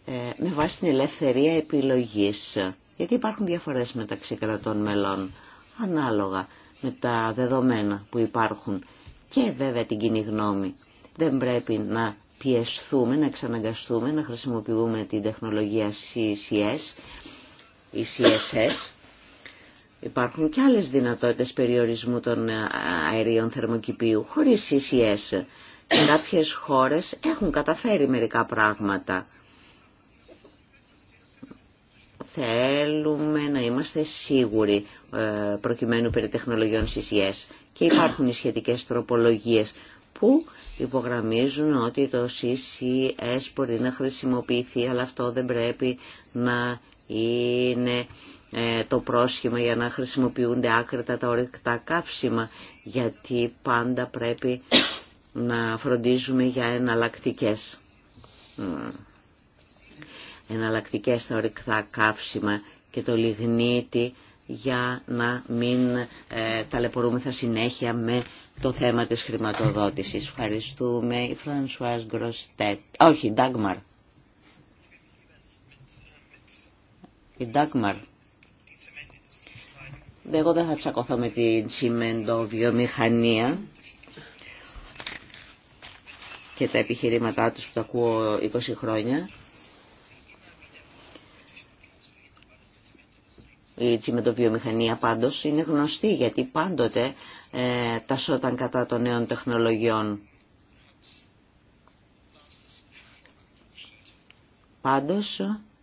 ε, με βάση την ελευθερία επιλογής. Γιατί υπάρχουν διαφορές μεταξύ κρατών μελών, ανάλογα με τα δεδομένα που υπάρχουν και βέβαια την κοινή γνώμη. Δεν πρέπει να πιεσθούμε, να εξαναγκαστούμε, να χρησιμοποιούμε την τεχνολογία CCS ή CSS. Υπάρχουν και άλλες δυνατότητες περιορισμού των ε, αερίων θερμοκηπίου χωρίς CCS. Κάποιες χώρες έχουν καταφέρει μερικά πράγματα Θέλουμε να είμαστε σίγουροι ε, προκειμένου περί τεχνολογιών CCS και υπάρχουν οι σχετικές τροπολογίες που υπογραμμίζουν ότι το CCS μπορεί να χρησιμοποιηθεί αλλά αυτό δεν πρέπει να είναι ε, το πρόσχημα για να χρησιμοποιούνται άκρητα τα ορυκτά καύσιμα γιατί πάντα πρέπει να φροντίζουμε για εναλλακτικές εναλλακτικές στα ορυκτά καύσιμα και το λιγνίτι για να μην ε, ταλαιπωρούμε θα συνέχεια με το θέμα της χρηματοδότησης. Ευχαριστούμε. Η Φρανσουάς Γκροστέτ. Όχι, η Ντάγμαρ. Η Ντάγμαρ. Εγώ δεν θα ψακωθώ με την βιομηχανία και τα επιχειρήματά τους που τα ακούω 20 χρόνια. Η τσιμεντοβιομηχανία πάντως είναι γνωστή γιατί πάντοτε ε, τασόταν κατά των νέων τεχνολογιών. Πάντως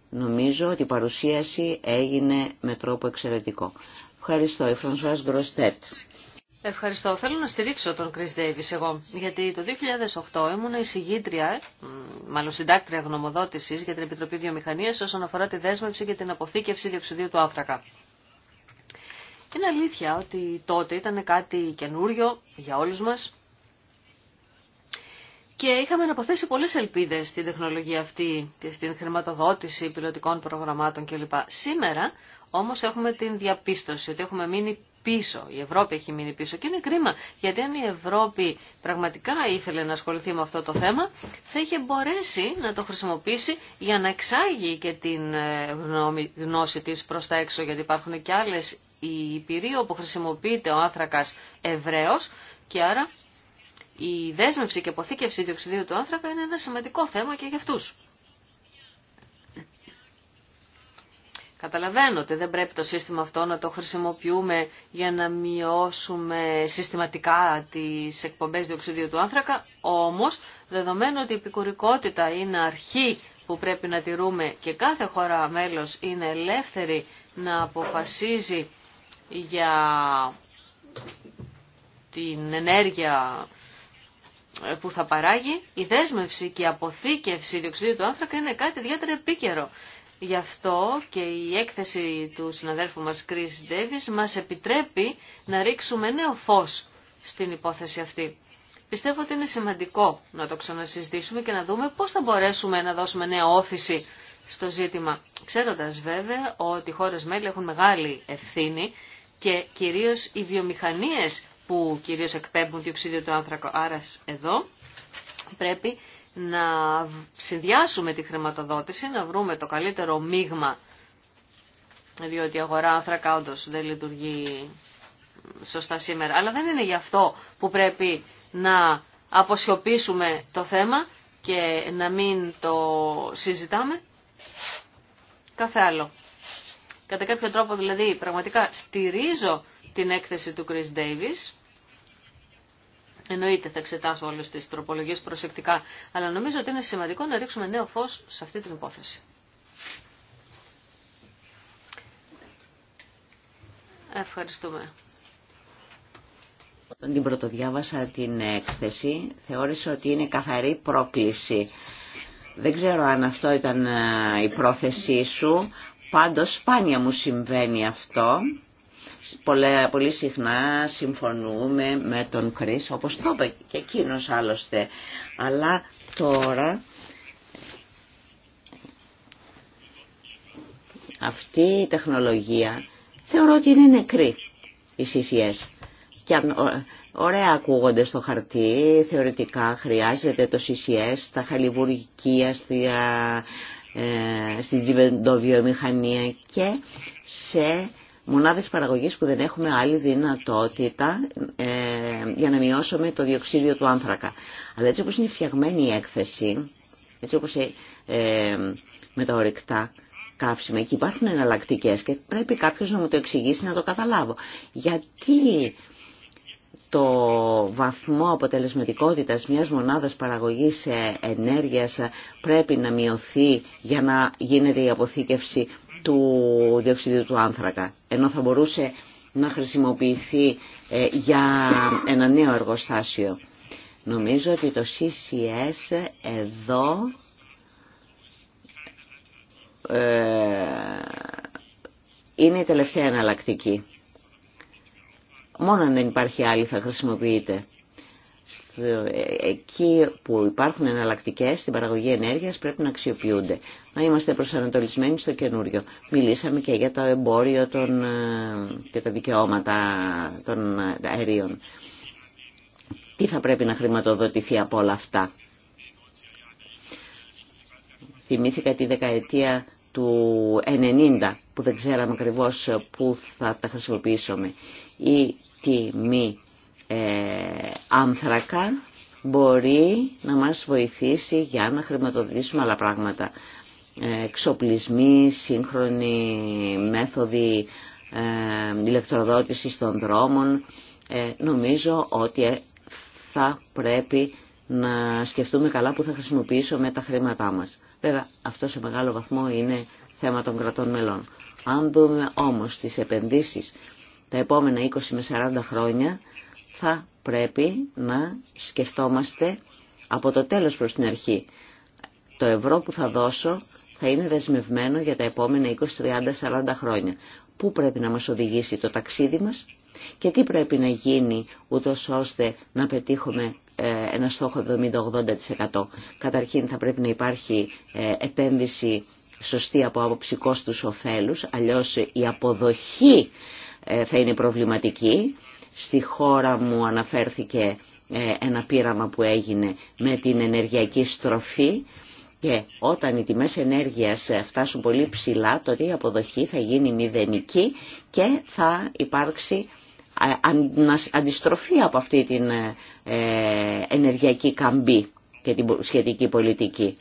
νομίζω ότι η παρουσίαση έγινε με τρόπο εξαιρετικό. Ευχαριστώ. Η Φρανσουάς Γκροστέτ. Ευχαριστώ. Θέλω να στηρίξω τον Κρι Ντέιβι εγώ, γιατί το 2008 ήμουν εισηγήτρια, μάλλον συντάκτρια γνωμοδότησης για την Επιτροπή Βιομηχανία όσον αφορά τη δέσμευση και την αποθήκευση διοξιδίου του άνθρακα. Είναι αλήθεια ότι τότε ήταν κάτι καινούριο για όλους μας και είχαμε αναποθέσει πολλέ ελπίδε στην τεχνολογία αυτή και στην χρηματοδότηση πιλωτικών προγραμμάτων κλπ. Σήμερα όμω έχουμε την διαπίστωση ότι έχουμε μείνει πίσω, η Ευρώπη έχει μείνει πίσω και είναι κρίμα γιατί αν η Ευρώπη πραγματικά ήθελε να ασχοληθεί με αυτό το θέμα θα είχε μπορέσει να το χρησιμοποιήσει για να εξάγει και την ε, γνώση της προς τα έξω γιατί υπάρχουν και άλλες η όπου χρησιμοποιείται ο άνθρακας Εβραίο και άρα η δέσμευση και αποθήκευση διοξιδίου του άνθρακα είναι ένα σημαντικό θέμα και για αυτούς. Καταλαβαίνω ότι δεν πρέπει το σύστημα αυτό να το χρησιμοποιούμε για να μειώσουμε συστηματικά τις εκπομπές διοξιδίου του άνθρακα, όμως δεδομένου ότι η επικουρικότητα είναι αρχή που πρέπει να τηρούμε και κάθε χώρα μέλος είναι ελεύθερη να αποφασίζει για την ενέργεια ε, που θα παράγει, η δέσμευση και η αποθήκευση διοξιδίου του άνθρακα είναι κάτι ιδιαίτερα επίκαιρο. Γι' αυτό και η έκθεση του συναδέλφου μας Chris Davis μας επιτρέπει να ρίξουμε νέο φως στην υπόθεση αυτή. Πιστεύω ότι είναι σημαντικό να το ξανασυζητήσουμε και να δούμε πώς θα μπορέσουμε να δώσουμε νέα όθηση στο ζήτημα. Ξέροντας βέβαια ότι οι χώρες μέλη έχουν μεγάλη ευθύνη και κυρίως οι βιομηχανίες που κυρίως εκπέμπουν διοξίδιο του άνθρακα. Άρα εδώ πρέπει να συνδυάσουμε τη χρηματοδότηση, να βρούμε το καλύτερο μείγμα, διότι η αγορά άνθρακα όντως δεν λειτουργεί σωστά σήμερα. Αλλά δεν είναι γι' αυτό που πρέπει να αποσιωπήσουμε το θέμα και να μην το συζητάμε. Κάθε άλλο. Κατά κάποιο τρόπο δηλαδή πραγματικά στηρίζω την έκθεση του Chris Davis Εννοείται θα εξετάσω όλες τις τροπολογίε προσεκτικά, αλλά νομίζω ότι είναι σημαντικό να ρίξουμε νέο φως σε αυτή την υπόθεση. Ευχαριστούμε. Όταν την πρωτοδιάβασα την έκθεση, θεώρησα ότι είναι καθαρή πρόκληση. Δεν ξέρω αν αυτό ήταν ε, η πρόθεσή σου, πάντως σπάνια μου συμβαίνει αυτό πολύ συχνά συμφωνούμε με τον Κρίς, όπως το είπε και εκείνος άλλωστε. Αλλά τώρα αυτή η τεχνολογία θεωρώ ότι είναι νεκρή η CCS. Και αν, ωραία ακούγονται στο χαρτί, θεωρητικά χρειάζεται το CCS στα χαλιβουργικία, στη, ε, στην τζιβεντοβιομηχανία και σε μονάδες παραγωγής που δεν έχουμε άλλη δυνατότητα ε, για να μειώσουμε το διοξίδιο του άνθρακα. Αλλά έτσι όπως είναι φτιαγμένη η έκθεση, έτσι όπως ε, ε με τα ορυκτά καύσιμα, εκεί υπάρχουν εναλλακτικέ και πρέπει κάποιος να μου το εξηγήσει να το καταλάβω. Γιατί το βαθμό αποτελεσματικότητας μιας μονάδας παραγωγής ε, ενέργειας πρέπει να μειωθεί για να γίνεται η αποθήκευση του διοξιδίου του άνθρακα, ενώ θα μπορούσε να χρησιμοποιηθεί ε, για ένα νέο εργοστάσιο. Νομίζω ότι το CCS εδώ ε, είναι η τελευταία εναλλακτική. Μόνο αν δεν υπάρχει άλλη θα χρησιμοποιείται. Ε, εκεί που υπάρχουν εναλλακτικέ στην παραγωγή ενέργειας πρέπει να αξιοποιούνται. Να είμαστε προσανατολισμένοι στο καινούριο. Μιλήσαμε και για το εμπόριο των, ε, και τα δικαιώματα των αερίων. Τι θα πρέπει να χρηματοδοτηθεί από όλα αυτά. Θυμήθηκα τη δεκαετία του 90 που δεν ξέραμε ακριβώ πού θα τα χρησιμοποιήσουμε. Η τιμή ε, άνθρακα μπορεί να μας βοηθήσει για να χρηματοδοτήσουμε άλλα πράγματα. Ε, εξοπλισμοί, σύγχρονοι μέθοδοι ε, ηλεκτροδότησης των δρόμων. Νομίζω ότι θα πρέπει να σκεφτούμε καλά που θα χρησιμοποιήσουμε τα χρήματά μας. Βέβαια, αυτό σε μεγάλο βαθμό είναι θέμα των κρατών μελών. Αν δούμε όμως τις επενδύσεις τα επόμενα 20 με 40 χρόνια, θα πρέπει να σκεφτόμαστε από το τέλος προς την αρχή. Το ευρώ που θα δώσω θα είναι δεσμευμένο για τα επόμενα 20, 30, 40 χρόνια. Πού πρέπει να μας οδηγήσει το ταξίδι μας και τι πρέπει να γίνει ούτω ώστε να πετύχουμε ε, ένα στόχο 70-80%. Καταρχήν θα πρέπει να υπάρχει ε, επένδυση σωστή από άποψη κόστους ωφέλους, αλλιώς η αποδοχή ε, θα είναι προβληματική Στη χώρα μου αναφέρθηκε ε, ένα πείραμα που έγινε με την ενεργειακή στροφή και όταν οι τιμές ενέργειας ε, φτάσουν πολύ ψηλά, τότε η αποδοχή θα γίνει μηδενική και θα υπάρξει ε, αντιστροφή από αυτή την ενεργειακή καμπή και την σχετική πολιτική.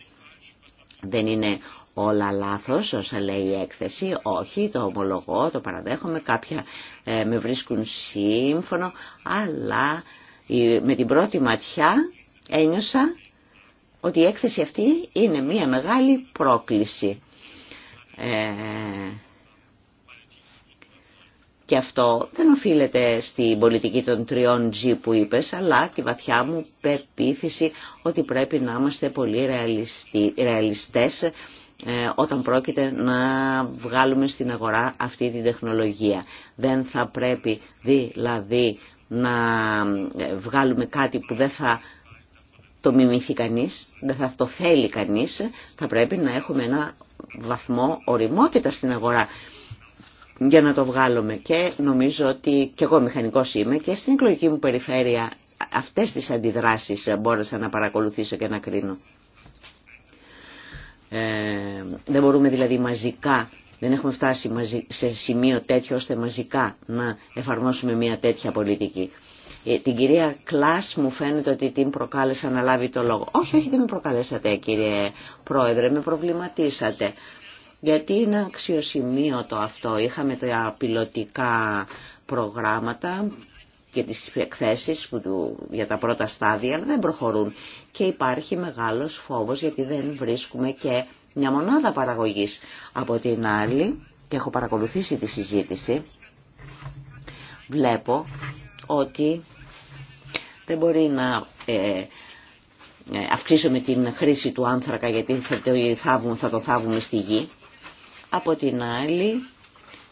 Δεν είναι όλα λάθος όσα λέει η έκθεση, όχι, το ομολογώ, το παραδέχομαι, κάποια ε, με βρίσκουν σύμφωνο, αλλά με την πρώτη ματιά ένιωσα ότι η έκθεση αυτή είναι μια μεγάλη πρόκληση. Ε, και αυτό δεν οφείλεται στην πολιτική των τριών G που είπες, αλλά τη βαθιά μου πεποίθηση ότι πρέπει να είμαστε πολύ ρεαλιστές ε, όταν πρόκειται να βγάλουμε στην αγορά αυτή την τεχνολογία. Δεν θα πρέπει δηλαδή να ε, βγάλουμε κάτι που δεν θα το μιμηθεί κανείς, δεν θα το θέλει κανείς, θα πρέπει να έχουμε ένα βαθμό οριμότητα στην αγορά για να το βγάλουμε και νομίζω ότι και εγώ μηχανικός είμαι και στην εκλογική μου περιφέρεια αυτές τις αντιδράσεις μπόρεσα να παρακολουθήσω και να κρίνω. Ε, δεν μπορούμε δηλαδή μαζικά, δεν έχουμε φτάσει σε σημείο τέτοιο ώστε μαζικά να εφαρμόσουμε μια τέτοια πολιτική. Ε, την κυρία Κλάς μου φαίνεται ότι την προκάλεσα να λάβει το λόγο. Όχι, όχι δεν με προκαλέσατε κύριε Πρόεδρε, με προβληματίσατε. Γιατί είναι αξιοσημείωτο αυτό. Είχαμε τα πιλωτικά προγράμματα και τις εκθέσεις που, για τα πρώτα στάδια, αλλά δεν προχωρούν και υπάρχει μεγάλος φόβος γιατί δεν βρίσκουμε και μια μονάδα παραγωγής. Από την άλλη, και έχω παρακολουθήσει τη συζήτηση, βλέπω ότι δεν μπορεί να ε, ε, αυξήσουμε την χρήση του άνθρακα γιατί θα το θάβουμε στη γη. Από την άλλη,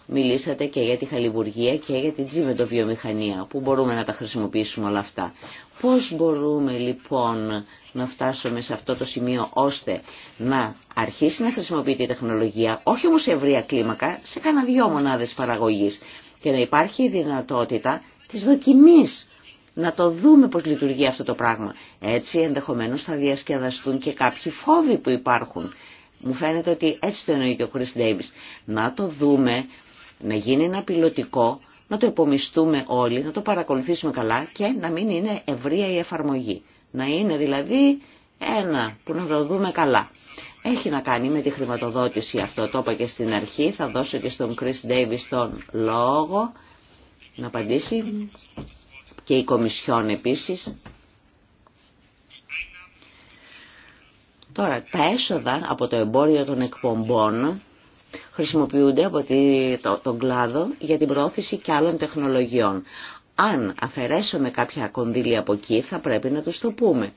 Μιλήσατε και για τη χαλιβουργία και για την τζιμετοβιομηχανία που μπορούμε να τα χρησιμοποιήσουμε όλα αυτά. Πώς μπορούμε λοιπόν να φτάσουμε σε αυτό το σημείο ώστε να αρχίσει να χρησιμοποιείται η τεχνολογία, όχι όμως σε ευρεία κλίμακα, σε κάνα δυο μονάδες παραγωγής και να υπάρχει η δυνατότητα της δοκιμής να το δούμε πώς λειτουργεί αυτό το πράγμα. Έτσι ενδεχομένως θα διασκεδαστούν και κάποιοι φόβοι που υπάρχουν. Μου φαίνεται ότι έτσι το εννοεί και ο Chris Davis. Να το δούμε να γίνει ένα πιλωτικό, να το υπομιστούμε όλοι, να το παρακολουθήσουμε καλά και να μην είναι ευρεία η εφαρμογή. Να είναι δηλαδή ένα που να το δούμε καλά. Έχει να κάνει με τη χρηματοδότηση αυτό, το είπα και στην αρχή, θα δώσω και στον Chris Davis τον λόγο να απαντήσει και η Κομισιόν επίσης. Τώρα, τα έσοδα από το εμπόριο των εκπομπών χρησιμοποιούνται από τον κλάδο για την προώθηση και άλλων τεχνολογιών. Αν αφαιρέσουμε κάποια κονδύλια από εκεί θα πρέπει να τους το πούμε.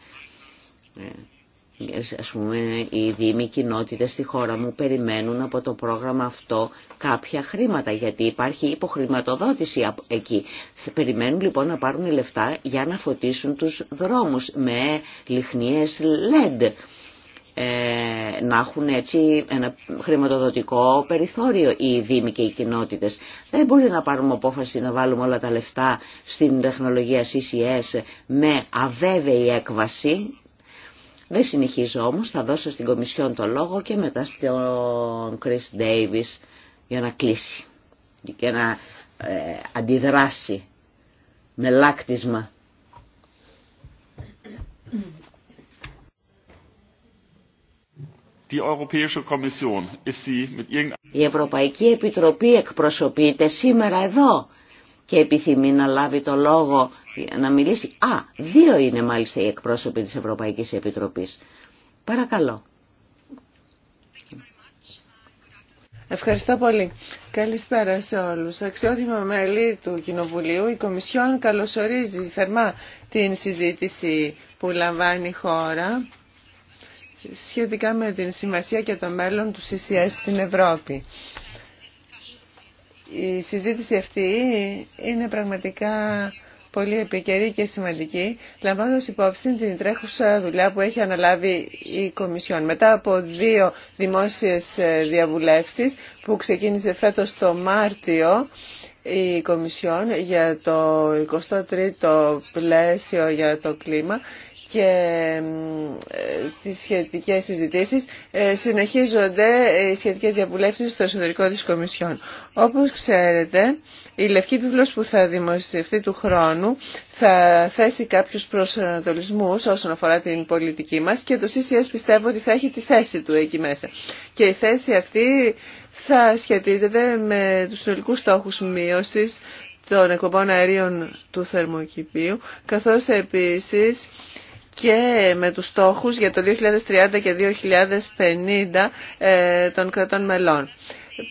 Ε, ας πούμε οι δήμοι κοινότητε στη χώρα μου περιμένουν από το πρόγραμμα αυτό κάποια χρήματα γιατί υπάρχει υποχρηματοδότηση εκεί. Περιμένουν λοιπόν να πάρουν λεφτά για να φωτίσουν τους δρόμους με λιχνίες LED. Ε, να έχουν έτσι ένα χρηματοδοτικό περιθώριο οι δήμοι και οι κοινότητες. Δεν μπορεί να πάρουμε απόφαση να βάλουμε όλα τα λεφτά στην τεχνολογία CCS με αβέβαιη έκβαση. Δεν συνεχίζω όμως, θα δώσω στην Κομισιόν το λόγο και μετά στον Chris Davis για να κλείσει και να ε, αντιδράσει με λάκτισμα. Η Ευρωπαϊκή Επιτροπή εκπροσωπείται σήμερα εδώ και επιθυμεί να λάβει το λόγο να μιλήσει. Α, δύο είναι μάλιστα οι εκπρόσωποι της Ευρωπαϊκής Επιτροπής. Παρακαλώ. Ευχαριστώ πολύ. Καλησπέρα σε όλους. Αξιότιμα μέλη του Κοινοβουλίου, η Κομισιόν καλωσορίζει θερμά την συζήτηση που λαμβάνει η χώρα σχετικά με την σημασία και το μέλλον του CCS στην Ευρώπη. Η συζήτηση αυτή είναι πραγματικά πολύ επικαιρή και σημαντική, λαμβάνοντας υπόψη την τρέχουσα δουλειά που έχει αναλάβει η Κομισιόν. Μετά από δύο δημόσιες ε, διαβουλεύσεις που ξεκίνησε φέτος το Μάρτιο, η Κομισιόν για το 23ο πλαίσιο για το κλίμα και ε, τις σχετικές συζητήσεις ε, συνεχίζονται οι σχετικές διαβουλεύσεις στο εσωτερικό της Κομισιόν. Όπως ξέρετε, η Λευκή Βίβλος που θα δημοσιευτεί του χρόνου θα θέσει κάποιους προσανατολισμούς όσον αφορά την πολιτική μας και το CCS πιστεύω ότι θα έχει τη θέση του εκεί μέσα. Και η θέση αυτή θα σχετίζεται με τους συνολικού στόχους μείωσης των εκπομπών αερίων του θερμοκηπίου, καθώς επίσης και με τους στόχους για το 2030 και 2050 ε, των κρατών μελών.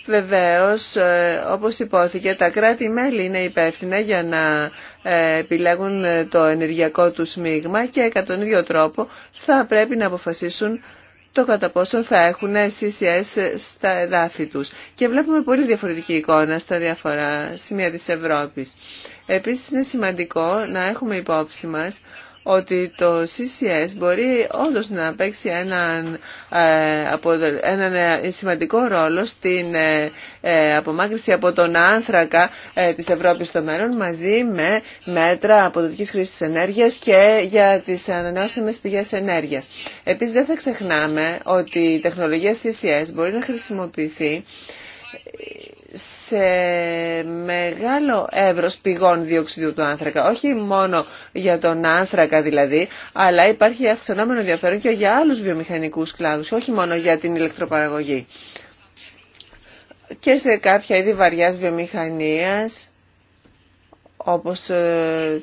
Βεβαίως, ε, όπως υπόθηκε, τα κράτη-μέλη είναι υπεύθυνα για να ε, επιλέγουν το ενεργειακό τους μείγμα και κατά τον ίδιο τρόπο θα πρέπει να αποφασίσουν το κατά πόσο θα έχουν CCS στα εδάφη τους. Και βλέπουμε πολύ διαφορετική εικόνα στα διάφορα σημεία της Ευρώπης. Επίσης είναι σημαντικό να έχουμε υπόψη μας ότι το CCS μπορεί όντως να παίξει έναν, ε, έναν ε, σημαντικό ρόλο στην ε, απομάκρυση από τον άνθρακα της Ευρώπης στο μέλλον μαζί με μέτρα αποδοτικής χρήσης ενέργειας και για τις ανανεώσιμες πηγές ενέργειας. Επίσης δεν θα ξεχνάμε ότι η τεχνολογία CCS μπορεί να χρησιμοποιηθεί σε μεγάλο εύρος πηγών διοξιδίου του άνθρακα. Όχι μόνο για τον άνθρακα δηλαδή, αλλά υπάρχει αυξανόμενο ενδιαφέρον και για άλλους βιομηχανικούς κλάδους, όχι μόνο για την ηλεκτροπαραγωγή. Και σε κάποια είδη βαριάς βιομηχανίας όπως ε,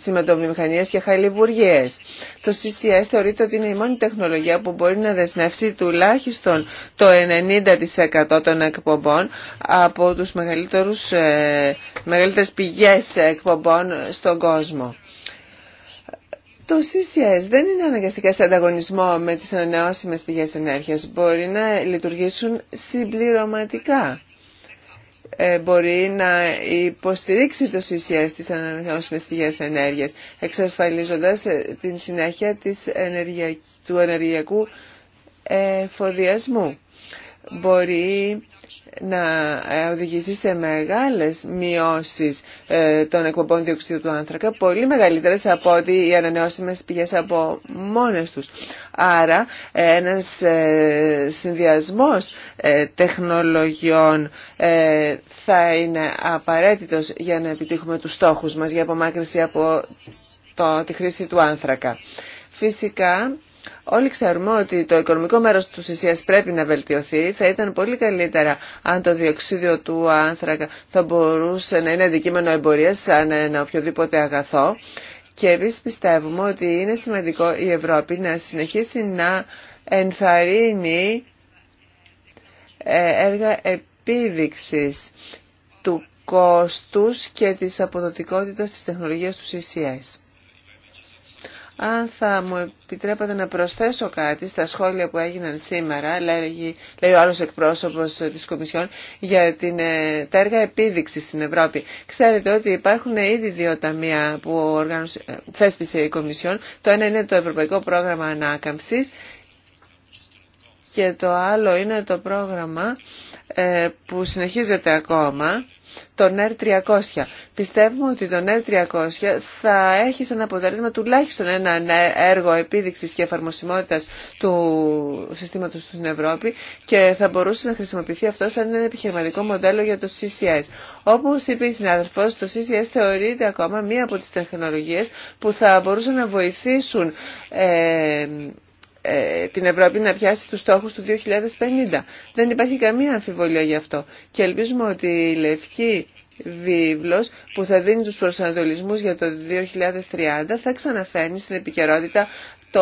και χαλιβουργίες. Το CCS θεωρείται ότι είναι η μόνη τεχνολογία που μπορεί να δεσμεύσει τουλάχιστον το 90% των εκπομπών από τους μεγαλύτερους, ε, μεγαλύτερες πηγές εκπομπών στον κόσμο. Το CCS δεν είναι αναγκαστικά σε ανταγωνισμό με τις ανανεώσιμες πηγές ενέργειας. Μπορεί να λειτουργήσουν συμπληρωματικά. Ε, μπορεί να υποστηρίξει το CCS της ανανεώσιμες πηγές ενέργειας, εξασφαλίζοντας ε, την συνέχεια της του ενεργειακού ε, φοδιασμού να ε, οδηγήσει σε μεγάλες μειώσεις ε, των εκπομπών διοξιδίου του άνθρακα, πολύ μεγαλύτερες από ότι οι ανανεώσιμες πηγές από μόνες τους. Άρα ε, ένας συνδυασμός τεχνολογιών θα είναι απαραίτητος για να επιτύχουμε τους στόχους μας για απομάκρυση από το, τη χρήση του άνθρακα. Φυσικά Όλοι ξέρουμε ότι το οικονομικό μέρος του CCS πρέπει να βελτιωθεί. Θα ήταν πολύ καλύτερα αν το διοξίδιο του άνθρακα θα μπορούσε να είναι αντικείμενο εμπορίας σαν ένα οποιοδήποτε αγαθό. Και επίσης πιστεύουμε ότι είναι σημαντικό η Ευρώπη να συνεχίσει να ενθαρρύνει ε, έργα επίδειξης του κόστους και της αποδοτικότητας της τεχνολογίας του CCS. Αν θα μου επιτρέπατε να προσθέσω κάτι στα σχόλια που έγιναν σήμερα, λέει, ο άλλος εκπρόσωπος της Κομισιόν, για την, ε, τα έργα επίδειξη στην Ευρώπη. Ξέρετε ότι υπάρχουν ήδη δύο ταμεία που οργάνωσε, ε, θέσπισε η Κομισιόν. Το ένα είναι το Ευρωπαϊκό Πρόγραμμα Ανάκαμψης και το άλλο είναι το πρόγραμμα ε, που συνεχίζεται ακόμα το NER 300. Πιστεύουμε ότι το NER 300 θα έχει σαν αποτέλεσμα τουλάχιστον ένα έργο επίδειξης και εφαρμοσιμότητας του συστήματος στην Ευρώπη και θα μπορούσε να χρησιμοποιηθεί αυτό σαν ένα επιχειρηματικό μοντέλο για το CCS. Όπως είπε η συνάδελφος, το CCS θεωρείται ακόμα μία από τις τεχνολογίες που θα μπορούσαν να βοηθήσουν ε, ε, την Ευρώπη να πιάσει τους στόχους του 2050. Δεν υπάρχει καμία αμφιβολία γι' αυτό. Και ελπίζουμε ότι η Λευκή Βίβλος που θα δίνει τους προσανατολισμούς για το 2030 θα ξαναφέρνει στην επικαιρότητα το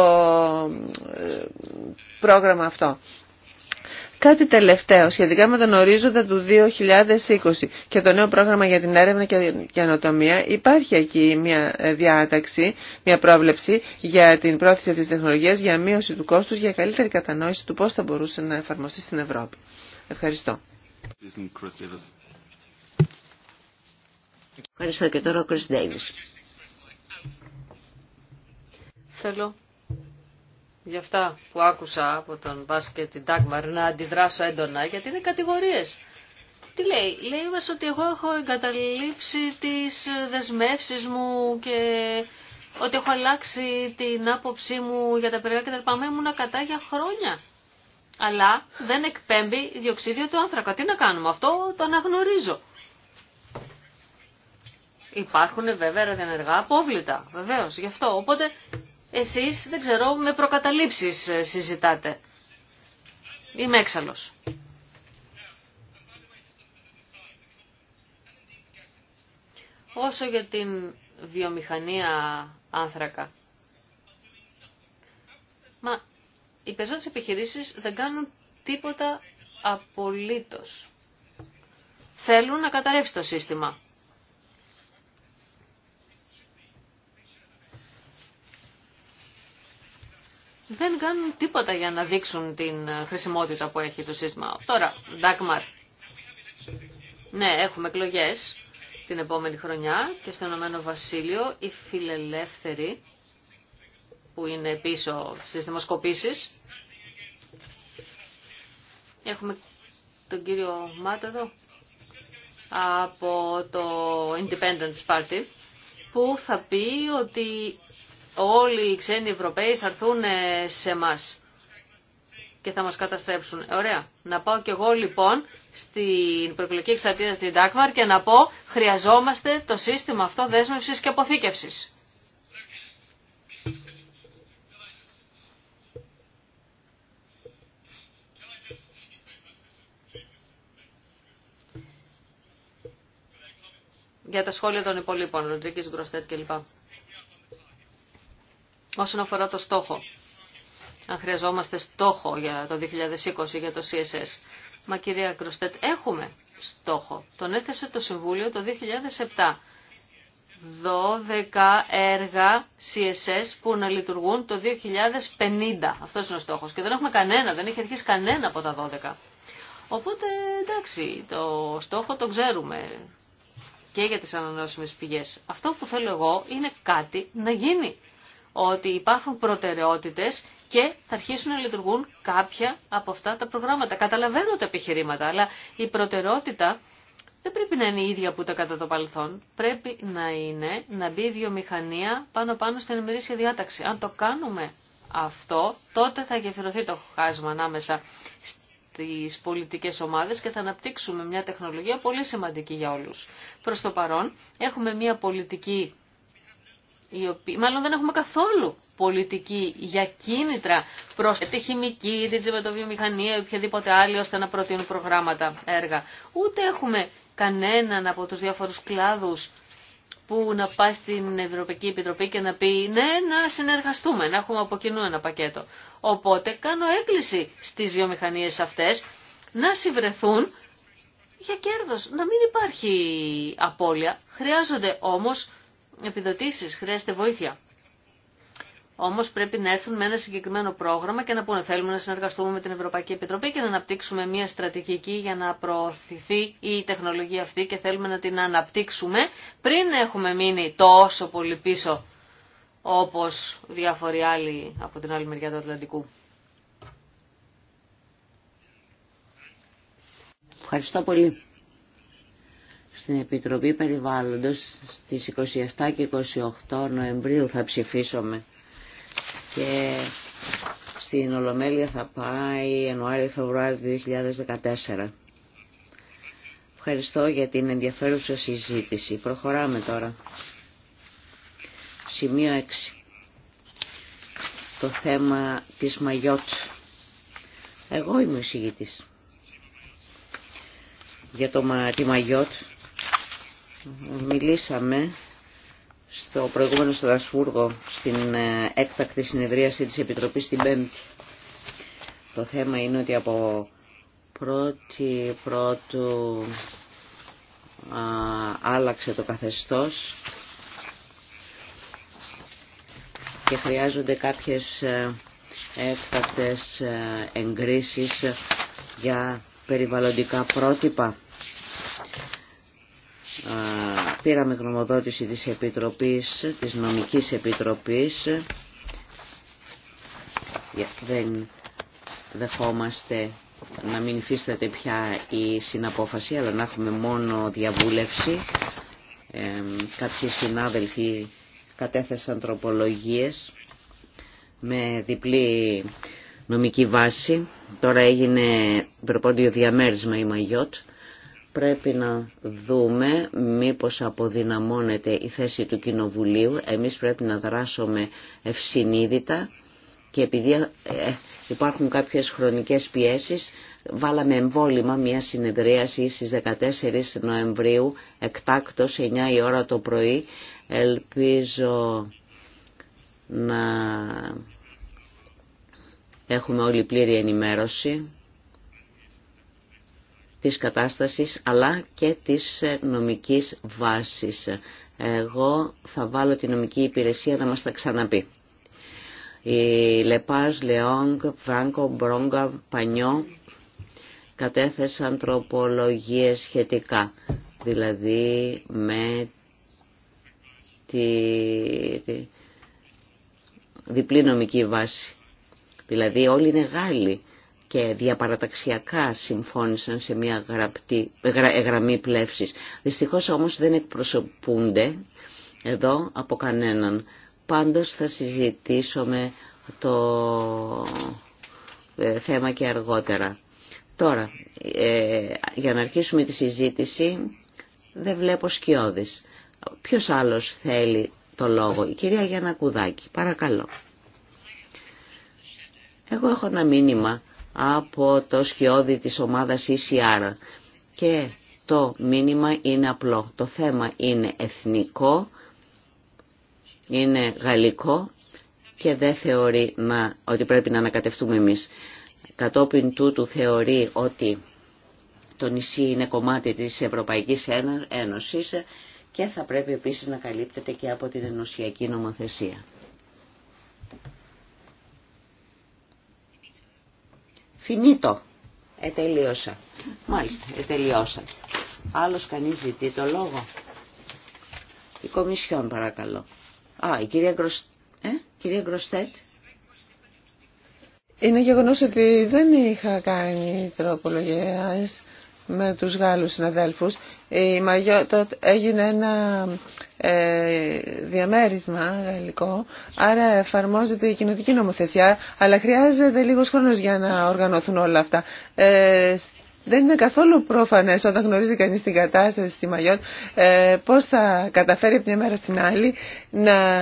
ε, πρόγραμμα αυτό. Κάτι τελευταίο σχετικά με τον ορίζοντα του 2020 και το νέο πρόγραμμα για την έρευνα και την υπάρχει εκεί μια ε, διάταξη, μια πρόβλεψη για την πρόθεση αυτής της τεχνολογίας, για μείωση του κόστους, για καλύτερη κατανόηση του πώς θα μπορούσε να εφαρμοστεί στην Ευρώπη. Ευχαριστώ. Ευχαριστώ και τώρα ο Θέλω για αυτά που άκουσα από τον Μπάσκετ την τάγμαρ να αντιδράσω έντονα, γιατί είναι κατηγορίες. Τι λέει, λέει μας ότι εγώ έχω εγκαταλείψει τις δεσμεύσεις μου και ότι έχω αλλάξει την άποψή μου για τα περιοδικά και τα λοιπά. να κατά για χρόνια. Αλλά δεν εκπέμπει διοξίδιο του άνθρακα. Τι να κάνουμε, αυτό το αναγνωρίζω. Υπάρχουν βέβαια ενεργά απόβλητα, βεβαίως, γι' αυτό. Οπότε εσείς δεν ξέρω με προκαταλήψεις ε, συζητάτε. Είμαι έξαλλος. Όσο για την βιομηχανία άνθρακα. Μα οι περισσότερες επιχειρήσεις δεν κάνουν τίποτα απολύτως. Θέλουν να καταρρεύσει το σύστημα. δεν κάνουν τίποτα για να δείξουν την ε, χρησιμότητα που έχει το σύστημα. Τώρα, Ντάκμαρ, ναι, έχουμε εκλογέ την επόμενη χρονιά και στο Ηνωμένο Βασίλειο οι φιλελεύθεροι που είναι πίσω στις δημοσκοπήσεις. Έχουμε τον κύριο Μάτ εδώ από το Independence Party που θα πει ότι όλοι οι ξένοι Ευρωπαίοι θα έρθουν ε, σε εμά και θα μας καταστρέψουν. Ωραία. Να πάω κι εγώ λοιπόν στην προεκλογική εξαρτήτα στην Τάκμαρ και να πω χρειαζόμαστε το σύστημα αυτό δέσμευσης και αποθήκευσης. Για τα σχόλια των υπολείπων, Ροντρίκης, Γκροστέτ κλπ όσον αφορά το στόχο. Αν χρειαζόμαστε στόχο για το 2020 για το CSS. Μα κυρία Κρουστέτ, έχουμε στόχο. Τον έθεσε το Συμβούλιο το 2007. 12 έργα CSS που να λειτουργούν το 2050. Αυτός είναι ο στόχος. Και δεν έχουμε κανένα, δεν έχει αρχίσει κανένα από τα 12. Οπότε εντάξει, το στόχο το ξέρουμε και για τις ανανεώσιμες πηγές. Αυτό που θέλω εγώ είναι κάτι να γίνει ότι υπάρχουν προτεραιότητες και θα αρχίσουν να λειτουργούν κάποια από αυτά τα προγράμματα. Καταλαβαίνω τα επιχειρήματα, αλλά η προτεραιότητα δεν πρέπει να είναι η ίδια που τα κατά το παλθόν. Πρέπει να είναι να μπει η βιομηχανία πάνω-πάνω στην ημερήσια διάταξη. Αν το κάνουμε αυτό, τότε θα γεφυρωθεί το χάσμα ανάμεσα στις πολιτικές ομάδες και θα αναπτύξουμε μια τεχνολογία πολύ σημαντική για όλους. Προς το παρόν, έχουμε μια πολιτική οι οποίοι, μάλλον δεν έχουμε καθόλου πολιτική για κίνητρα προ τη χημική, την τσιμετοβιομηχανία ή οποιαδήποτε άλλη ώστε να προτείνουν προγράμματα, έργα. Ούτε έχουμε κανέναν από τους διάφορου κλάδους που να πάει στην Ευρωπαϊκή Επιτροπή και να πει ναι, να συνεργαστούμε, να έχουμε από κοινού ένα πακέτο. Οπότε κάνω έκκληση στι βιομηχανίε αυτές να συμβρεθούν για κέρδος, να μην υπάρχει απώλεια. Χρειάζονται όμως επιδοτήσεις, χρειάζεται βοήθεια. Όμω πρέπει να έρθουν με ένα συγκεκριμένο πρόγραμμα και να πούνε θέλουμε να συνεργαστούμε με την Ευρωπαϊκή Επιτροπή και να αναπτύξουμε μια στρατηγική για να προωθηθεί η τεχνολογία αυτή και θέλουμε να την αναπτύξουμε πριν έχουμε μείνει τόσο πολύ πίσω όπως διάφοροι άλλοι από την άλλη μεριά του Ατλαντικού. Ευχαριστώ πολύ. Στην Επιτροπή Περιβάλλοντος στις 27 και 28 Νοεμβρίου θα ψηφίσουμε και στην Ολομέλεια θα πάει Ιανουάριο-Φεβρουάριο 2014. Ευχαριστώ για την ενδιαφέρουσα συζήτηση. Προχωράμε τώρα. Σημείο 6. Το θέμα της Μαγιότ. Εγώ είμαι ο συγγητής. Για το, τη Μαγιότ μιλήσαμε στο προηγούμενο Στρασβούργο στην ε, έκτακτη συνεδρίαση της Επιτροπής την Πέμπτη. Το θέμα είναι ότι από πρώτη πρώτου άλλαξε το καθεστώς και χρειάζονται κάποιες ε, έκτακτες ε, εγκρίσεις για περιβαλλοντικά πρότυπα Πήραμε γνωμοδότηση της Επιτροπής, της Νομικής Επιτροπής. Δεν δεχόμαστε να μην υφίσταται πια η συναπόφαση, αλλά να έχουμε μόνο διαβούλευση. Ε, κάποιοι συνάδελφοι κατέθεσαν τροπολογίες με διπλή νομική βάση. Τώρα έγινε προπόντιο διαμέρισμα η Μαγιώτ πρέπει να δούμε μήπως αποδυναμώνεται η θέση του Κοινοβουλίου. Εμείς πρέπει να δράσουμε ευσυνείδητα και επειδή ε, υπάρχουν κάποιες χρονικές πιέσεις βάλαμε εμβόλυμα μια συνεδρίαση στις 14 Νοεμβρίου εκτάκτως 9 η ώρα το πρωί. Ελπίζω να έχουμε όλη πλήρη ενημέρωση της κατάστασης αλλά και της ε, νομικής βάσης. Εγώ θα βάλω τη νομική υπηρεσία να μας τα ξαναπεί. Οι Λεπάζ, Λεόγκ, Φράγκο, Μπρόγκα, Πανιό κατέθεσαν τροπολογίες σχετικά, δηλαδή με τη διπλή νομική βάση. Δηλαδή όλοι είναι Γάλλοι και διαπαραταξιακά συμφώνησαν σε μια γραπτή, γραμμή πλεύσης. Δυστυχώς όμως δεν εκπροσωπούνται εδώ από κανέναν. Πάντως θα συζητήσουμε το ε, θέμα και αργότερα. Τώρα, ε, για να αρχίσουμε τη συζήτηση, δεν βλέπω σκιώδης. Ποιος άλλος θέλει το λόγο. Η κυρία Γιάννα Κουδάκη, παρακαλώ. Εγώ έχω ένα μήνυμα από το σκιώδη της ομάδας ECR. Και το μήνυμα είναι απλό. Το θέμα είναι εθνικό, είναι γαλλικό και δεν θεωρεί να, ότι πρέπει να ανακατευτούμε εμείς. Κατόπιν τούτου θεωρεί ότι το νησί είναι κομμάτι της Ευρωπαϊκής Ένωσης και θα πρέπει επίσης να καλύπτεται και από την ενωσιακή νομοθεσία. Φινίτο. Ε, τελείωσα. Μάλιστα, ε, τελειώσα. Άλλος κανείς ζητεί το λόγο. Η Κομισιόν παρακαλώ. Α, η κυρία, Γκροσ... ε? κυρία Γκροστέτ. Είναι γεγονός ότι δεν είχα κάνει τροπολογίας με τους Γάλλους συναδέλφους. Η τότε έγινε ένα ε, διαμέρισμα γαλλικό, άρα εφαρμόζεται η κοινωτική νομοθεσία, αλλά χρειάζεται λίγος χρόνος για να οργανωθούν όλα αυτά. Ε, δεν είναι καθόλου πρόφανες όταν γνωρίζει κανείς την κατάσταση στη Μαγιότ ε, πώ θα καταφέρει από μια μέρα στην άλλη να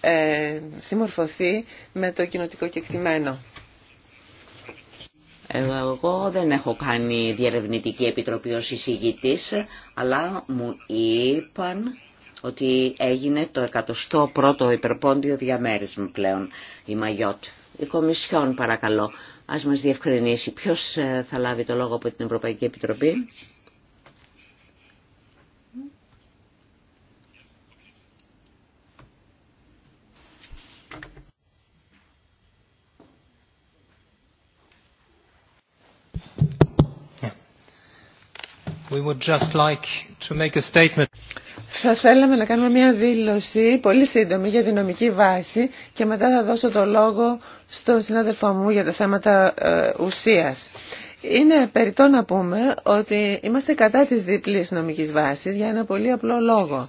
ε, συμμορφωθεί με το κοινοτικό κεκτημένο. Εγώ δεν έχω κάνει διερευνητική επιτροπή ως εισηγητής, αλλά μου είπαν ότι έγινε το 101ο υπερπόντιο διαμέρισμα πλέον, η Μαγιότ. Η Κομισιόν παρακαλώ, ας μας διευκρινίσει ποιος ε, θα λάβει το λόγο από την Ευρωπαϊκή Επιτροπή. We would Θα θέλαμε να κάνουμε μια δήλωση πολύ σύντομη για την νομική βάση και μετά θα δώσω το λόγο στον συνάδελφό μου για τα θέματα ε, ουσίας. Είναι περιττό να πούμε ότι είμαστε κατά της διπλής νομικής βάσης για ένα πολύ απλό λόγο.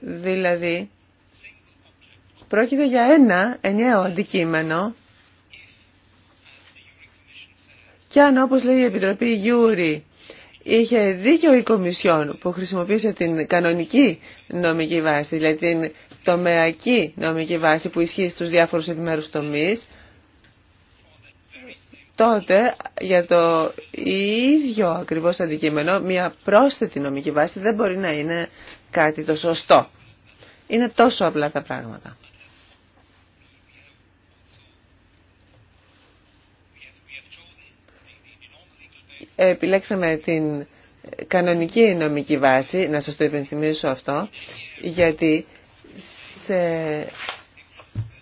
Δηλαδή, πρόκειται για ένα ενιαίο αντικείμενο και αν όπως λέει η Επιτροπή Γιούρι είχε δίκιο η Κομισιόν που χρησιμοποίησε την κανονική νομική βάση, δηλαδή την τομεακή νομική βάση που ισχύει στους διάφορους επιμέρους τομείς, τότε για το ίδιο ακριβώς αντικείμενο μια πρόσθετη νομική βάση δεν μπορεί να είναι κάτι το σωστό. Είναι τόσο απλά τα πράγματα. επιλέξαμε την κανονική νομική βάση, να σας το υπενθυμίσω αυτό, γιατί σε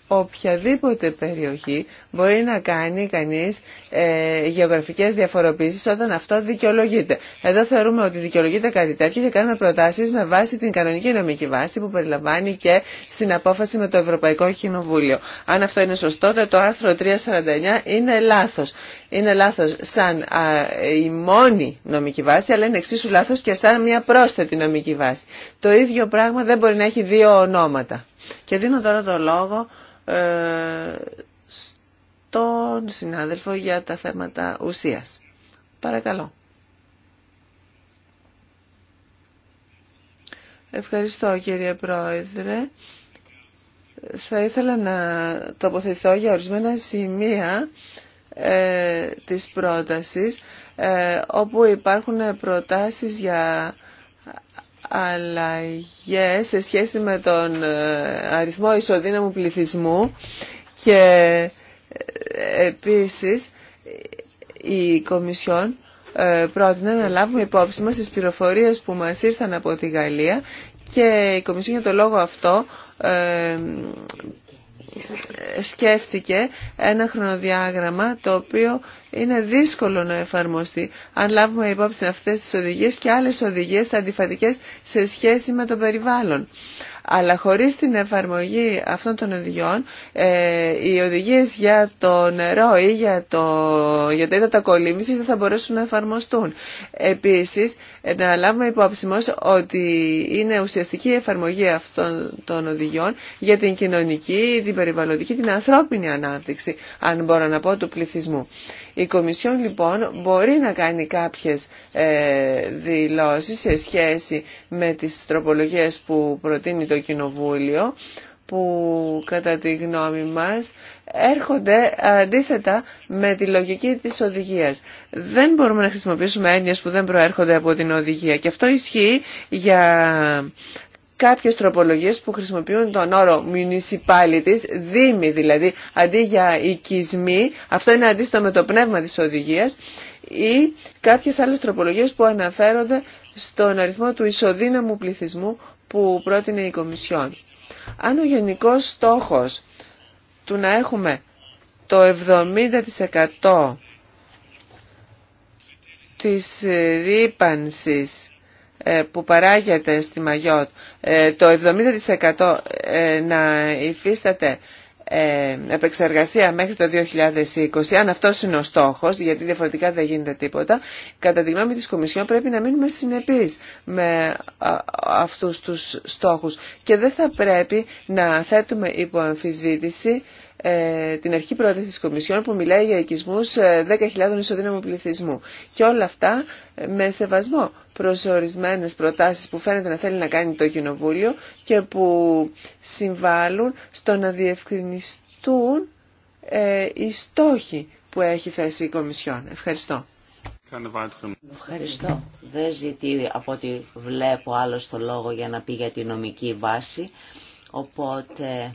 οποιαδήποτε περιοχή μπορεί να κάνει κανείς ε, γεωγραφικές διαφοροποίησεις όταν αυτό δικαιολογείται. Εδώ θεωρούμε ότι δικαιολογείται κάτι τέτοιο και κάνουμε προτάσεις με βάση την κανονική νομική βάση που περιλαμβάνει και στην απόφαση με το Ευρωπαϊκό Κοινοβούλιο. Αν αυτό είναι σωστό, τότε το άρθρο 349 είναι λάθος. Είναι λάθος σαν α, η μόνη νομική βάση, αλλά είναι εξίσου λάθος και σαν μια πρόσθετη νομική βάση. Το ίδιο πράγμα δεν μπορεί να έχει δύο ονόματα. Και δίνω τώρα το λόγο ε, στον συνάδελφο για τα θέματα ουσίας. Παρακαλώ. Ευχαριστώ κύριε Πρόεδρε. Θα ήθελα να τοποθετηθώ για ορισμένα σημεία ε, της πρότασης ε, όπου υπάρχουν προτάσεις για αλλαγές σε σχέση με τον ε, αριθμό ισοδύναμου πληθυσμού και ε, επίσης η Κομισιόν ε, πρότεινε να λάβουμε υπόψη μας τις πληροφορίες που μας ήρθαν από τη Γαλλία και η Κομισιόν για το λόγο αυτό σκέφτηκε ένα χρονοδιάγραμμα το οποίο είναι δύσκολο να εφαρμοστεί αν λάβουμε υπόψη αυτές τις οδηγίες και άλλες οδηγίες αντιφατικές σε σχέση με το περιβάλλον. Αλλά χωρίς την εφαρμογή αυτών των οδηγιών, ε, οι οδηγίες για το νερό ή για, το, για τα ύδατα δεν θα μπορέσουν να εφαρμοστούν. Επίσης, να λάβουμε υπόψη μας ότι είναι ουσιαστική η εφαρμογή αυτών των οδηγιών για την κοινωνική, την περιβαλλοντική, την ανθρώπινη ανάπτυξη, αν μπορώ να πω, του πληθυσμού. Η Κομισιόν λοιπόν μπορεί να κάνει κάποιες ε, δηλώσεις σε σχέση με τις τροπολογίες που προτείνει το Κοινοβούλιο που κατά τη γνώμη μας έρχονται αντίθετα με τη λογική της οδηγίας. Δεν μπορούμε να χρησιμοποιήσουμε έννοιες που δεν προέρχονται από την οδηγία και αυτό ισχύει για κάποιες τροπολογίες που χρησιμοποιούν τον όρο municipalities, δήμοι δηλαδή, αντί για οικισμοί, αυτό είναι αντίστοιχο με το πνεύμα της οδηγίας, ή κάποιες άλλες τροπολογίες που αναφέρονται στον αριθμό του ισοδύναμου πληθυσμού που πρότεινε η Κομισιόν. Αν ο γενικός στόχος του να έχουμε το 70% της ρήπανσης ε, που παράγεται στη Μαγιότ ε, το 70% ε, να υφίσταται επεξεργασία μέχρι το 2020, αν αυτός είναι ο στόχος, γιατί διαφορετικά δεν γίνεται τίποτα, κατά τη γνώμη της Κομισιόν πρέπει να μείνουμε συνεπείς με αυτούς τους στόχους και δεν θα πρέπει να θέτουμε υπό ε, την αρχή πρόταση της Κομισιόν που μιλάει για οικισμούς 10.000 ε, ισοδύναμου πληθυσμού. Και όλα αυτά ε, με σεβασμό προς ορισμένες προτάσεις που φαίνεται να θέλει να κάνει το Κοινοβούλιο και που συμβάλλουν στο να διευκρινιστούν οι στόχοι που έχει θέσει η Κομισιόν. Ευχαριστώ. Ευχαριστώ. Δεν ζητεί από ό,τι βλέπω άλλο το λόγο για να πει για τη νομική βάση. Οπότε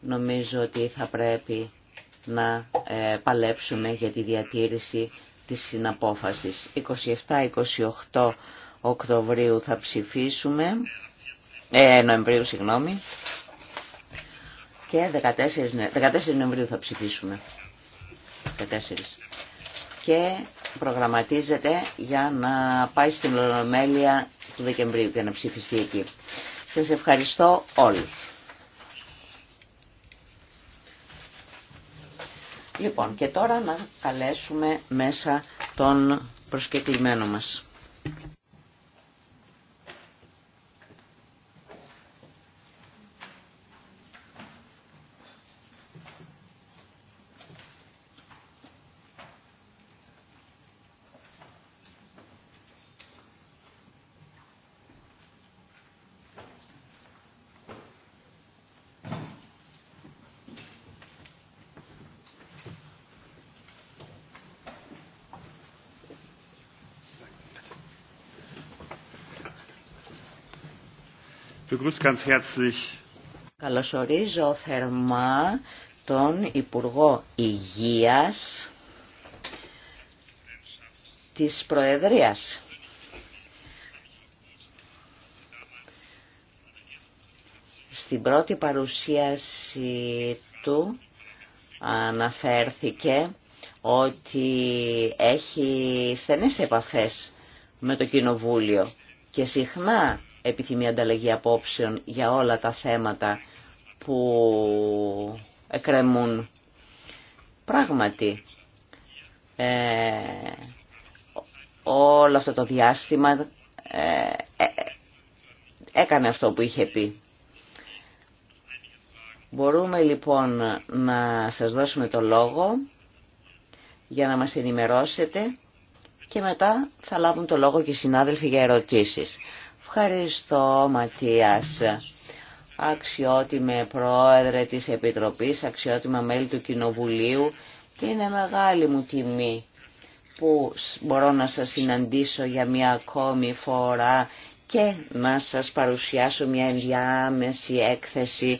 νομίζω ότι θα πρέπει να ε, παλέψουμε για τη διατήρηση της συναπόφασης. 27-28 Οκτωβρίου θα ψηφίσουμε, ε, Νοεμβρίου συγγνώμη, και 14, 14 Νοεμβρίου θα ψηφίσουμε. 14. Και προγραμματίζεται για να πάει στην Ολομέλεια του Δεκεμβρίου και να ψηφιστεί εκεί. Σας ευχαριστώ όλους. Λοιπόν, και τώρα να καλέσουμε μέσα τον προσκεκλημένο μας. Καλωσορίζω θερμά τον Υπουργό Υγείας της Προεδρίας. Στην πρώτη παρουσίαση του αναφέρθηκε ότι έχει στενές επαφές με το Κοινοβούλιο και συχνά επιθυμεί ανταλλαγή απόψεων για όλα τα θέματα που εκκρεμούν. Πράγματι, ε, όλο αυτό το διάστημα ε, ε, έκανε αυτό που είχε πει. Μπορούμε λοιπόν να σας δώσουμε το λόγο για να μας ενημερώσετε και μετά θα λάβουν το λόγο και οι συνάδελφοι για ερωτήσεις. Ευχαριστώ Ματίας. Αξιότιμε πρόεδρε της Επιτροπής, αξιότιμα μέλη του Κοινοβουλίου και είναι μεγάλη μου τιμή που μπορώ να σας συναντήσω για μια ακόμη φορά και να σας παρουσιάσω μια ενδιάμεση έκθεση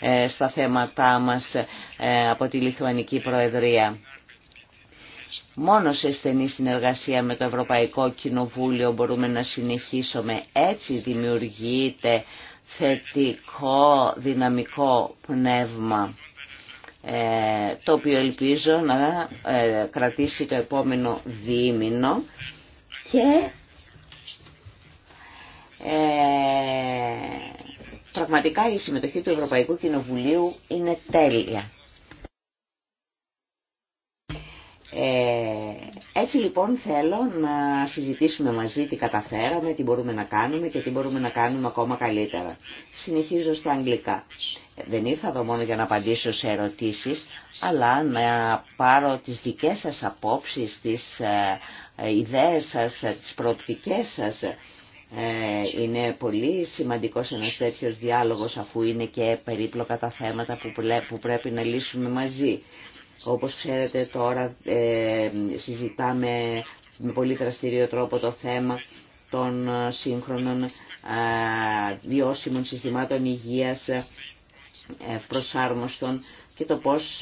ε, στα θέματά μας ε, από τη Λιθουανική Προεδρία. Μόνο σε στενή συνεργασία με το Ευρωπαϊκό Κοινοβούλιο μπορούμε να συνεχίσουμε. Έτσι δημιουργείται θετικό δυναμικό πνεύμα ε, το οποίο ελπίζω να ε, κρατήσει το επόμενο δίμηνο και ε, πραγματικά η συμμετοχή του Ευρωπαϊκού Κοινοβουλίου είναι τέλεια. Ε, έτσι λοιπόν θέλω να συζητήσουμε μαζί τι καταφέραμε, τι μπορούμε να κάνουμε και τι μπορούμε να κάνουμε ακόμα καλύτερα. Συνεχίζω στα αγγλικά. Δεν ήρθα εδώ μόνο για να απαντήσω σε ερωτήσεις, αλλά να πάρω τις δικές σας απόψεις, τις ε, ιδέες σας, ε, τις προοπτικές σας. Είναι πολύ σημαντικός ένας τέτοιος διάλογος αφού είναι και περίπλοκα τα θέματα που πρέπει να λύσουμε μαζί. Όπως ξέρετε τώρα ε, συζητάμε με πολύ δραστηριό τρόπο το θέμα των σύγχρονων διώσιμων ε, συστημάτων υγείας ε, προσάρμοστων και το πώς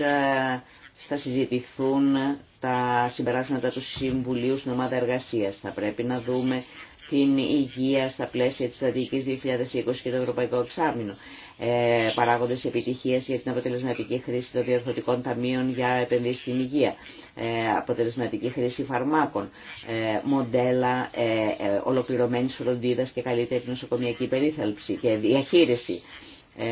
θα συζητηθούν τα συμπεράσματα του Συμβουλίου στην ομάδα εργασίας. Θα πρέπει να δούμε την υγεία στα πλαίσια της στρατηγικής 2020 και το Ευρωπαϊκό Εξάμεινο. Ε, παράγοντες επιτυχίας για την αποτελεσματική χρήση των διορθωτικών ταμείων για επενδύσεις στην υγεία, ε, αποτελεσματική χρήση φαρμάκων, ε, μοντέλα ε, ε ολοκληρωμένης φροντίδας και καλύτερη νοσοκομιακή περίθαλψη και διαχείριση ε,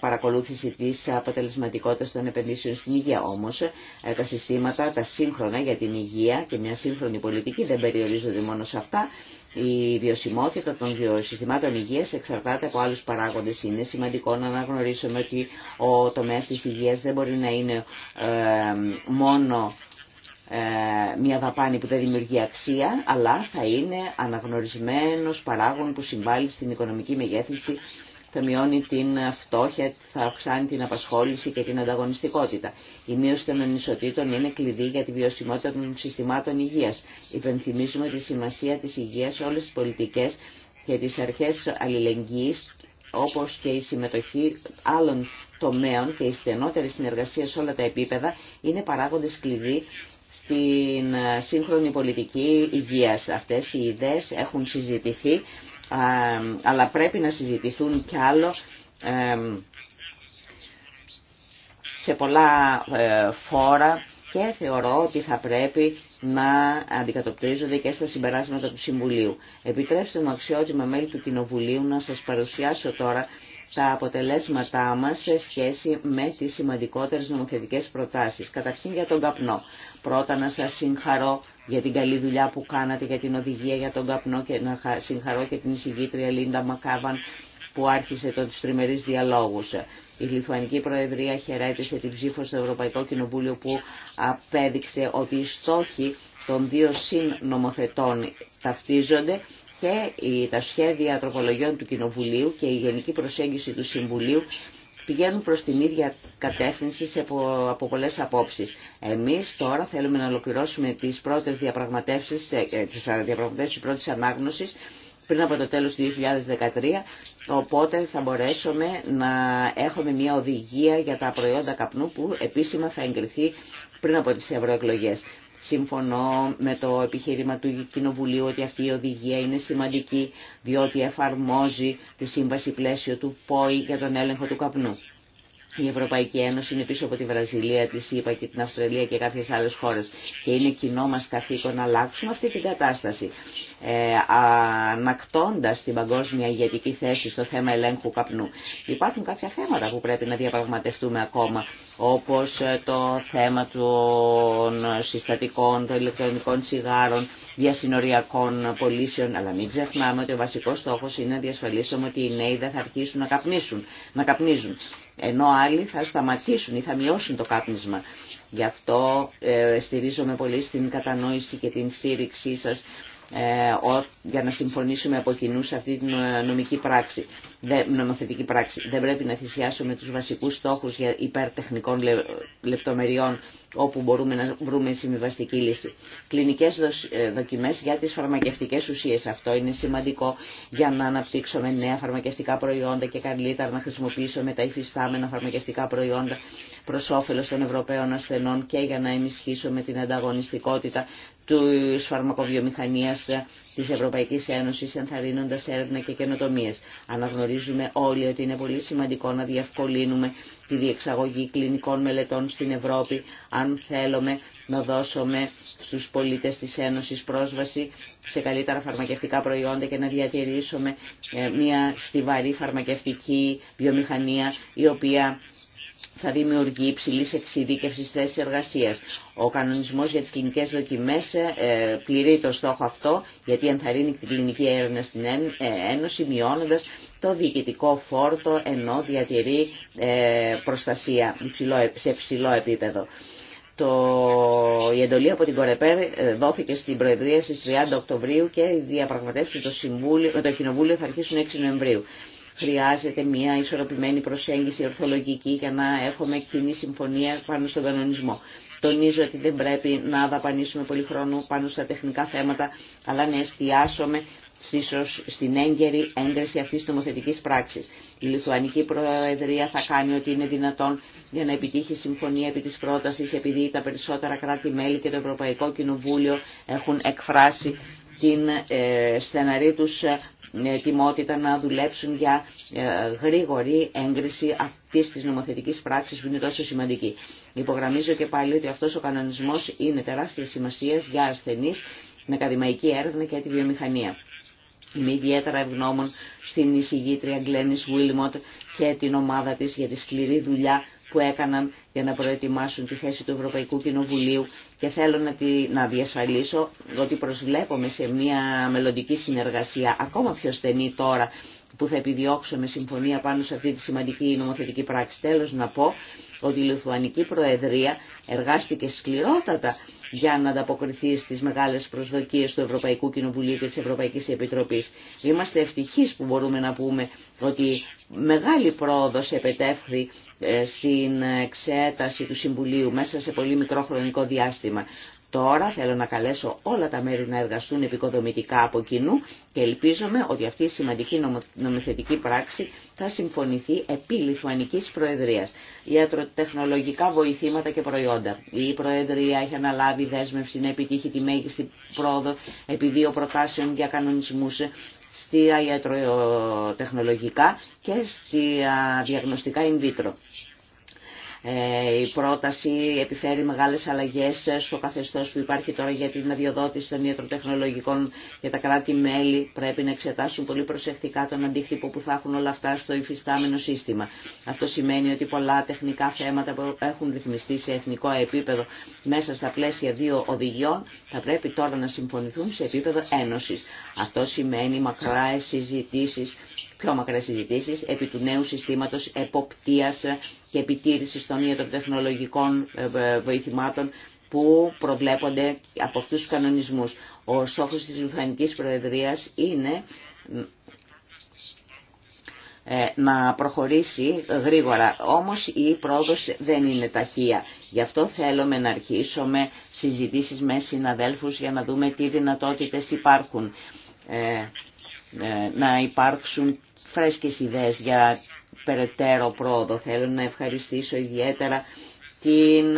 παρακολούθηση τη αποτελεσματικότητας των επενδύσεων στην υγεία. Όμως ε, τα συστήματα, τα σύγχρονα για την υγεία και μια σύγχρονη πολιτική δεν περιορίζονται μόνο σε αυτά, η βιωσιμότητα των συστημάτων υγείας εξαρτάται από άλλους παράγοντες. Είναι σημαντικό να αναγνωρίσουμε ότι ο τομέας της υγείας δεν μπορεί να είναι μόνο ε, μια δαπάνη που δεν δημιουργεί αξία, αλλά θα είναι αναγνωρισμένος παράγον που συμβάλλει στην οικονομική μεγέθυνση θα μειώνει την φτώχεια, θα αυξάνει την απασχόληση και την ανταγωνιστικότητα. Η μείωση των ανισοτήτων είναι κλειδί για τη βιωσιμότητα των συστημάτων υγείας. Υπενθυμίζουμε τη σημασία της υγείας σε όλες τις πολιτικές και τις αρχές αλληλεγγύης όπως και η συμμετοχή άλλων τομέων και η στενότερη συνεργασία σε όλα τα επίπεδα είναι παράγοντες κλειδί στην σύγχρονη πολιτική υγείας. Αυτές οι ιδέες έχουν συζητηθεί αλλά πρέπει να συζητηθούν κι άλλο σε πολλά ε, φόρα και θεωρώ ότι θα πρέπει να αντικατοπτρίζονται και στα συμπεράσματα του Συμβουλίου. Επιτρέψτε μου αξιότιμα μέλη του Κοινοβουλίου να σας παρουσιάσω τώρα τα αποτελέσματά μας σε σχέση με τις σημαντικότερες νομοθετικές προτάσεις. Καταρχήν για τον καπνό. Πρώτα να σας συγχαρώ για την καλή δουλειά που κάνατε για την οδηγία για τον καπνό και να συγχαρώ και την εισηγήτρια Λίντα Μακάβαν που άρχισε τον τριμερείς διαλόγους. Η Λιθουανική Προεδρία χαιρέτησε την ψήφο στο Ευρωπαϊκό Κοινοβούλιο που απέδειξε ότι οι στόχοι των δύο συνομοθετών ταυτίζονται και τα σχέδια τροπολογιών του Κοινοβουλίου και η γενική προσέγγιση του Συμβουλίου πηγαίνουν προς την ίδια κατεύθυνση σε από, από πολλές απόψεις. Εμείς τώρα θέλουμε να ολοκληρώσουμε τις πρώτες διαπραγματεύσεις, ε, ε, τις διαπραγματεύσεις πρώτης ανάγνωσης πριν από το τέλος του 2013, οπότε θα μπορέσουμε να έχουμε μια οδηγία για τα προϊόντα καπνού που επίσημα θα εγκριθεί πριν από τις ευρωεκλογές. Συμφωνώ με το επιχείρημα του Κοινοβουλίου ότι αυτή η οδηγία είναι σημαντική διότι εφαρμόζει τη σύμβαση πλαίσιο του ΠΟΗ για τον έλεγχο του καπνού. Η Ευρωπαϊκή Ένωση είναι πίσω από τη Βραζιλία, τη ΣΥΠΑ και την Αυστραλία και κάποιες άλλες χώρες. Και είναι κοινό μας καθήκον να αλλάξουμε αυτή την κατάσταση. Ε, ανακτώντας την παγκόσμια ηγετική θέση στο θέμα ελέγχου καπνού. Υπάρχουν κάποια θέματα που πρέπει να διαπραγματευτούμε ακόμα, όπως ε, το θέμα των συστατικών, των ηλεκτρονικών τσιγάρων, διασυνοριακών πωλήσεων, αλλά μην ξεχνάμε ότι ο βασικός στόχος είναι να διασφαλίσουμε ότι οι νέοι δεν θα αρχίσουν να καπνίσουν. Να καπνίζουν ενώ άλλοι θα σταματήσουν ή θα μειώσουν το κάπνισμα. Γι' αυτό ε, στηρίζομαι πολύ στην κατανόηση και την στήριξή σας ε, για να συμφωνήσουμε από κοινού σε αυτή την ε, νομική πράξη, νομοθετική πράξη. Δεν πρέπει να θυσιάσουμε τους βασικούς στόχους για υπερτεχνικών λεπτομεριών όπου μπορούμε να βρούμε συμβιβαστική λύση. Κλινικές ε, δοκιμές για τις φαρμακευτικές ουσίες. Αυτό είναι σημαντικό για να αναπτύξουμε νέα φαρμακευτικά προϊόντα και καλύτερα να χρησιμοποιήσουμε τα υφιστάμενα φαρμακευτικά προϊόντα προς όφελος των Ευρωπαίων ασθενών και για να ενισχύσουμε την ανταγωνιστικότητα της φαρμακοβιομηχανίας της Ευρωπαϊκής Ένωσης ενθαρρύνοντας έρευνα και καινοτομίες. Αναγνωρίζουμε όλοι ότι είναι πολύ σημαντικό να διευκολύνουμε τη διεξαγωγή κλινικών μελετών στην Ευρώπη αν θέλουμε να δώσουμε στους πολίτες της Ένωσης πρόσβαση σε καλύτερα φαρμακευτικά προϊόντα και να διατηρήσουμε ε, μια στιβαρή φαρμακευτική βιομηχανία η οποία θα δημιουργεί υψηλής εξειδίκευσης θέση εργασίας. Ο κανονισμός για τις κλινικές δοκιμές ε, πληρεί το στόχο αυτό, γιατί ενθαρρύνει την κλινική έρευνα στην ε, Ένωση, μειώνοντας το διοικητικό φόρτο, ενώ διατηρεί ε, προστασία σε υψηλό επίπεδο. Το... Η εντολή από την Κορεπέρ δόθηκε στην Προεδρία στις 30 Οκτωβρίου και οι διαπραγματεύσεις το, Συμβούλιο, με το Κοινοβούλιο θα αρχίσουν 6 Νοεμβρίου. Χρειάζεται μια ισορροπημένη προσέγγιση ορθολογική για να έχουμε κοινή συμφωνία πάνω στον κανονισμό. Τονίζω ότι δεν πρέπει να δαπανίσουμε πολύ χρόνο πάνω στα τεχνικά θέματα, αλλά να εστιάσουμε στην έγκαιρη έγκριση αυτής της νομοθετικής πράξης. Η Λιθουανική Προεδρία θα κάνει ό,τι είναι δυνατόν για να επιτύχει συμφωνία επί της πρότασης, επειδή τα περισσότερα κράτη-μέλη και το Ευρωπαϊκό Κοινοβούλιο έχουν εκφράσει την ε, στεναρή τους ετοιμότητα να δουλέψουν για ε, γρήγορη έγκριση αυτή της νομοθετική πράξη, που είναι τόσο σημαντική. Υπογραμμίζω και πάλι ότι αυτός ο κανονισμός είναι τεράστια σημασία για ασθενείς, με ακαδημαϊκή έρευνα και τη βιομηχανία. Είμαι ιδιαίτερα ευγνώμων στην εισηγήτρια Γκλένις Βίλμοντ και την ομάδα της για τη σκληρή δουλειά που έκαναν για να προετοιμάσουν τη θέση του Ευρωπαϊκού Κοινοβουλίου και θέλω να, τη, να διασφαλίσω ότι προσβλέπουμε σε μια μελλοντική συνεργασία ακόμα πιο στενή τώρα που θα επιδιώξουμε συμφωνία πάνω σε αυτή τη σημαντική νομοθετική πράξη. Τέλος να πω ότι η Λιθουανική Προεδρία εργάστηκε σκληρότατα για να ανταποκριθεί στις μεγάλες προσδοκίες του Ευρωπαϊκού Κοινοβουλίου και της Ευρωπαϊκής Επιτροπής. Είμαστε ευτυχείς που μπορούμε να πούμε ότι μεγάλη πρόοδος επετέφθη ε, στην εξέταση του Συμβουλίου μέσα σε πολύ μικρό χρονικό διάστημα. Τώρα θέλω να καλέσω όλα τα μέρη να εργαστούν επικοδομητικά από κοινού και ελπίζομαι ότι αυτή η σημαντική νομοθετική πράξη θα συμφωνηθεί επί Λιθουανικής Προεδρίας. Ιατροτεχνολογικά βοηθήματα και προϊόντα. Η Προεδρία έχει αναλάβει δέσμευση να επιτύχει τη μέγιστη πρόοδο επί δύο προτάσεων για κανονισμούς στη ιατροτεχνολογικά και στη διαγνωστικά in vitro. Ε, η πρόταση επιφέρει μεγάλες αλλαγές στο καθεστώς που υπάρχει τώρα για την αδειοδότηση των ιατροτεχνολογικών για τα κράτη-μέλη πρέπει να εξετάσουν πολύ προσεκτικά τον αντίκτυπο που θα έχουν όλα αυτά στο υφιστάμενο σύστημα. Αυτό σημαίνει ότι πολλά τεχνικά θέματα που έχουν ρυθμιστεί σε εθνικό επίπεδο μέσα στα πλαίσια δύο οδηγιών θα πρέπει τώρα να συμφωνηθούν σε επίπεδο ένωσης. Αυτό σημαίνει μακράες συζητήσεις πιο μακρέ συζητήσει επί του νέου συστήματο εποπτείας και επιτήρηση των ιατροτεχνολογικών ε, βοηθημάτων που προβλέπονται από αυτού του κανονισμούς. Ο στόχο τη Λουθανική Προεδρίας είναι ε, να προχωρήσει γρήγορα. Όμως η πρόοδος δεν είναι ταχεία. Γι' αυτό θέλουμε να αρχίσουμε συζητήσεις με συναδέλφους για να δούμε τι δυνατότητες υπάρχουν. Ε, ε, να υπάρξουν φρέσκες ιδέες για περαιτέρω πρόοδο. Θέλω να ευχαριστήσω ιδιαίτερα την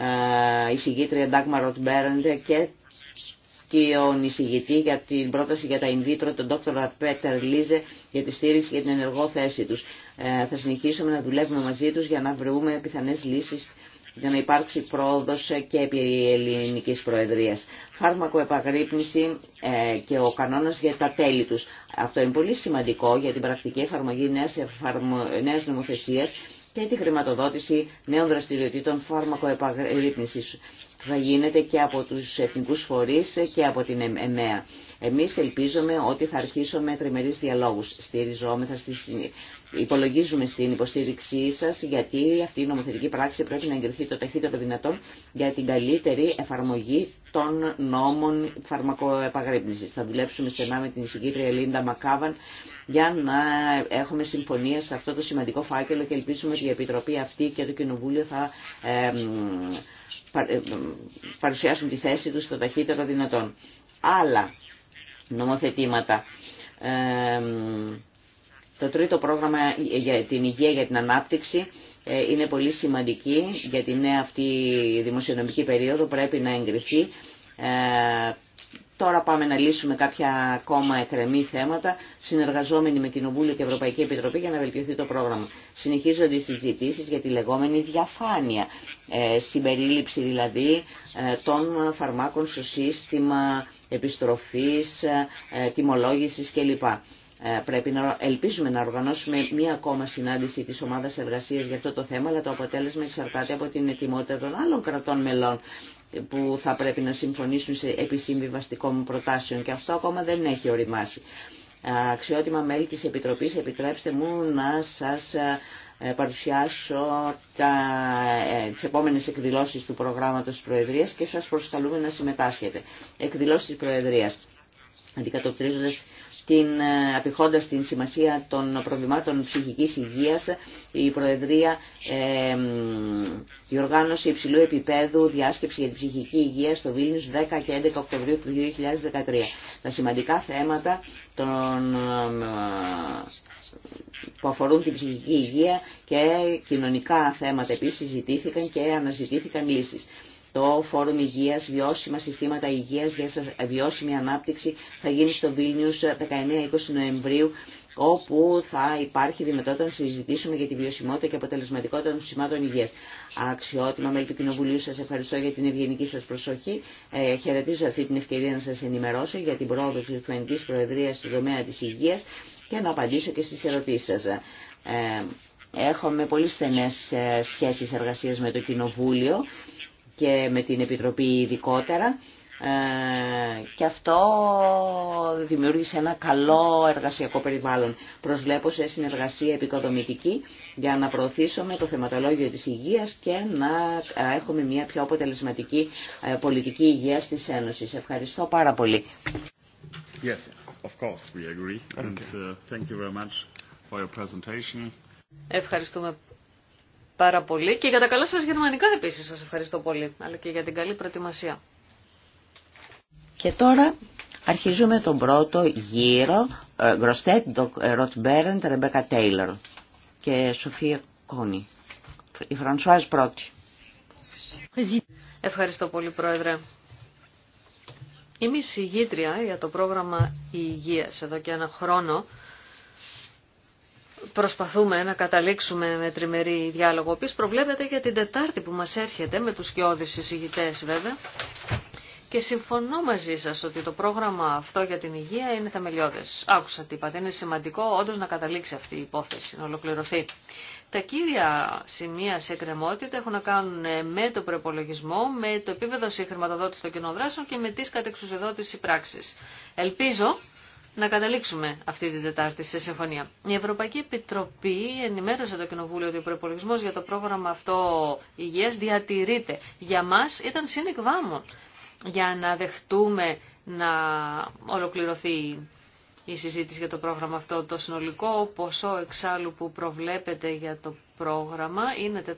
ε, εισηγήτρια Ντάγμα Ροτμπέρντε και τον εισηγητή για την πρόταση για τα in vitro, τον Dr. Πέτερ Λίζε, για τη στήριξη και την ενεργό θέση τους. Ε, θα συνεχίσουμε να δουλεύουμε μαζί τους για να βρούμε πιθανές λύσεις για να υπάρξει πρόοδος και επί ελληνικής προεδρίας. Φάρμακο επαγρύπνηση ε, και ο κανόνας για τα τέλη τους. Αυτό είναι πολύ σημαντικό για την πρακτική εφαρμογή νέας, εφαρμο... και τη χρηματοδότηση νέων δραστηριοτήτων φάρμακο επαγρύπνησης θα γίνεται και από τους εθνικούς φορείς και από την ΕΜΕΑ. Εμείς ελπίζουμε ότι θα αρχίσουμε τριμερείς διαλόγους. Στηριζόμεθα, στις... υπολογίζουμε στην υποστήριξή σας γιατί αυτή η νομοθετική πράξη πρέπει να εγκριθεί το ταχύτερο δυνατόν για την καλύτερη εφαρμογή των νόμων φαρμακοεπαγρύπνησης. Θα δουλέψουμε στενά με την εισηγήτρια Λίντα Μακάβαν για να έχουμε συμφωνία σε αυτό το σημαντικό φάκελο και ελπίζουμε ότι η Επιτροπή αυτή και το Κοινοβούλιο θα παρουσιάσουν τη θέση τους στο ταχύτερο δυνατόν. Αλλά νομοθετήματα. Ε, το τρίτο πρόγραμμα για την υγεία για την ανάπτυξη ε, είναι πολύ σημαντική για την νέα αυτή δημοσιονομική περίοδο. Πρέπει να εγκριθεί ε, Τώρα πάμε να λύσουμε κάποια ακόμα εκρεμή θέματα, συνεργαζόμενοι με Κοινοβούλιο και Ευρωπαϊκή Επιτροπή για να βελτιωθεί το πρόγραμμα. Συνεχίζονται οι συζητήσει για τη λεγόμενη διαφάνεια, ε, συμπερίληψη δηλαδή ε, των φαρμάκων στο σύστημα επιστροφής, ε, ε τιμολόγησης κλπ. Ε, πρέπει να ελπίζουμε να οργανώσουμε μία ακόμα συνάντηση της ομάδας εργασίας για αυτό το θέμα, αλλά το αποτέλεσμα εξαρτάται από την ετοιμότητα των άλλων κρατών μελών που θα πρέπει να συμφωνήσουν σε επισύμβιβαστικών μου προτάσεων και αυτό ακόμα δεν έχει οριμάσει. Αξιότιμα μέλη της Επιτροπής, επιτρέψτε μου να σας ε, παρουσιάσω τα, ε, τις επόμενες εκδηλώσεις του προγράμματος της Προεδρίας και σας προσκαλούμε να συμμετάσχετε. Εκδηλώσεις της Προεδρίας αντικατοπτρίζοντας την, ε, απηχώντας την σημασία των προβλημάτων ψυχικής υγείας, η Προεδρία ε, διοργάνωσε υψηλού επίπεδου διάσκεψη για την ψυχική υγεία στο Βίλνιους 10 και 11 Οκτωβρίου του 2013. Τα σημαντικά θέματα των, ε, που αφορούν την ψυχική υγεία και κοινωνικά θέματα επίσης συζητήθηκαν και αναζητήθηκαν λύσεις το Φόρουμ Υγεία, βιώσιμα συστήματα υγεία για βιώσιμη ανάπτυξη θα γίνει στο Βίλνιους 19-20 ε, Νοεμβρίου όπου θα υπάρχει δυνατότητα να συζητήσουμε για τη βιωσιμότητα και αποτελεσματικότητα των συστημάτων υγεία. Αξιότιμα μέλη του Κοινοβουλίου, σα ευχαριστώ για την ευγενική σα προσοχή. Ε, χαιρετίζω αυτή την ευκαιρία να σα ενημερώσω για την πρόοδο τη Λιθουανική Προεδρία στον τομέα τη υγεία και να απαντήσω και στι ερωτήσει σα. Ε, έχουμε πολύ στενέ ε, σχέσει εργασία με το Κοινοβούλιο και με την Επιτροπή ειδικότερα ε, και αυτό δημιούργησε ένα καλό εργασιακό περιβάλλον. Προσβλέπω σε συνεργασία επικοδομητική για να προωθήσουμε το θεματολόγιο της υγείας και να ε, έχουμε μια πιο αποτελεσματική ε, πολιτική υγείας της Ένωσης. Ευχαριστώ πάρα πολύ. Yes, of course we agree. And, uh, thank you very much for your presentation. Ευχαριστούμε πάρα πολύ και για τα καλά σας γερμανικά επίσης σας ευχαριστώ πολύ, αλλά και για την καλή προετοιμασία. Και τώρα αρχίζουμε τον πρώτο γύρο, Γκροστέτ, Ροτ Μπέρεντ, Ρεμπέκα και Σοφία Κόνη. Η Φρανσουάζ πρώτη. Ευχαριστώ πολύ Πρόεδρε. Είμαι συγγήτρια για το πρόγραμμα υγείας εδώ και ένα χρόνο προσπαθούμε να καταλήξουμε με τριμερή διάλογο, ο οποίος προβλέπεται για την Τετάρτη που μας έρχεται, με τους σκιώδεις εισηγητές βέβαια. Και συμφωνώ μαζί σας ότι το πρόγραμμα αυτό για την υγεία είναι θεμελιώδες. Άκουσα τι είπατε, είναι σημαντικό όντω να καταλήξει αυτή η υπόθεση, να ολοκληρωθεί. Τα κύρια σημεία σε κρεμότητα έχουν να κάνουν με το προπολογισμό, με το επίπεδο συγχρηματοδότηση των κοινών και με τις κατεξουσιοδότηση πράξη. Ελπίζω να καταλήξουμε αυτή την Τετάρτη σε συμφωνία. Η Ευρωπαϊκή Επιτροπή ενημέρωσε το Κοινοβούλιο ότι ο προπολογισμό για το πρόγραμμα αυτό υγεία διατηρείται. Για μα ήταν συνεκβάμων για να δεχτούμε να ολοκληρωθεί η συζήτηση για το πρόγραμμα αυτό. Το συνολικό ποσό εξάλλου που προβλέπεται για το πρόγραμμα είναι 449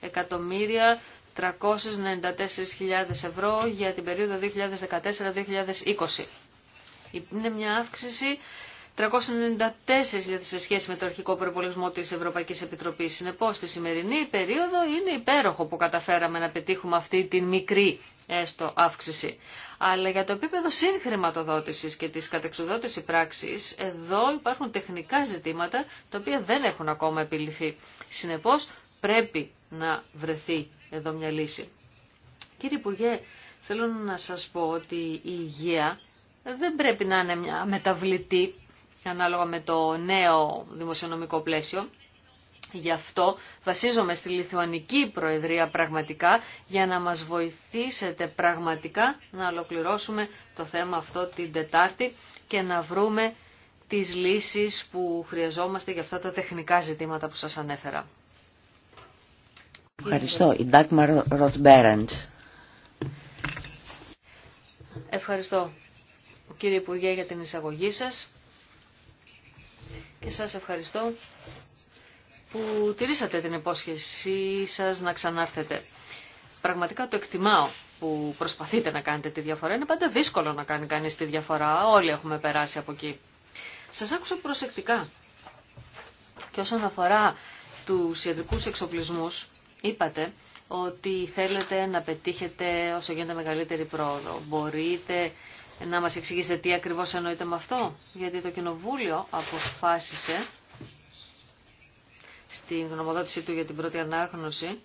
εκατομμύρια 394.000 ευρώ για την περίοδο 2014-2020. Είναι μια αύξηση 394.000 σε σχέση με το αρχικό προπολογισμό της Ευρωπαϊκής Επιτροπής. Συνεπώς, στη σημερινή περίοδο είναι υπέροχο που καταφέραμε να πετύχουμε αυτή την μικρή έστω αύξηση. Αλλά για το επίπεδο συγχρηματοδότησης και της κατεξοδότηση πράξης, εδώ υπάρχουν τεχνικά ζητήματα τα οποία δεν έχουν ακόμα επιληθεί. Συνεπώς, πρέπει να βρεθεί εδώ μια λύση. Κύριε Υπουργέ, θέλω να σας πω ότι η υγεία δεν πρέπει να είναι μια μεταβλητή ανάλογα με το νέο δημοσιονομικό πλαίσιο. Γι' αυτό βασίζομαι στη Λιθουανική Προεδρία πραγματικά για να μας βοηθήσετε πραγματικά να ολοκληρώσουμε το θέμα αυτό την Τετάρτη και να βρούμε τις λύσεις που χρειαζόμαστε για αυτά τα τεχνικά ζητήματα που σας ανέφερα. Ευχαριστώ. Η Ντάκμαρ Ροτμπέραντ. Ευχαριστώ κύριε Υπουργέ για την εισαγωγή σας και σας ευχαριστώ που τηρήσατε την υπόσχεσή σας να ξανάρθετε. Πραγματικά το εκτιμάω που προσπαθείτε να κάνετε τη διαφορά. Είναι πάντα δύσκολο να κάνει κανείς τη διαφορά. Όλοι έχουμε περάσει από εκεί. Σας άκουσα προσεκτικά. Και όσον αφορά τους ιατρικούς εξοπλισμούς, Είπατε ότι θέλετε να πετύχετε όσο γίνεται μεγαλύτερη πρόοδο. Μπορείτε να μας εξηγήσετε τι ακριβώς εννοείτε με αυτό, γιατί το Κοινοβούλιο αποφάσισε στην γνωμοδότησή του για την πρώτη ανάγνωση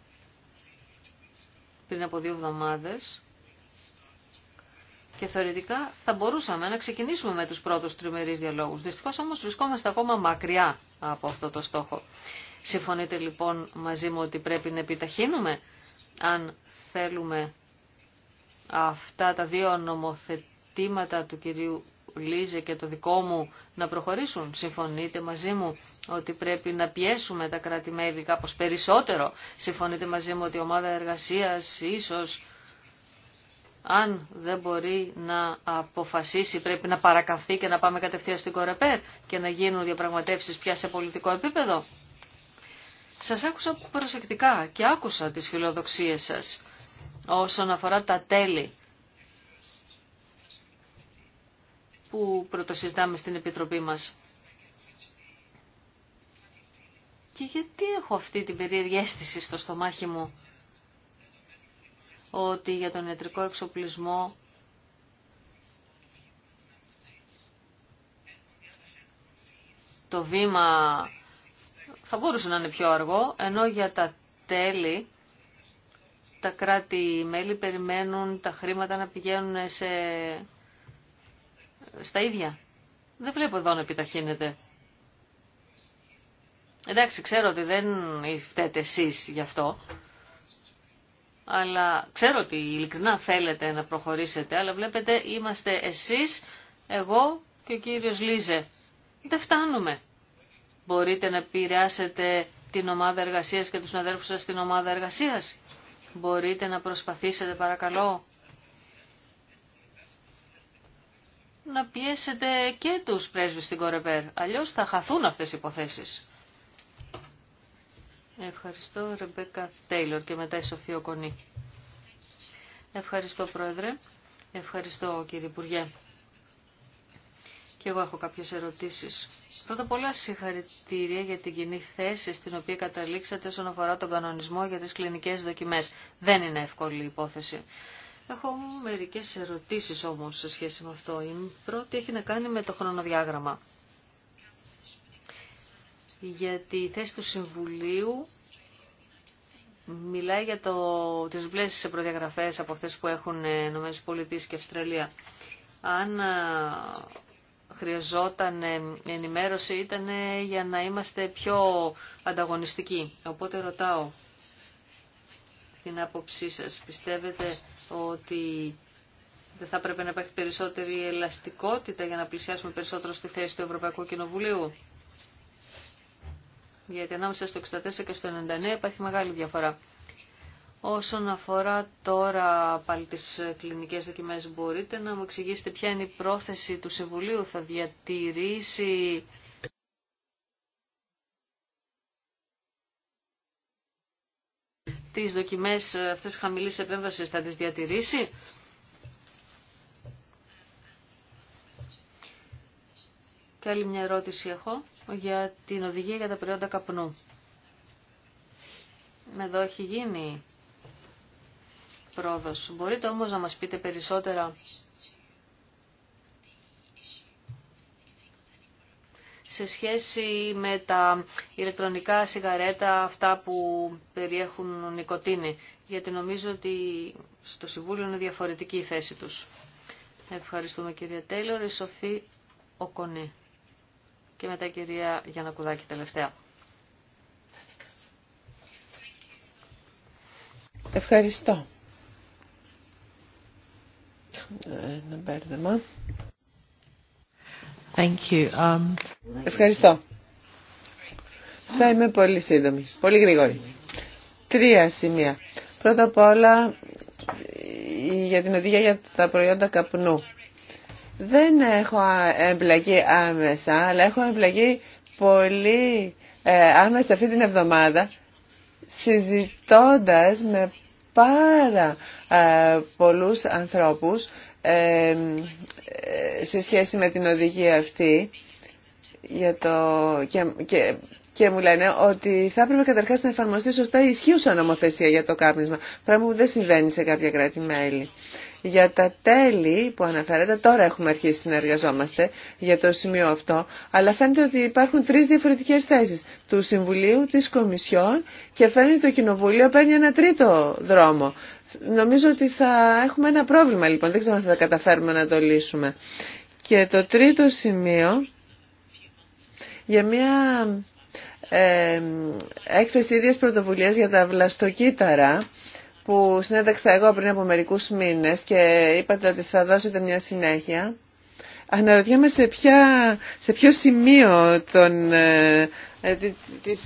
πριν από δύο εβδομάδες και θεωρητικά θα μπορούσαμε να ξεκινήσουμε με τους πρώτους τριμερείς διαλόγους. Δυστυχώς όμως βρισκόμαστε ακόμα μακριά από αυτό το στόχο. Συμφωνείτε λοιπόν μαζί μου ότι πρέπει να επιταχύνουμε αν θέλουμε αυτά τα δύο νομοθετήματα του κυρίου Λίζε και το δικό μου να προχωρήσουν. Συμφωνείτε μαζί μου ότι πρέπει να πιέσουμε τα κράτη-μέλη κάπως περισσότερο. Συμφωνείτε μαζί μου ότι η ομάδα εργασίας ίσως αν δεν μπορεί να αποφασίσει πρέπει να παρακαθεί και να πάμε κατευθείαν στην Κορεπέρ και να γίνουν διαπραγματεύσεις πια σε πολιτικό επίπεδο. Σας άκουσα προσεκτικά και άκουσα τις φιλοδοξίες σας όσον αφορά τα τέλη που πρωτοσυζητάμε στην Επιτροπή μας. Και γιατί έχω αυτή την περίεργη αίσθηση στο στομάχι μου ότι για τον ιατρικό εξοπλισμό το βήμα θα μπορούσε να είναι πιο αργό, ενώ για τα τέλη τα κράτη-μέλη περιμένουν τα χρήματα να πηγαίνουν σε... στα ίδια. Δεν βλέπω εδώ να επιταχύνεται. Εντάξει, ξέρω ότι δεν φταίτε εσείς γι' αυτό, αλλά ξέρω ότι ειλικρινά θέλετε να προχωρήσετε, αλλά βλέπετε είμαστε εσείς, εγώ και ο κύριος Λίζε. Δεν φτάνουμε. Μπορείτε να επηρεάσετε την ομάδα εργασίας και τους συναδέλφους σας στην ομάδα εργασίας. Μπορείτε να προσπαθήσετε παρακαλώ να πιέσετε και τους πρέσβεις στην Κορεπέρ. Αλλιώς θα χαθούν αυτές οι υποθέσεις. Ευχαριστώ Ρεμπέκα Τέιλορ και μετά η Σοφία Κονή. Ευχαριστώ Πρόεδρε. Ευχαριστώ κύριε Υπουργέ. Και εγώ έχω κάποιες ερωτήσεις. Πρώτα απ' όλα συγχαρητήρια για την κοινή θέση στην οποία καταλήξατε όσον αφορά τον κανονισμό για τις κλινικές δοκιμές. Δεν είναι εύκολη η υπόθεση. Έχω μερικές ερωτήσεις όμως σε σχέση με αυτό. Η πρώτη έχει να κάνει με το χρονοδιάγραμμα. Γιατί η θέση του Συμβουλίου μιλάει για το, τις σε προδιαγραφές από αυτές που έχουν ε, νομές ΕΠΑ. και Αυστραλία. Αν χρειαζόταν ενημέρωση ήταν για να είμαστε πιο ανταγωνιστικοί. Οπότε ρωτάω την άποψή σας. Πιστεύετε ότι δεν θα πρέπει να υπάρχει περισσότερη ελαστικότητα για να πλησιάσουμε περισσότερο στη θέση του Ευρωπαϊκού Κοινοβουλίου. Γιατί ανάμεσα στο 64 και στο 99 υπάρχει μεγάλη διαφορά. Όσον αφορά τώρα πάλι τις κλινικές δοκιμές, μπορείτε να μου εξηγήσετε ποια είναι η πρόθεση του Συμβουλίου. Θα διατηρήσει τις δοκιμές αυτές χαμηλής επέμβασης, θα τις διατηρήσει. Και άλλη μια ερώτηση έχω για την οδηγία για τα προϊόντα καπνού. Εδώ έχει γίνει πρόοδος. Μπορείτε όμως να μας πείτε περισσότερα σε σχέση με τα ηλεκτρονικά σιγαρέτα, αυτά που περιέχουν νοικοτήνη, γιατί νομίζω ότι στο Συμβούλιο είναι διαφορετική η θέση τους. Ευχαριστούμε κυρία Τέιλορ, η Σοφή Οκονή και μετά η κυρία Γιανακουδάκη τελευταία. Ευχαριστώ. Um, Ευχαριστώ. Θα είμαι πολύ σύντομη, πολύ γρήγορη. Τρία σημεία. Πρώτα απ' όλα για την οδηγία για τα προϊόντα καπνού. Δεν έχω εμπλακεί άμεσα, αλλά έχω εμπλακεί πολύ ε, άμεσα αυτή την εβδομάδα συζητώντας με πάρα πολλούς ανθρώπους ε, σε σχέση με την οδηγία αυτή για το... και, και, και μου λένε ότι θα έπρεπε καταρχάς να εφαρμοστεί σωστά η ισχύουσα νομοθεσία για το κάπνισμα, πράγμα που δεν συμβαίνει σε κάποια κράτη-μέλη. Για τα τέλη που αναφέρατε, τώρα έχουμε αρχίσει να συνεργαζόμαστε για το σημείο αυτό, αλλά φαίνεται ότι υπάρχουν τρεις διαφορετικές θέσεις. Του Συμβουλίου, της Κομισιόν και φαίνεται ότι το Κοινοβούλιο παίρνει ένα τρίτο δρόμο. Νομίζω ότι θα έχουμε ένα πρόβλημα λοιπόν, δεν ξέρω αν θα τα καταφέρουμε να το λύσουμε. Και το τρίτο σημείο, για μια ε, έκθεση ίδιας πρωτοβουλίας για τα βλαστοκύτταρα, που συνέντεξα εγώ πριν από μερικούς μήνες και είπατε ότι θα δώσετε μια συνέχεια. Αναρωτιέμαι σε, ποια, σε ποιο σημείο των, ε, ε,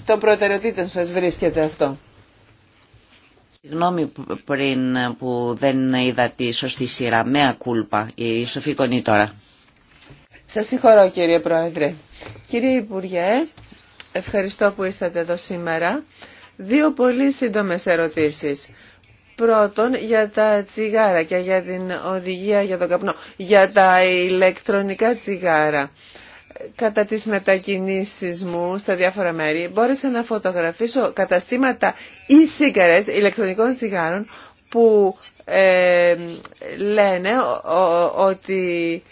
των προτεραιοτήτων σας βρίσκεται αυτό. Συγγνώμη πριν που δεν είδα τη σωστή σειρά. Μέα κούλπα, η Σοφή Κονή τώρα. Σας συγχωρώ κύριε Πρόεδρε. Κύριε Υπουργέ, ευχαριστώ που ήρθατε εδώ σήμερα. Δύο πολύ σύντομες ερωτήσεις. Πρώτον, για τα τσιγάρα και για την οδηγία για τον καπνό. Για τα ηλεκτρονικά τσιγάρα. Κατά τις μετακινήσεις μου στα διάφορα μέρη, μπόρεσα να φωτογραφίσω ή e-cigarettes, ηλεκτρονικών τσιγάρων, που ε, λένε ότι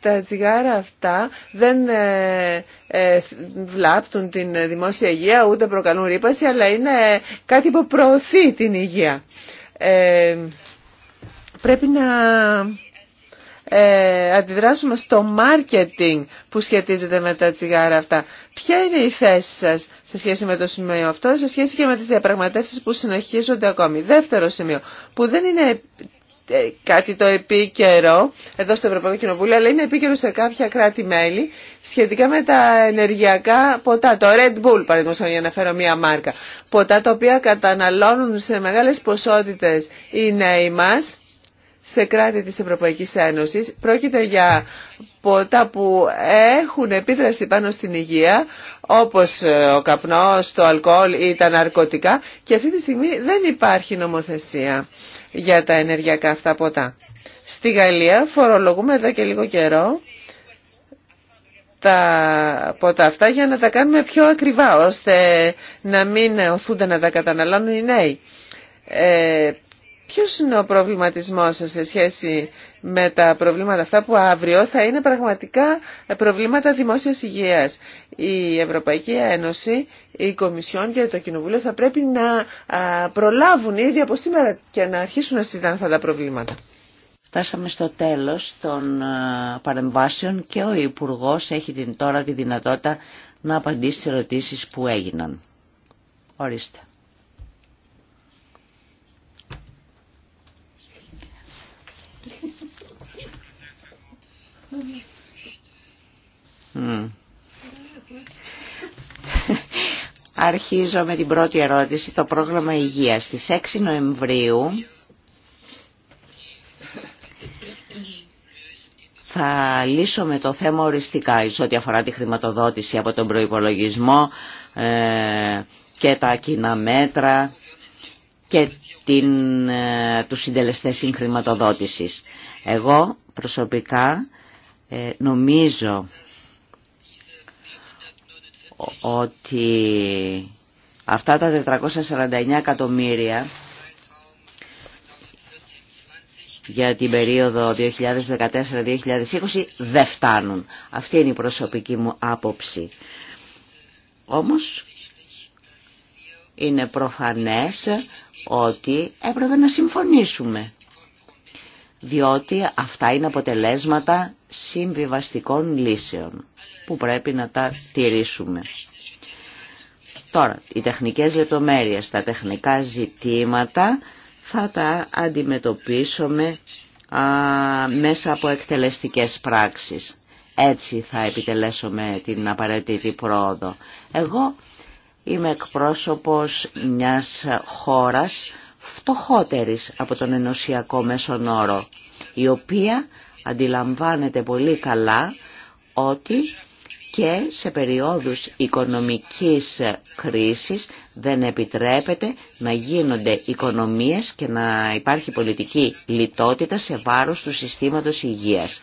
τα τσιγάρα αυτά δεν ε, ε, βλάπτουν την δημόσια υγεία ούτε προκαλούν ρήπαση αλλά είναι κάτι που προωθεί την υγεία. Ε, πρέπει να ε, αντιδράσουμε στο μάρκετινγκ που σχετίζεται με τα τσιγάρα αυτά. Ποια είναι η θέση σας σε σχέση με το σημείο αυτό, σε σχέση και με τις διαπραγματεύσεις που συνεχίζονται ακόμη. Δεύτερο σημείο, που δεν είναι ε, κάτι το επίκαιρο εδώ στο Ευρωπαϊκό Κοινοβούλιο, αλλά είναι επίκαιρο σε κάποια κράτη-μέλη σχετικά με τα ενεργειακά ποτά. Το Red Bull, παραδείγματο, για να φέρω μία μάρκα. Ποτά τα οποία καταναλώνουν σε μεγάλε ποσότητε οι νέοι μα σε κράτη της Ευρωπαϊκής Ένωσης. Πρόκειται για ποτά που έχουν επίδραση πάνω στην υγεία, όπως ε, ο καπνός, το αλκοόλ ή τα ναρκωτικά και αυτή τη στιγμή δεν υπάρχει νομοθεσία για τα ενεργειακά αυτά ποτά. Στη Γαλλία φορολογούμε εδώ και λίγο καιρό τα ποτά αυτά για να τα κάνουμε πιο ακριβά ώστε να μην οθούνται να τα καταναλώνουν οι νέοι. Ε, Ποιος είναι ο προβληματισμός σας σε σχέση με τα προβλήματα αυτά που αύριο θα είναι πραγματικά προβλήματα δημόσιας υγείας. Η Ευρωπαϊκή Ένωση, η Κομισιόν και το Κοινοβούλιο θα πρέπει να προλάβουν ήδη από σήμερα και να αρχίσουν να συζητάνε αυτά τα προβλήματα. Φτάσαμε στο τέλος των παρεμβάσεων και ο Υπουργό έχει την τώρα τη δυνατότητα να απαντήσει στις ερωτήσεις που έγιναν. Ορίστε. Αρχίζω με την πρώτη ερώτηση, το πρόγραμμα υγείας. Στις 6 Νοεμβρίου θα λύσουμε το θέμα οριστικά, εις ό,τι αφορά τη χρηματοδότηση από τον προϋπολογισμό ε, και τα κοινά μέτρα και την, ε, τους συντελεστές συγχρηματοδότησης. Εγώ προσωπικά ε, νομίζω ότι αυτά τα 449 εκατομμύρια για την περίοδο 2014-2020 δεν φτάνουν. Αυτή είναι η προσωπική μου άποψη. Όμως είναι προφανές ότι έπρεπε να συμφωνήσουμε. Διότι αυτά είναι αποτελέσματα συμβιβαστικών λύσεων που πρέπει να τα τηρήσουμε. Τώρα, οι τεχνικές λεπτομέρειες, τα τεχνικά ζητήματα θα τα αντιμετωπίσουμε μέσα από εκτελεστικές πράξεις. Έτσι θα επιτελέσουμε την απαραίτητη πρόοδο. Εγώ είμαι εκπρόσωπος μιας χώρας φτωχότερης από τον ενωσιακό μέσον όρο, η οποία αντιλαμβάνεται πολύ καλά ότι και σε περιόδους οικονομικής κρίσης δεν επιτρέπεται να γίνονται οικονομίες και να υπάρχει πολιτική λιτότητα σε βάρος του συστήματος υγείας.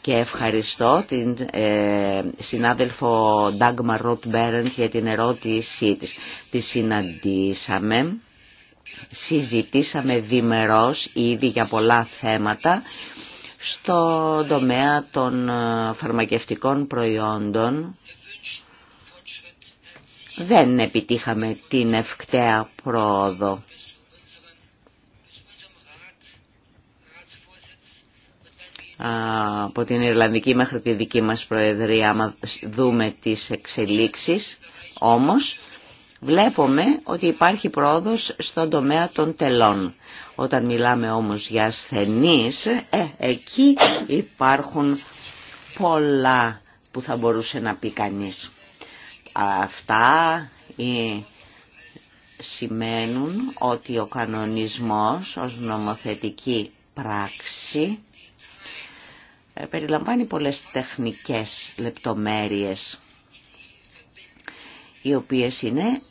Και ευχαριστώ την ε, συνάδελφο Ντάγμα Ροτ Μπέρεντ για την ερώτησή της. Τη συναντήσαμε, συζητήσαμε διμερώς ήδη για πολλά θέματα στον τομέα των ε, φαρμακευτικών προϊόντων δεν επιτύχαμε την ευκταία πρόοδο. Από την Ιρλανδική μέχρι τη δική μας Προεδρία, άμα δούμε τις εξελίξεις, όμως βλέπουμε ότι υπάρχει πρόοδος στον τομέα των τελών. Όταν μιλάμε όμως για ασθενείς, ε, εκεί υπάρχουν πολλά που θα μπορούσε να πει κανείς. Αυτά ε, σημαίνουν ότι ο κανονισμός ως νομοθετική πράξη ε, περιλαμβάνει πολλές τεχνικές λεπτομέρειες οι οποίες είναι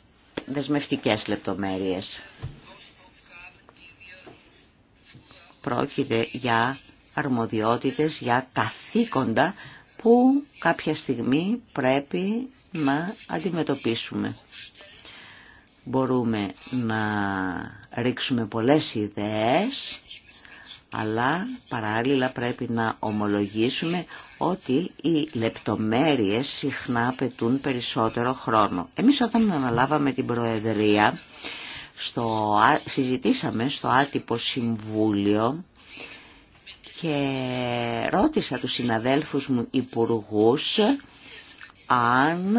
δεσμευτικές λεπτομέρειες. Πρόκειται για αρμοδιότητες, για καθήκοντα που κάποια στιγμή πρέπει να αντιμετωπίσουμε. Μπορούμε να ρίξουμε πολλές ιδέες, αλλά παράλληλα πρέπει να ομολογήσουμε ότι οι λεπτομέρειες συχνά απαιτούν περισσότερο χρόνο. Εμείς όταν αναλάβαμε την Προεδρία στο, συζητήσαμε στο άτυπο συμβούλιο και ρώτησα τους συναδέλφους μου υπουργούς αν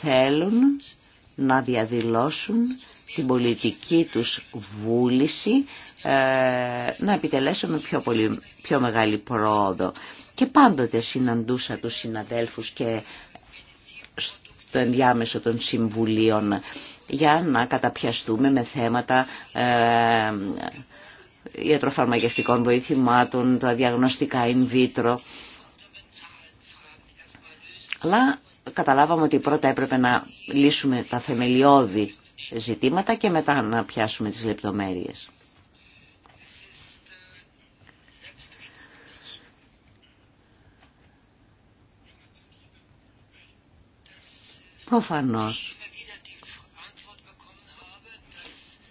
θέλουν να διαδηλώσουν την πολιτική τους βούληση ε, να επιτελέσουμε πιο, πολύ, πιο μεγάλη πρόοδο. Και πάντοτε συναντούσα τους συναδέλφους και στο ενδιάμεσο των συμβουλίων για να καταπιαστούμε με θέματα ε, ιατροφαρμακευτικών βοηθημάτων, τα διαγνωστικά in vitro. Αλλά καταλάβαμε ότι πρώτα έπρεπε να λύσουμε τα θεμελιώδη ζητήματα και μετά να πιάσουμε τις λεπτομέρειες. Προφανώς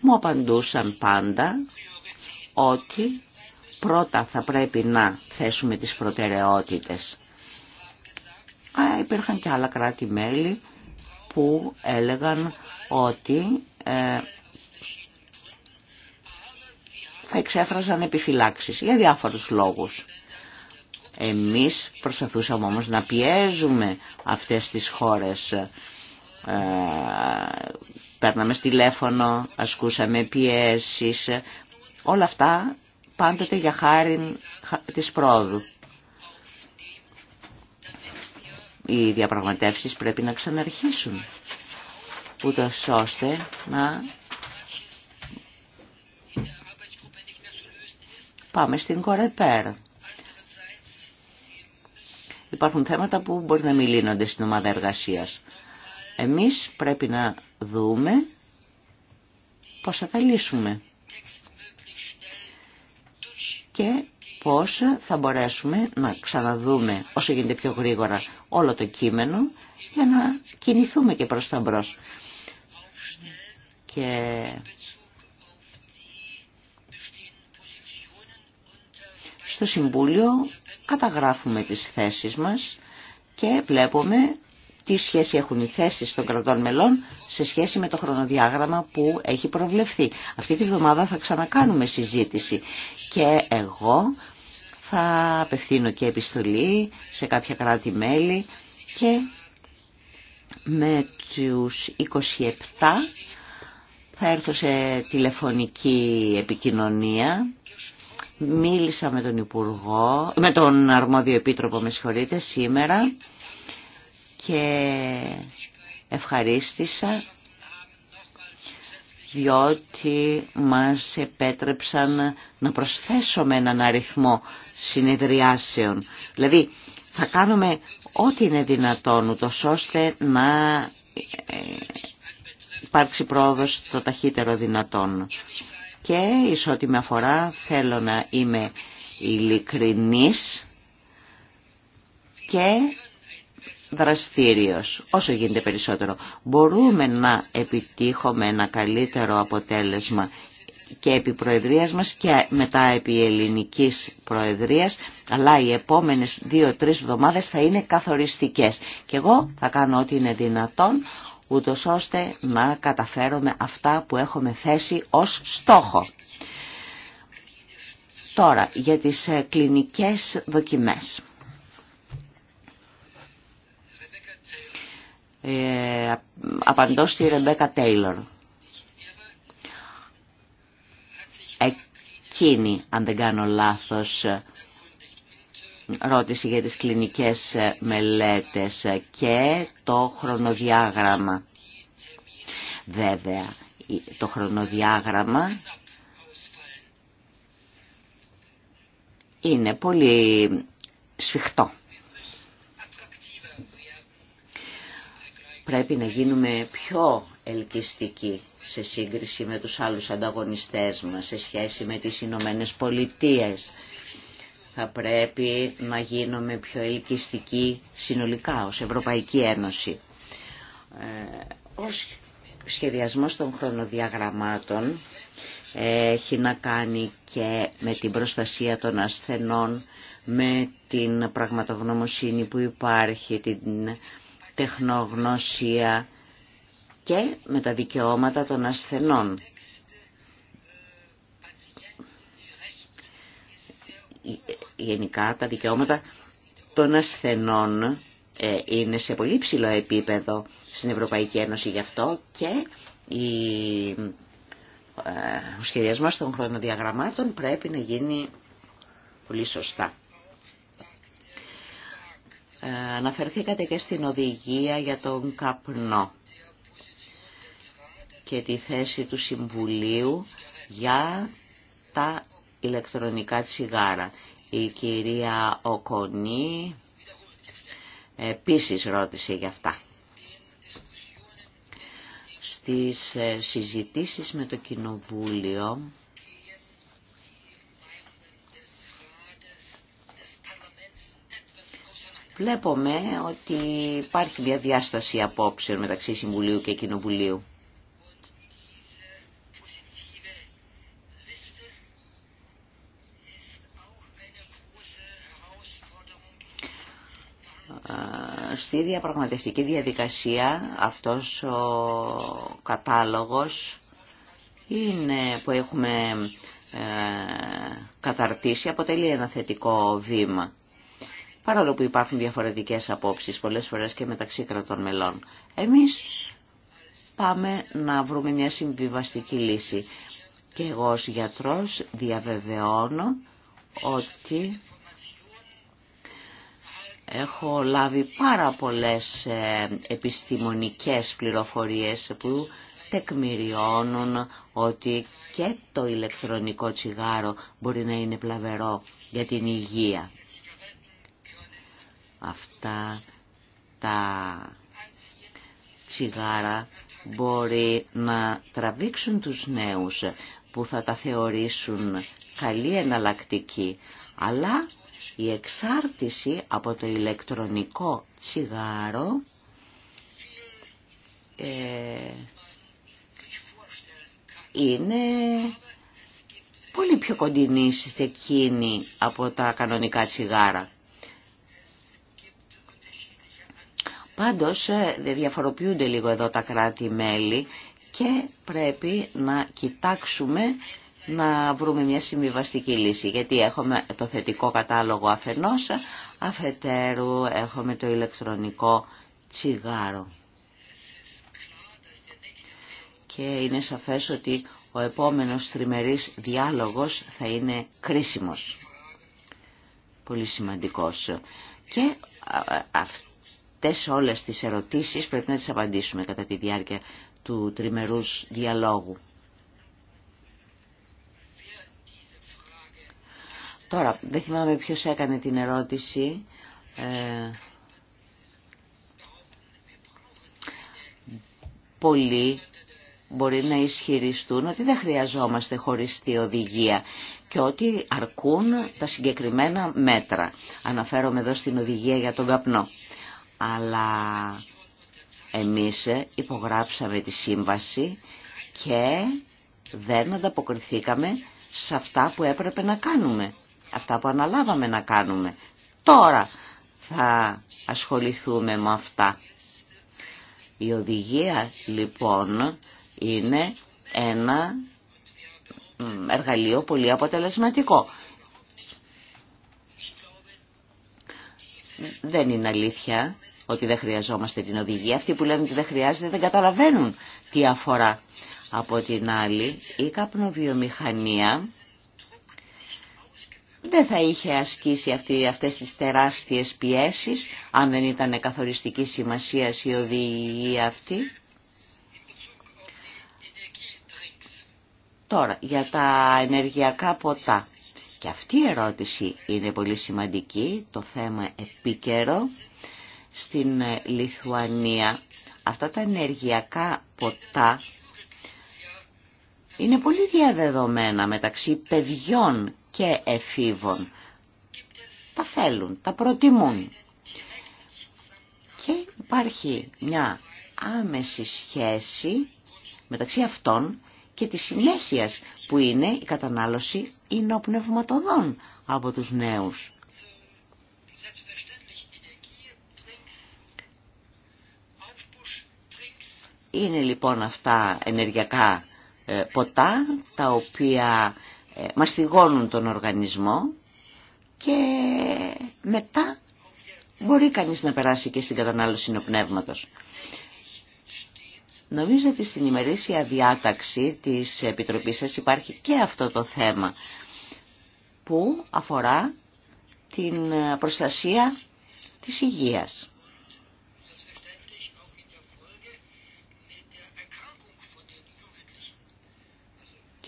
μου απαντούσαν πάντα ότι πρώτα θα πρέπει να θέσουμε τις προτεραιότητες. Α, υπήρχαν και άλλα κράτη-μέλη που έλεγαν ότι ε, θα εξέφραζαν επιφυλάξεις για διάφορους λόγους. Εμείς προσπαθούσαμε όμως να πιέζουμε αυτές τις χώρες ε, παίρναμε τηλέφωνο, ασκούσαμε πιέσεις, όλα αυτά πάντοτε για χάρη της πρόοδου. Οι διαπραγματεύσεις πρέπει να ξαναρχίσουν, ούτω ώστε να πάμε στην Κορεπέρ. Υπάρχουν θέματα που μπορεί να μην λύνονται στην ομάδα εργασίας. Εμείς πρέπει να δούμε πώς θα τα λύσουμε και πώς θα μπορέσουμε να ξαναδούμε όσο γίνεται πιο γρήγορα όλο το κείμενο για να κινηθούμε και προς τα μπρος. Και στο Συμβούλιο καταγράφουμε τις θέσεις μας και βλέπουμε τι σχέση έχουν οι θέσει των κρατών μελών σε σχέση με το χρονοδιάγραμμα που έχει προβλεφθεί. Αυτή τη βδομάδα θα ξανακάνουμε συζήτηση και εγώ θα απευθύνω και επιστολή σε κάποια κράτη-μέλη και με τους 27 θα έρθω σε τηλεφωνική επικοινωνία. Μίλησα με τον Υπουργό, με τον Αρμόδιο Επίτροπο, με συγχωρείτε, σήμερα και ευχαρίστησα διότι μας επέτρεψαν να προσθέσουμε έναν αριθμό συνεδριάσεων. Δηλαδή θα κάνουμε ό,τι είναι δυνατόν ούτως ώστε να ε, υπάρξει πρόοδος το ταχύτερο δυνατόν. Και εις ό,τι με αφορά θέλω να είμαι ειλικρινής και δραστήριος, όσο γίνεται περισσότερο. Μπορούμε να επιτύχουμε ένα καλύτερο αποτέλεσμα και επί Προεδρίας μας και μετά επί Ελληνικής Προεδρίας, αλλά οι επόμενες δύο-τρεις εβδομάδες θα είναι καθοριστικές. Και εγώ θα κάνω ό,τι είναι δυνατόν, ούτω ώστε να καταφέρομαι αυτά που έχουμε θέσει ως στόχο. Τώρα, για τις ε, κλινικές δοκιμές. ε, απαντώ στη Ρεμπέκα Τέιλορ. Εκείνη, αν δεν κάνω λάθος, ρώτησε για τις κλινικές μελέτες και το χρονοδιάγραμμα. Βέβαια, το χρονοδιάγραμμα είναι πολύ σφιχτό. Πρέπει να γίνουμε πιο ελκυστικοί σε σύγκριση με τους άλλους ανταγωνιστές μας, σε σχέση με τις Ηνωμένε Πολιτείες. Θα πρέπει να γίνουμε πιο ελκυστικοί συνολικά ως Ευρωπαϊκή Ένωση. Ο ε, σχεδιασμός των χρονοδιαγραμμάτων έχει να κάνει και με την προστασία των ασθενών, με την πραγματογνωμοσύνη που υπάρχει, την τεχνογνωσία και με τα δικαιώματα των ασθενών. Γενικά τα δικαιώματα των ασθενών ε, είναι σε πολύ ψηλό επίπεδο στην Ευρωπαϊκή Ένωση γι' αυτό και ε, ο σχεδιασμός των χρονοδιαγραμμάτων πρέπει να γίνει πολύ σωστά. Ε, αναφερθήκατε και στην οδηγία για τον καπνό και τη θέση του Συμβουλίου για τα ηλεκτρονικά τσιγάρα. Η κυρία Οκονή επίσης ρώτησε για αυτά. Στις ε, συζητήσεις με το Κοινοβούλιο βλέπουμε ότι υπάρχει μια διάσταση απόψεων μεταξύ Συμβουλίου και Κοινοβουλίου. Στη διαπραγματευτική διαδικασία αυτός ο κατάλογος είναι που έχουμε ε, καταρτήσει αποτελεί ένα θετικό βήμα παρόλο που υπάρχουν διαφορετικές απόψεις πολλές φορές και μεταξύ κρατών μελών. Εμείς πάμε να βρούμε μια συμβιβαστική λύση. Και εγώ ως γιατρός διαβεβαιώνω ότι έχω λάβει πάρα πολλές ε, επιστημονικές πληροφορίες που τεκμηριώνουν ότι και το ηλεκτρονικό τσιγάρο μπορεί να είναι πλαβερό για την υγεία αυτά τα τσιγάρα μπορεί να τραβήξουν τους νέους που θα τα θεωρήσουν καλή εναλλακτική, αλλά η εξάρτηση από το ηλεκτρονικό τσιγάρο ε, είναι πολύ πιο κοντινή σε εκείνη από τα κανονικά τσιγάρα. Πάντως ε, διαφοροποιούνται λίγο εδώ τα κράτη-μέλη και πρέπει να κοιτάξουμε να βρούμε μια συμβιβαστική λύση γιατί έχουμε το θετικό κατάλογο αφενός, αφετέρου έχουμε το ηλεκτρονικό τσιγάρο. Και είναι σαφές ότι ο επόμενος τριμερής διάλογος θα είναι κρίσιμος. Πολύ σημαντικός. Και αυτό αυτές όλες τις ερωτήσεις πρέπει να τις απαντήσουμε κατά τη διάρκεια του τριμερούς διαλόγου. Τώρα, δεν θυμάμαι ποιος έκανε την ερώτηση. Ε, πολλοί μπορεί να ισχυριστούν ότι δεν χρειαζόμαστε χωριστή οδηγία και ότι αρκούν τα συγκεκριμένα μέτρα. Αναφέρομαι εδώ στην οδηγία για τον καπνό αλλά εμείς ε, υπογράψαμε τη σύμβαση και δεν ανταποκριθήκαμε σε αυτά που έπρεπε να κάνουμε, αυτά που αναλάβαμε να κάνουμε. Τώρα θα ασχοληθούμε με αυτά. Η οδηγία λοιπόν είναι ένα εργαλείο πολύ αποτελεσματικό. Δεν είναι αλήθεια ότι δεν χρειαζόμαστε την οδηγία. Αυτοί που λένε ότι δεν χρειάζεται δεν καταλαβαίνουν τι αφορά. Από την άλλη, η καπνοβιομηχανία δεν θα είχε ασκήσει αυτή, αυτές τις τεράστιες πιέσεις αν δεν ήταν καθοριστική σημασία η οδηγία αυτή. Τώρα, για τα ενεργειακά ποτά. Και αυτή η ερώτηση είναι πολύ σημαντική, το θέμα επίκαιρο στην ε, Λιθουανία αυτά τα ενεργειακά ποτά είναι πολύ διαδεδομένα μεταξύ παιδιών και εφήβων. Τα θέλουν, τα προτιμούν. Και υπάρχει μια άμεση σχέση μεταξύ αυτών και της συνέχειας που είναι η κατανάλωση υνοπνευματοδών από τους νέους. Είναι λοιπόν αυτά ενεργειακά ε, ποτά τα οποία ε, μαστιγώνουν τον οργανισμό και μετά μπορεί κανείς να περάσει και στην κατανάλωση νοπνεύματος. Νομίζω ότι στην ημερήσια διάταξη της Επιτροπής σας υπάρχει και αυτό το θέμα που αφορά την ε, προστασία της υγείας.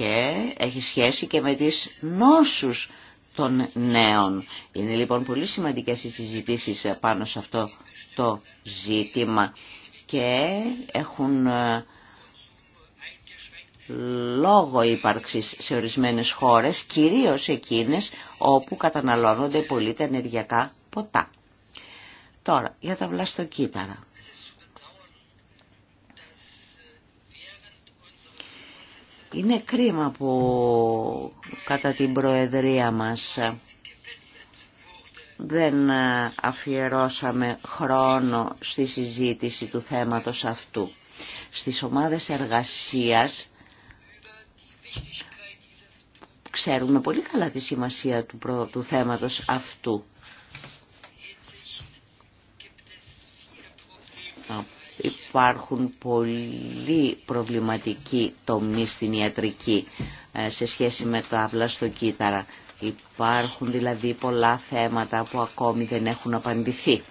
και έχει σχέση και με τις νόσους των νέων. Είναι λοιπόν πολύ σημαντικές οι συζητήσεις πάνω σε αυτό το ζήτημα και έχουν ε, λόγο ύπαρξης σε ορισμένες χώρες, κυρίως εκείνες όπου καταναλώνονται πολύ τα ενεργειακά ποτά. Τώρα, για τα βλαστοκύτταρα. Είναι κρίμα που κατά την Προεδρία μας δεν αφιερώσαμε χρόνο στη συζήτηση του θέματος αυτού. Στις ομάδες εργασίας ξέρουμε πολύ καλά τη σημασία του, του θέματος αυτού. Υπάρχουν πολύ προβληματικοί τομείς στην ιατρική ε, σε σχέση με το τα κύτταρα. Υπάρχουν δηλαδή πολλά θέματα που ακόμη δεν έχουν απαντηθεί.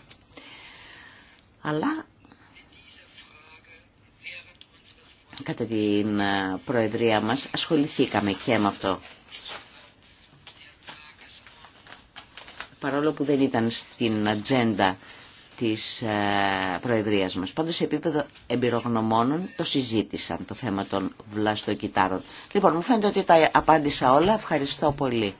Αλλά κατά την ε, Προεδρία μας ασχοληθήκαμε και με αυτό. Παρόλο που δεν ήταν στην ατζέντα της ε, Προεδρίας μας. Πάντως σε επίπεδο εμπειρογνωμόνων το συζήτησαν το θέμα των βλαστοκυτάρων. Λοιπόν, μου φαίνεται ότι τα απάντησα όλα. Ευχαριστώ πολύ.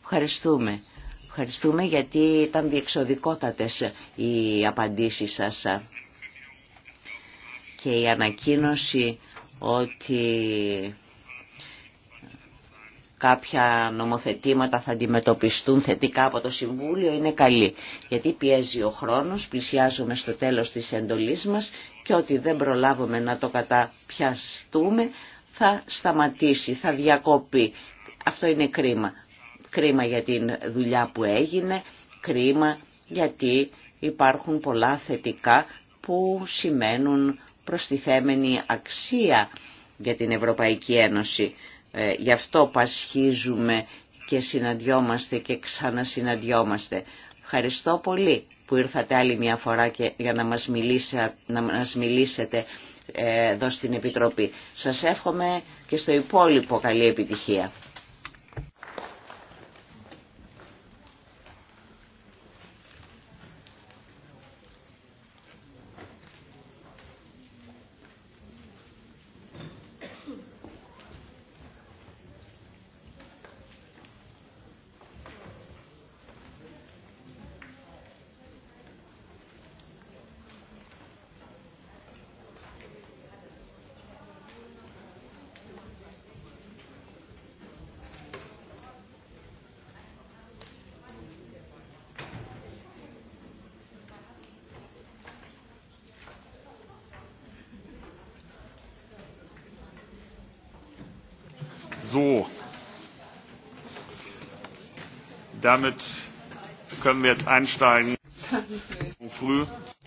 Ευχαριστούμε. Ευχαριστούμε γιατί ήταν διεξοδικότατες οι απαντήσεις σας και η ανακοίνωση ότι κάποια νομοθετήματα θα αντιμετωπιστούν θετικά από το Συμβούλιο είναι καλή. Γιατί πιέζει ο χρόνος, πλησιάζουμε στο τέλος της εντολής μας και ότι δεν προλάβουμε να το καταπιαστούμε θα σταματήσει, θα διακόπει. Αυτό είναι κρίμα. Κρίμα για την δουλειά που έγινε, κρίμα γιατί υπάρχουν πολλά θετικά που σημαίνουν προστιθέμενη αξία για την Ευρωπαϊκή Ένωση. Ε, γι' αυτό πασχίζουμε και συναντιόμαστε και ξανασυναντιόμαστε. Ευχαριστώ πολύ που ήρθατε άλλη μια φορά και για να μας, να μας μιλήσετε ε, εδώ στην Επιτροπή. Σας εύχομαι και στο υπόλοιπο καλή επιτυχία.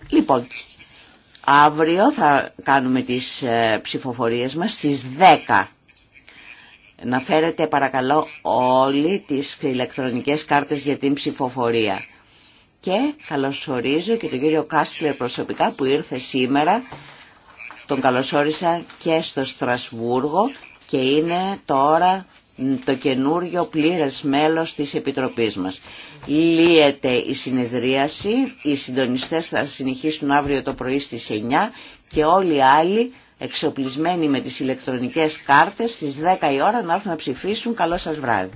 Λοιπόν, αύριο θα κάνουμε τις ε, ψηφοφορίες μας στις 10. Να φέρετε παρακαλώ όλοι τις ηλεκτρονικές κάρτες για την ψηφοφορία. Και καλωσορίζω και τον κύριο Κάστλερ προσωπικά που ήρθε σήμερα. Τον καλωσόρισα και στο Στρασβούργο και είναι τώρα το καινούριο πλήρες μέλος της Επιτροπής μας. Λύεται η συνεδρίαση, οι συντονιστές θα συνεχίσουν αύριο το πρωί στις 9 και όλοι οι άλλοι εξοπλισμένοι με τις ηλεκτρονικές κάρτες στις 10 η ώρα να έρθουν να ψηφίσουν. Καλό σας βράδυ.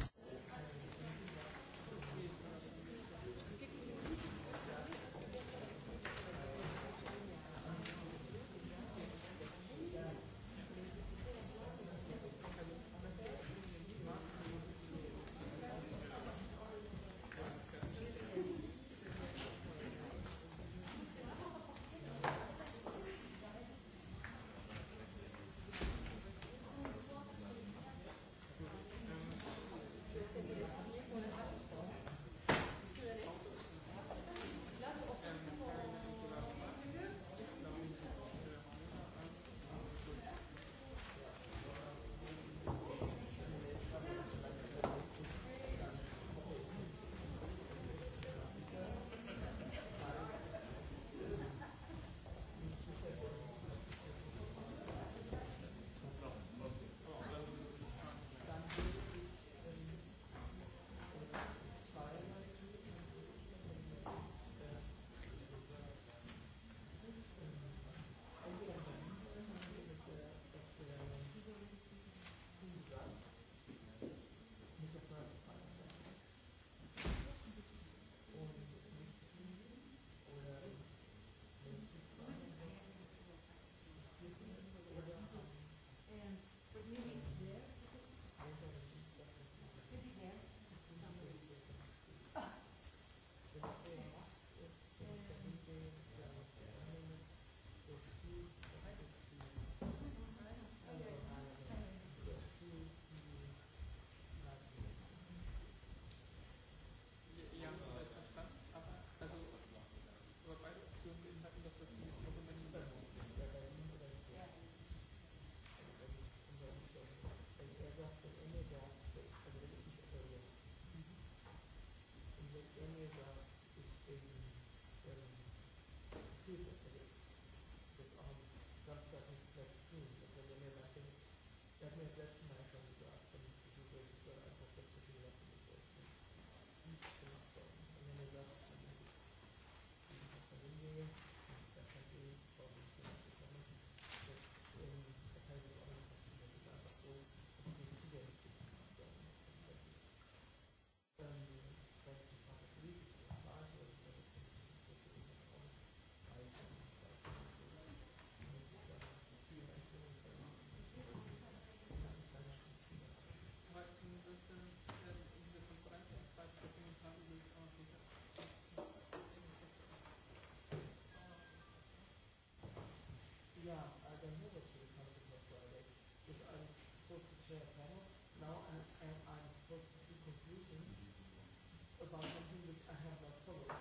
about something which I have not followed,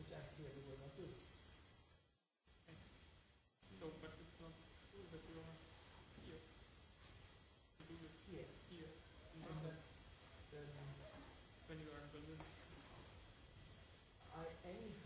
which I clearly will not do. No, but it's not true that you are here. You do it here. Here. Even then, then when you are in Berlin. I anyhow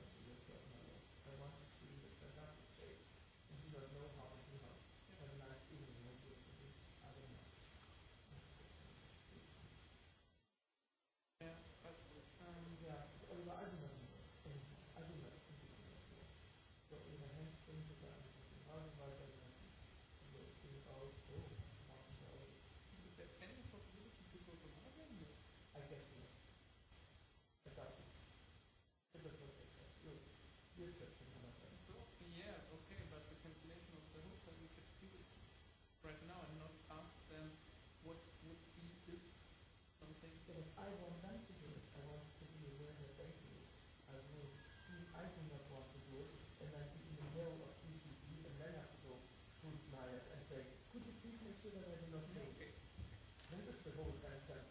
I can see it. It's up to It does not take Yeah, okay, but the cancellation of the that we could do it right now and not ask them what would be if something. Because I want them to do it. I want to be aware that they do it. I will see, I do not want to do it, and I be in the middle of ECP, and then I have to go to Maya and say, could you please make sure that I do not do it? That is the whole concept.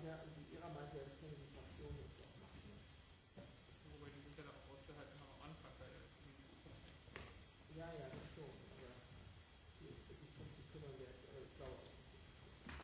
για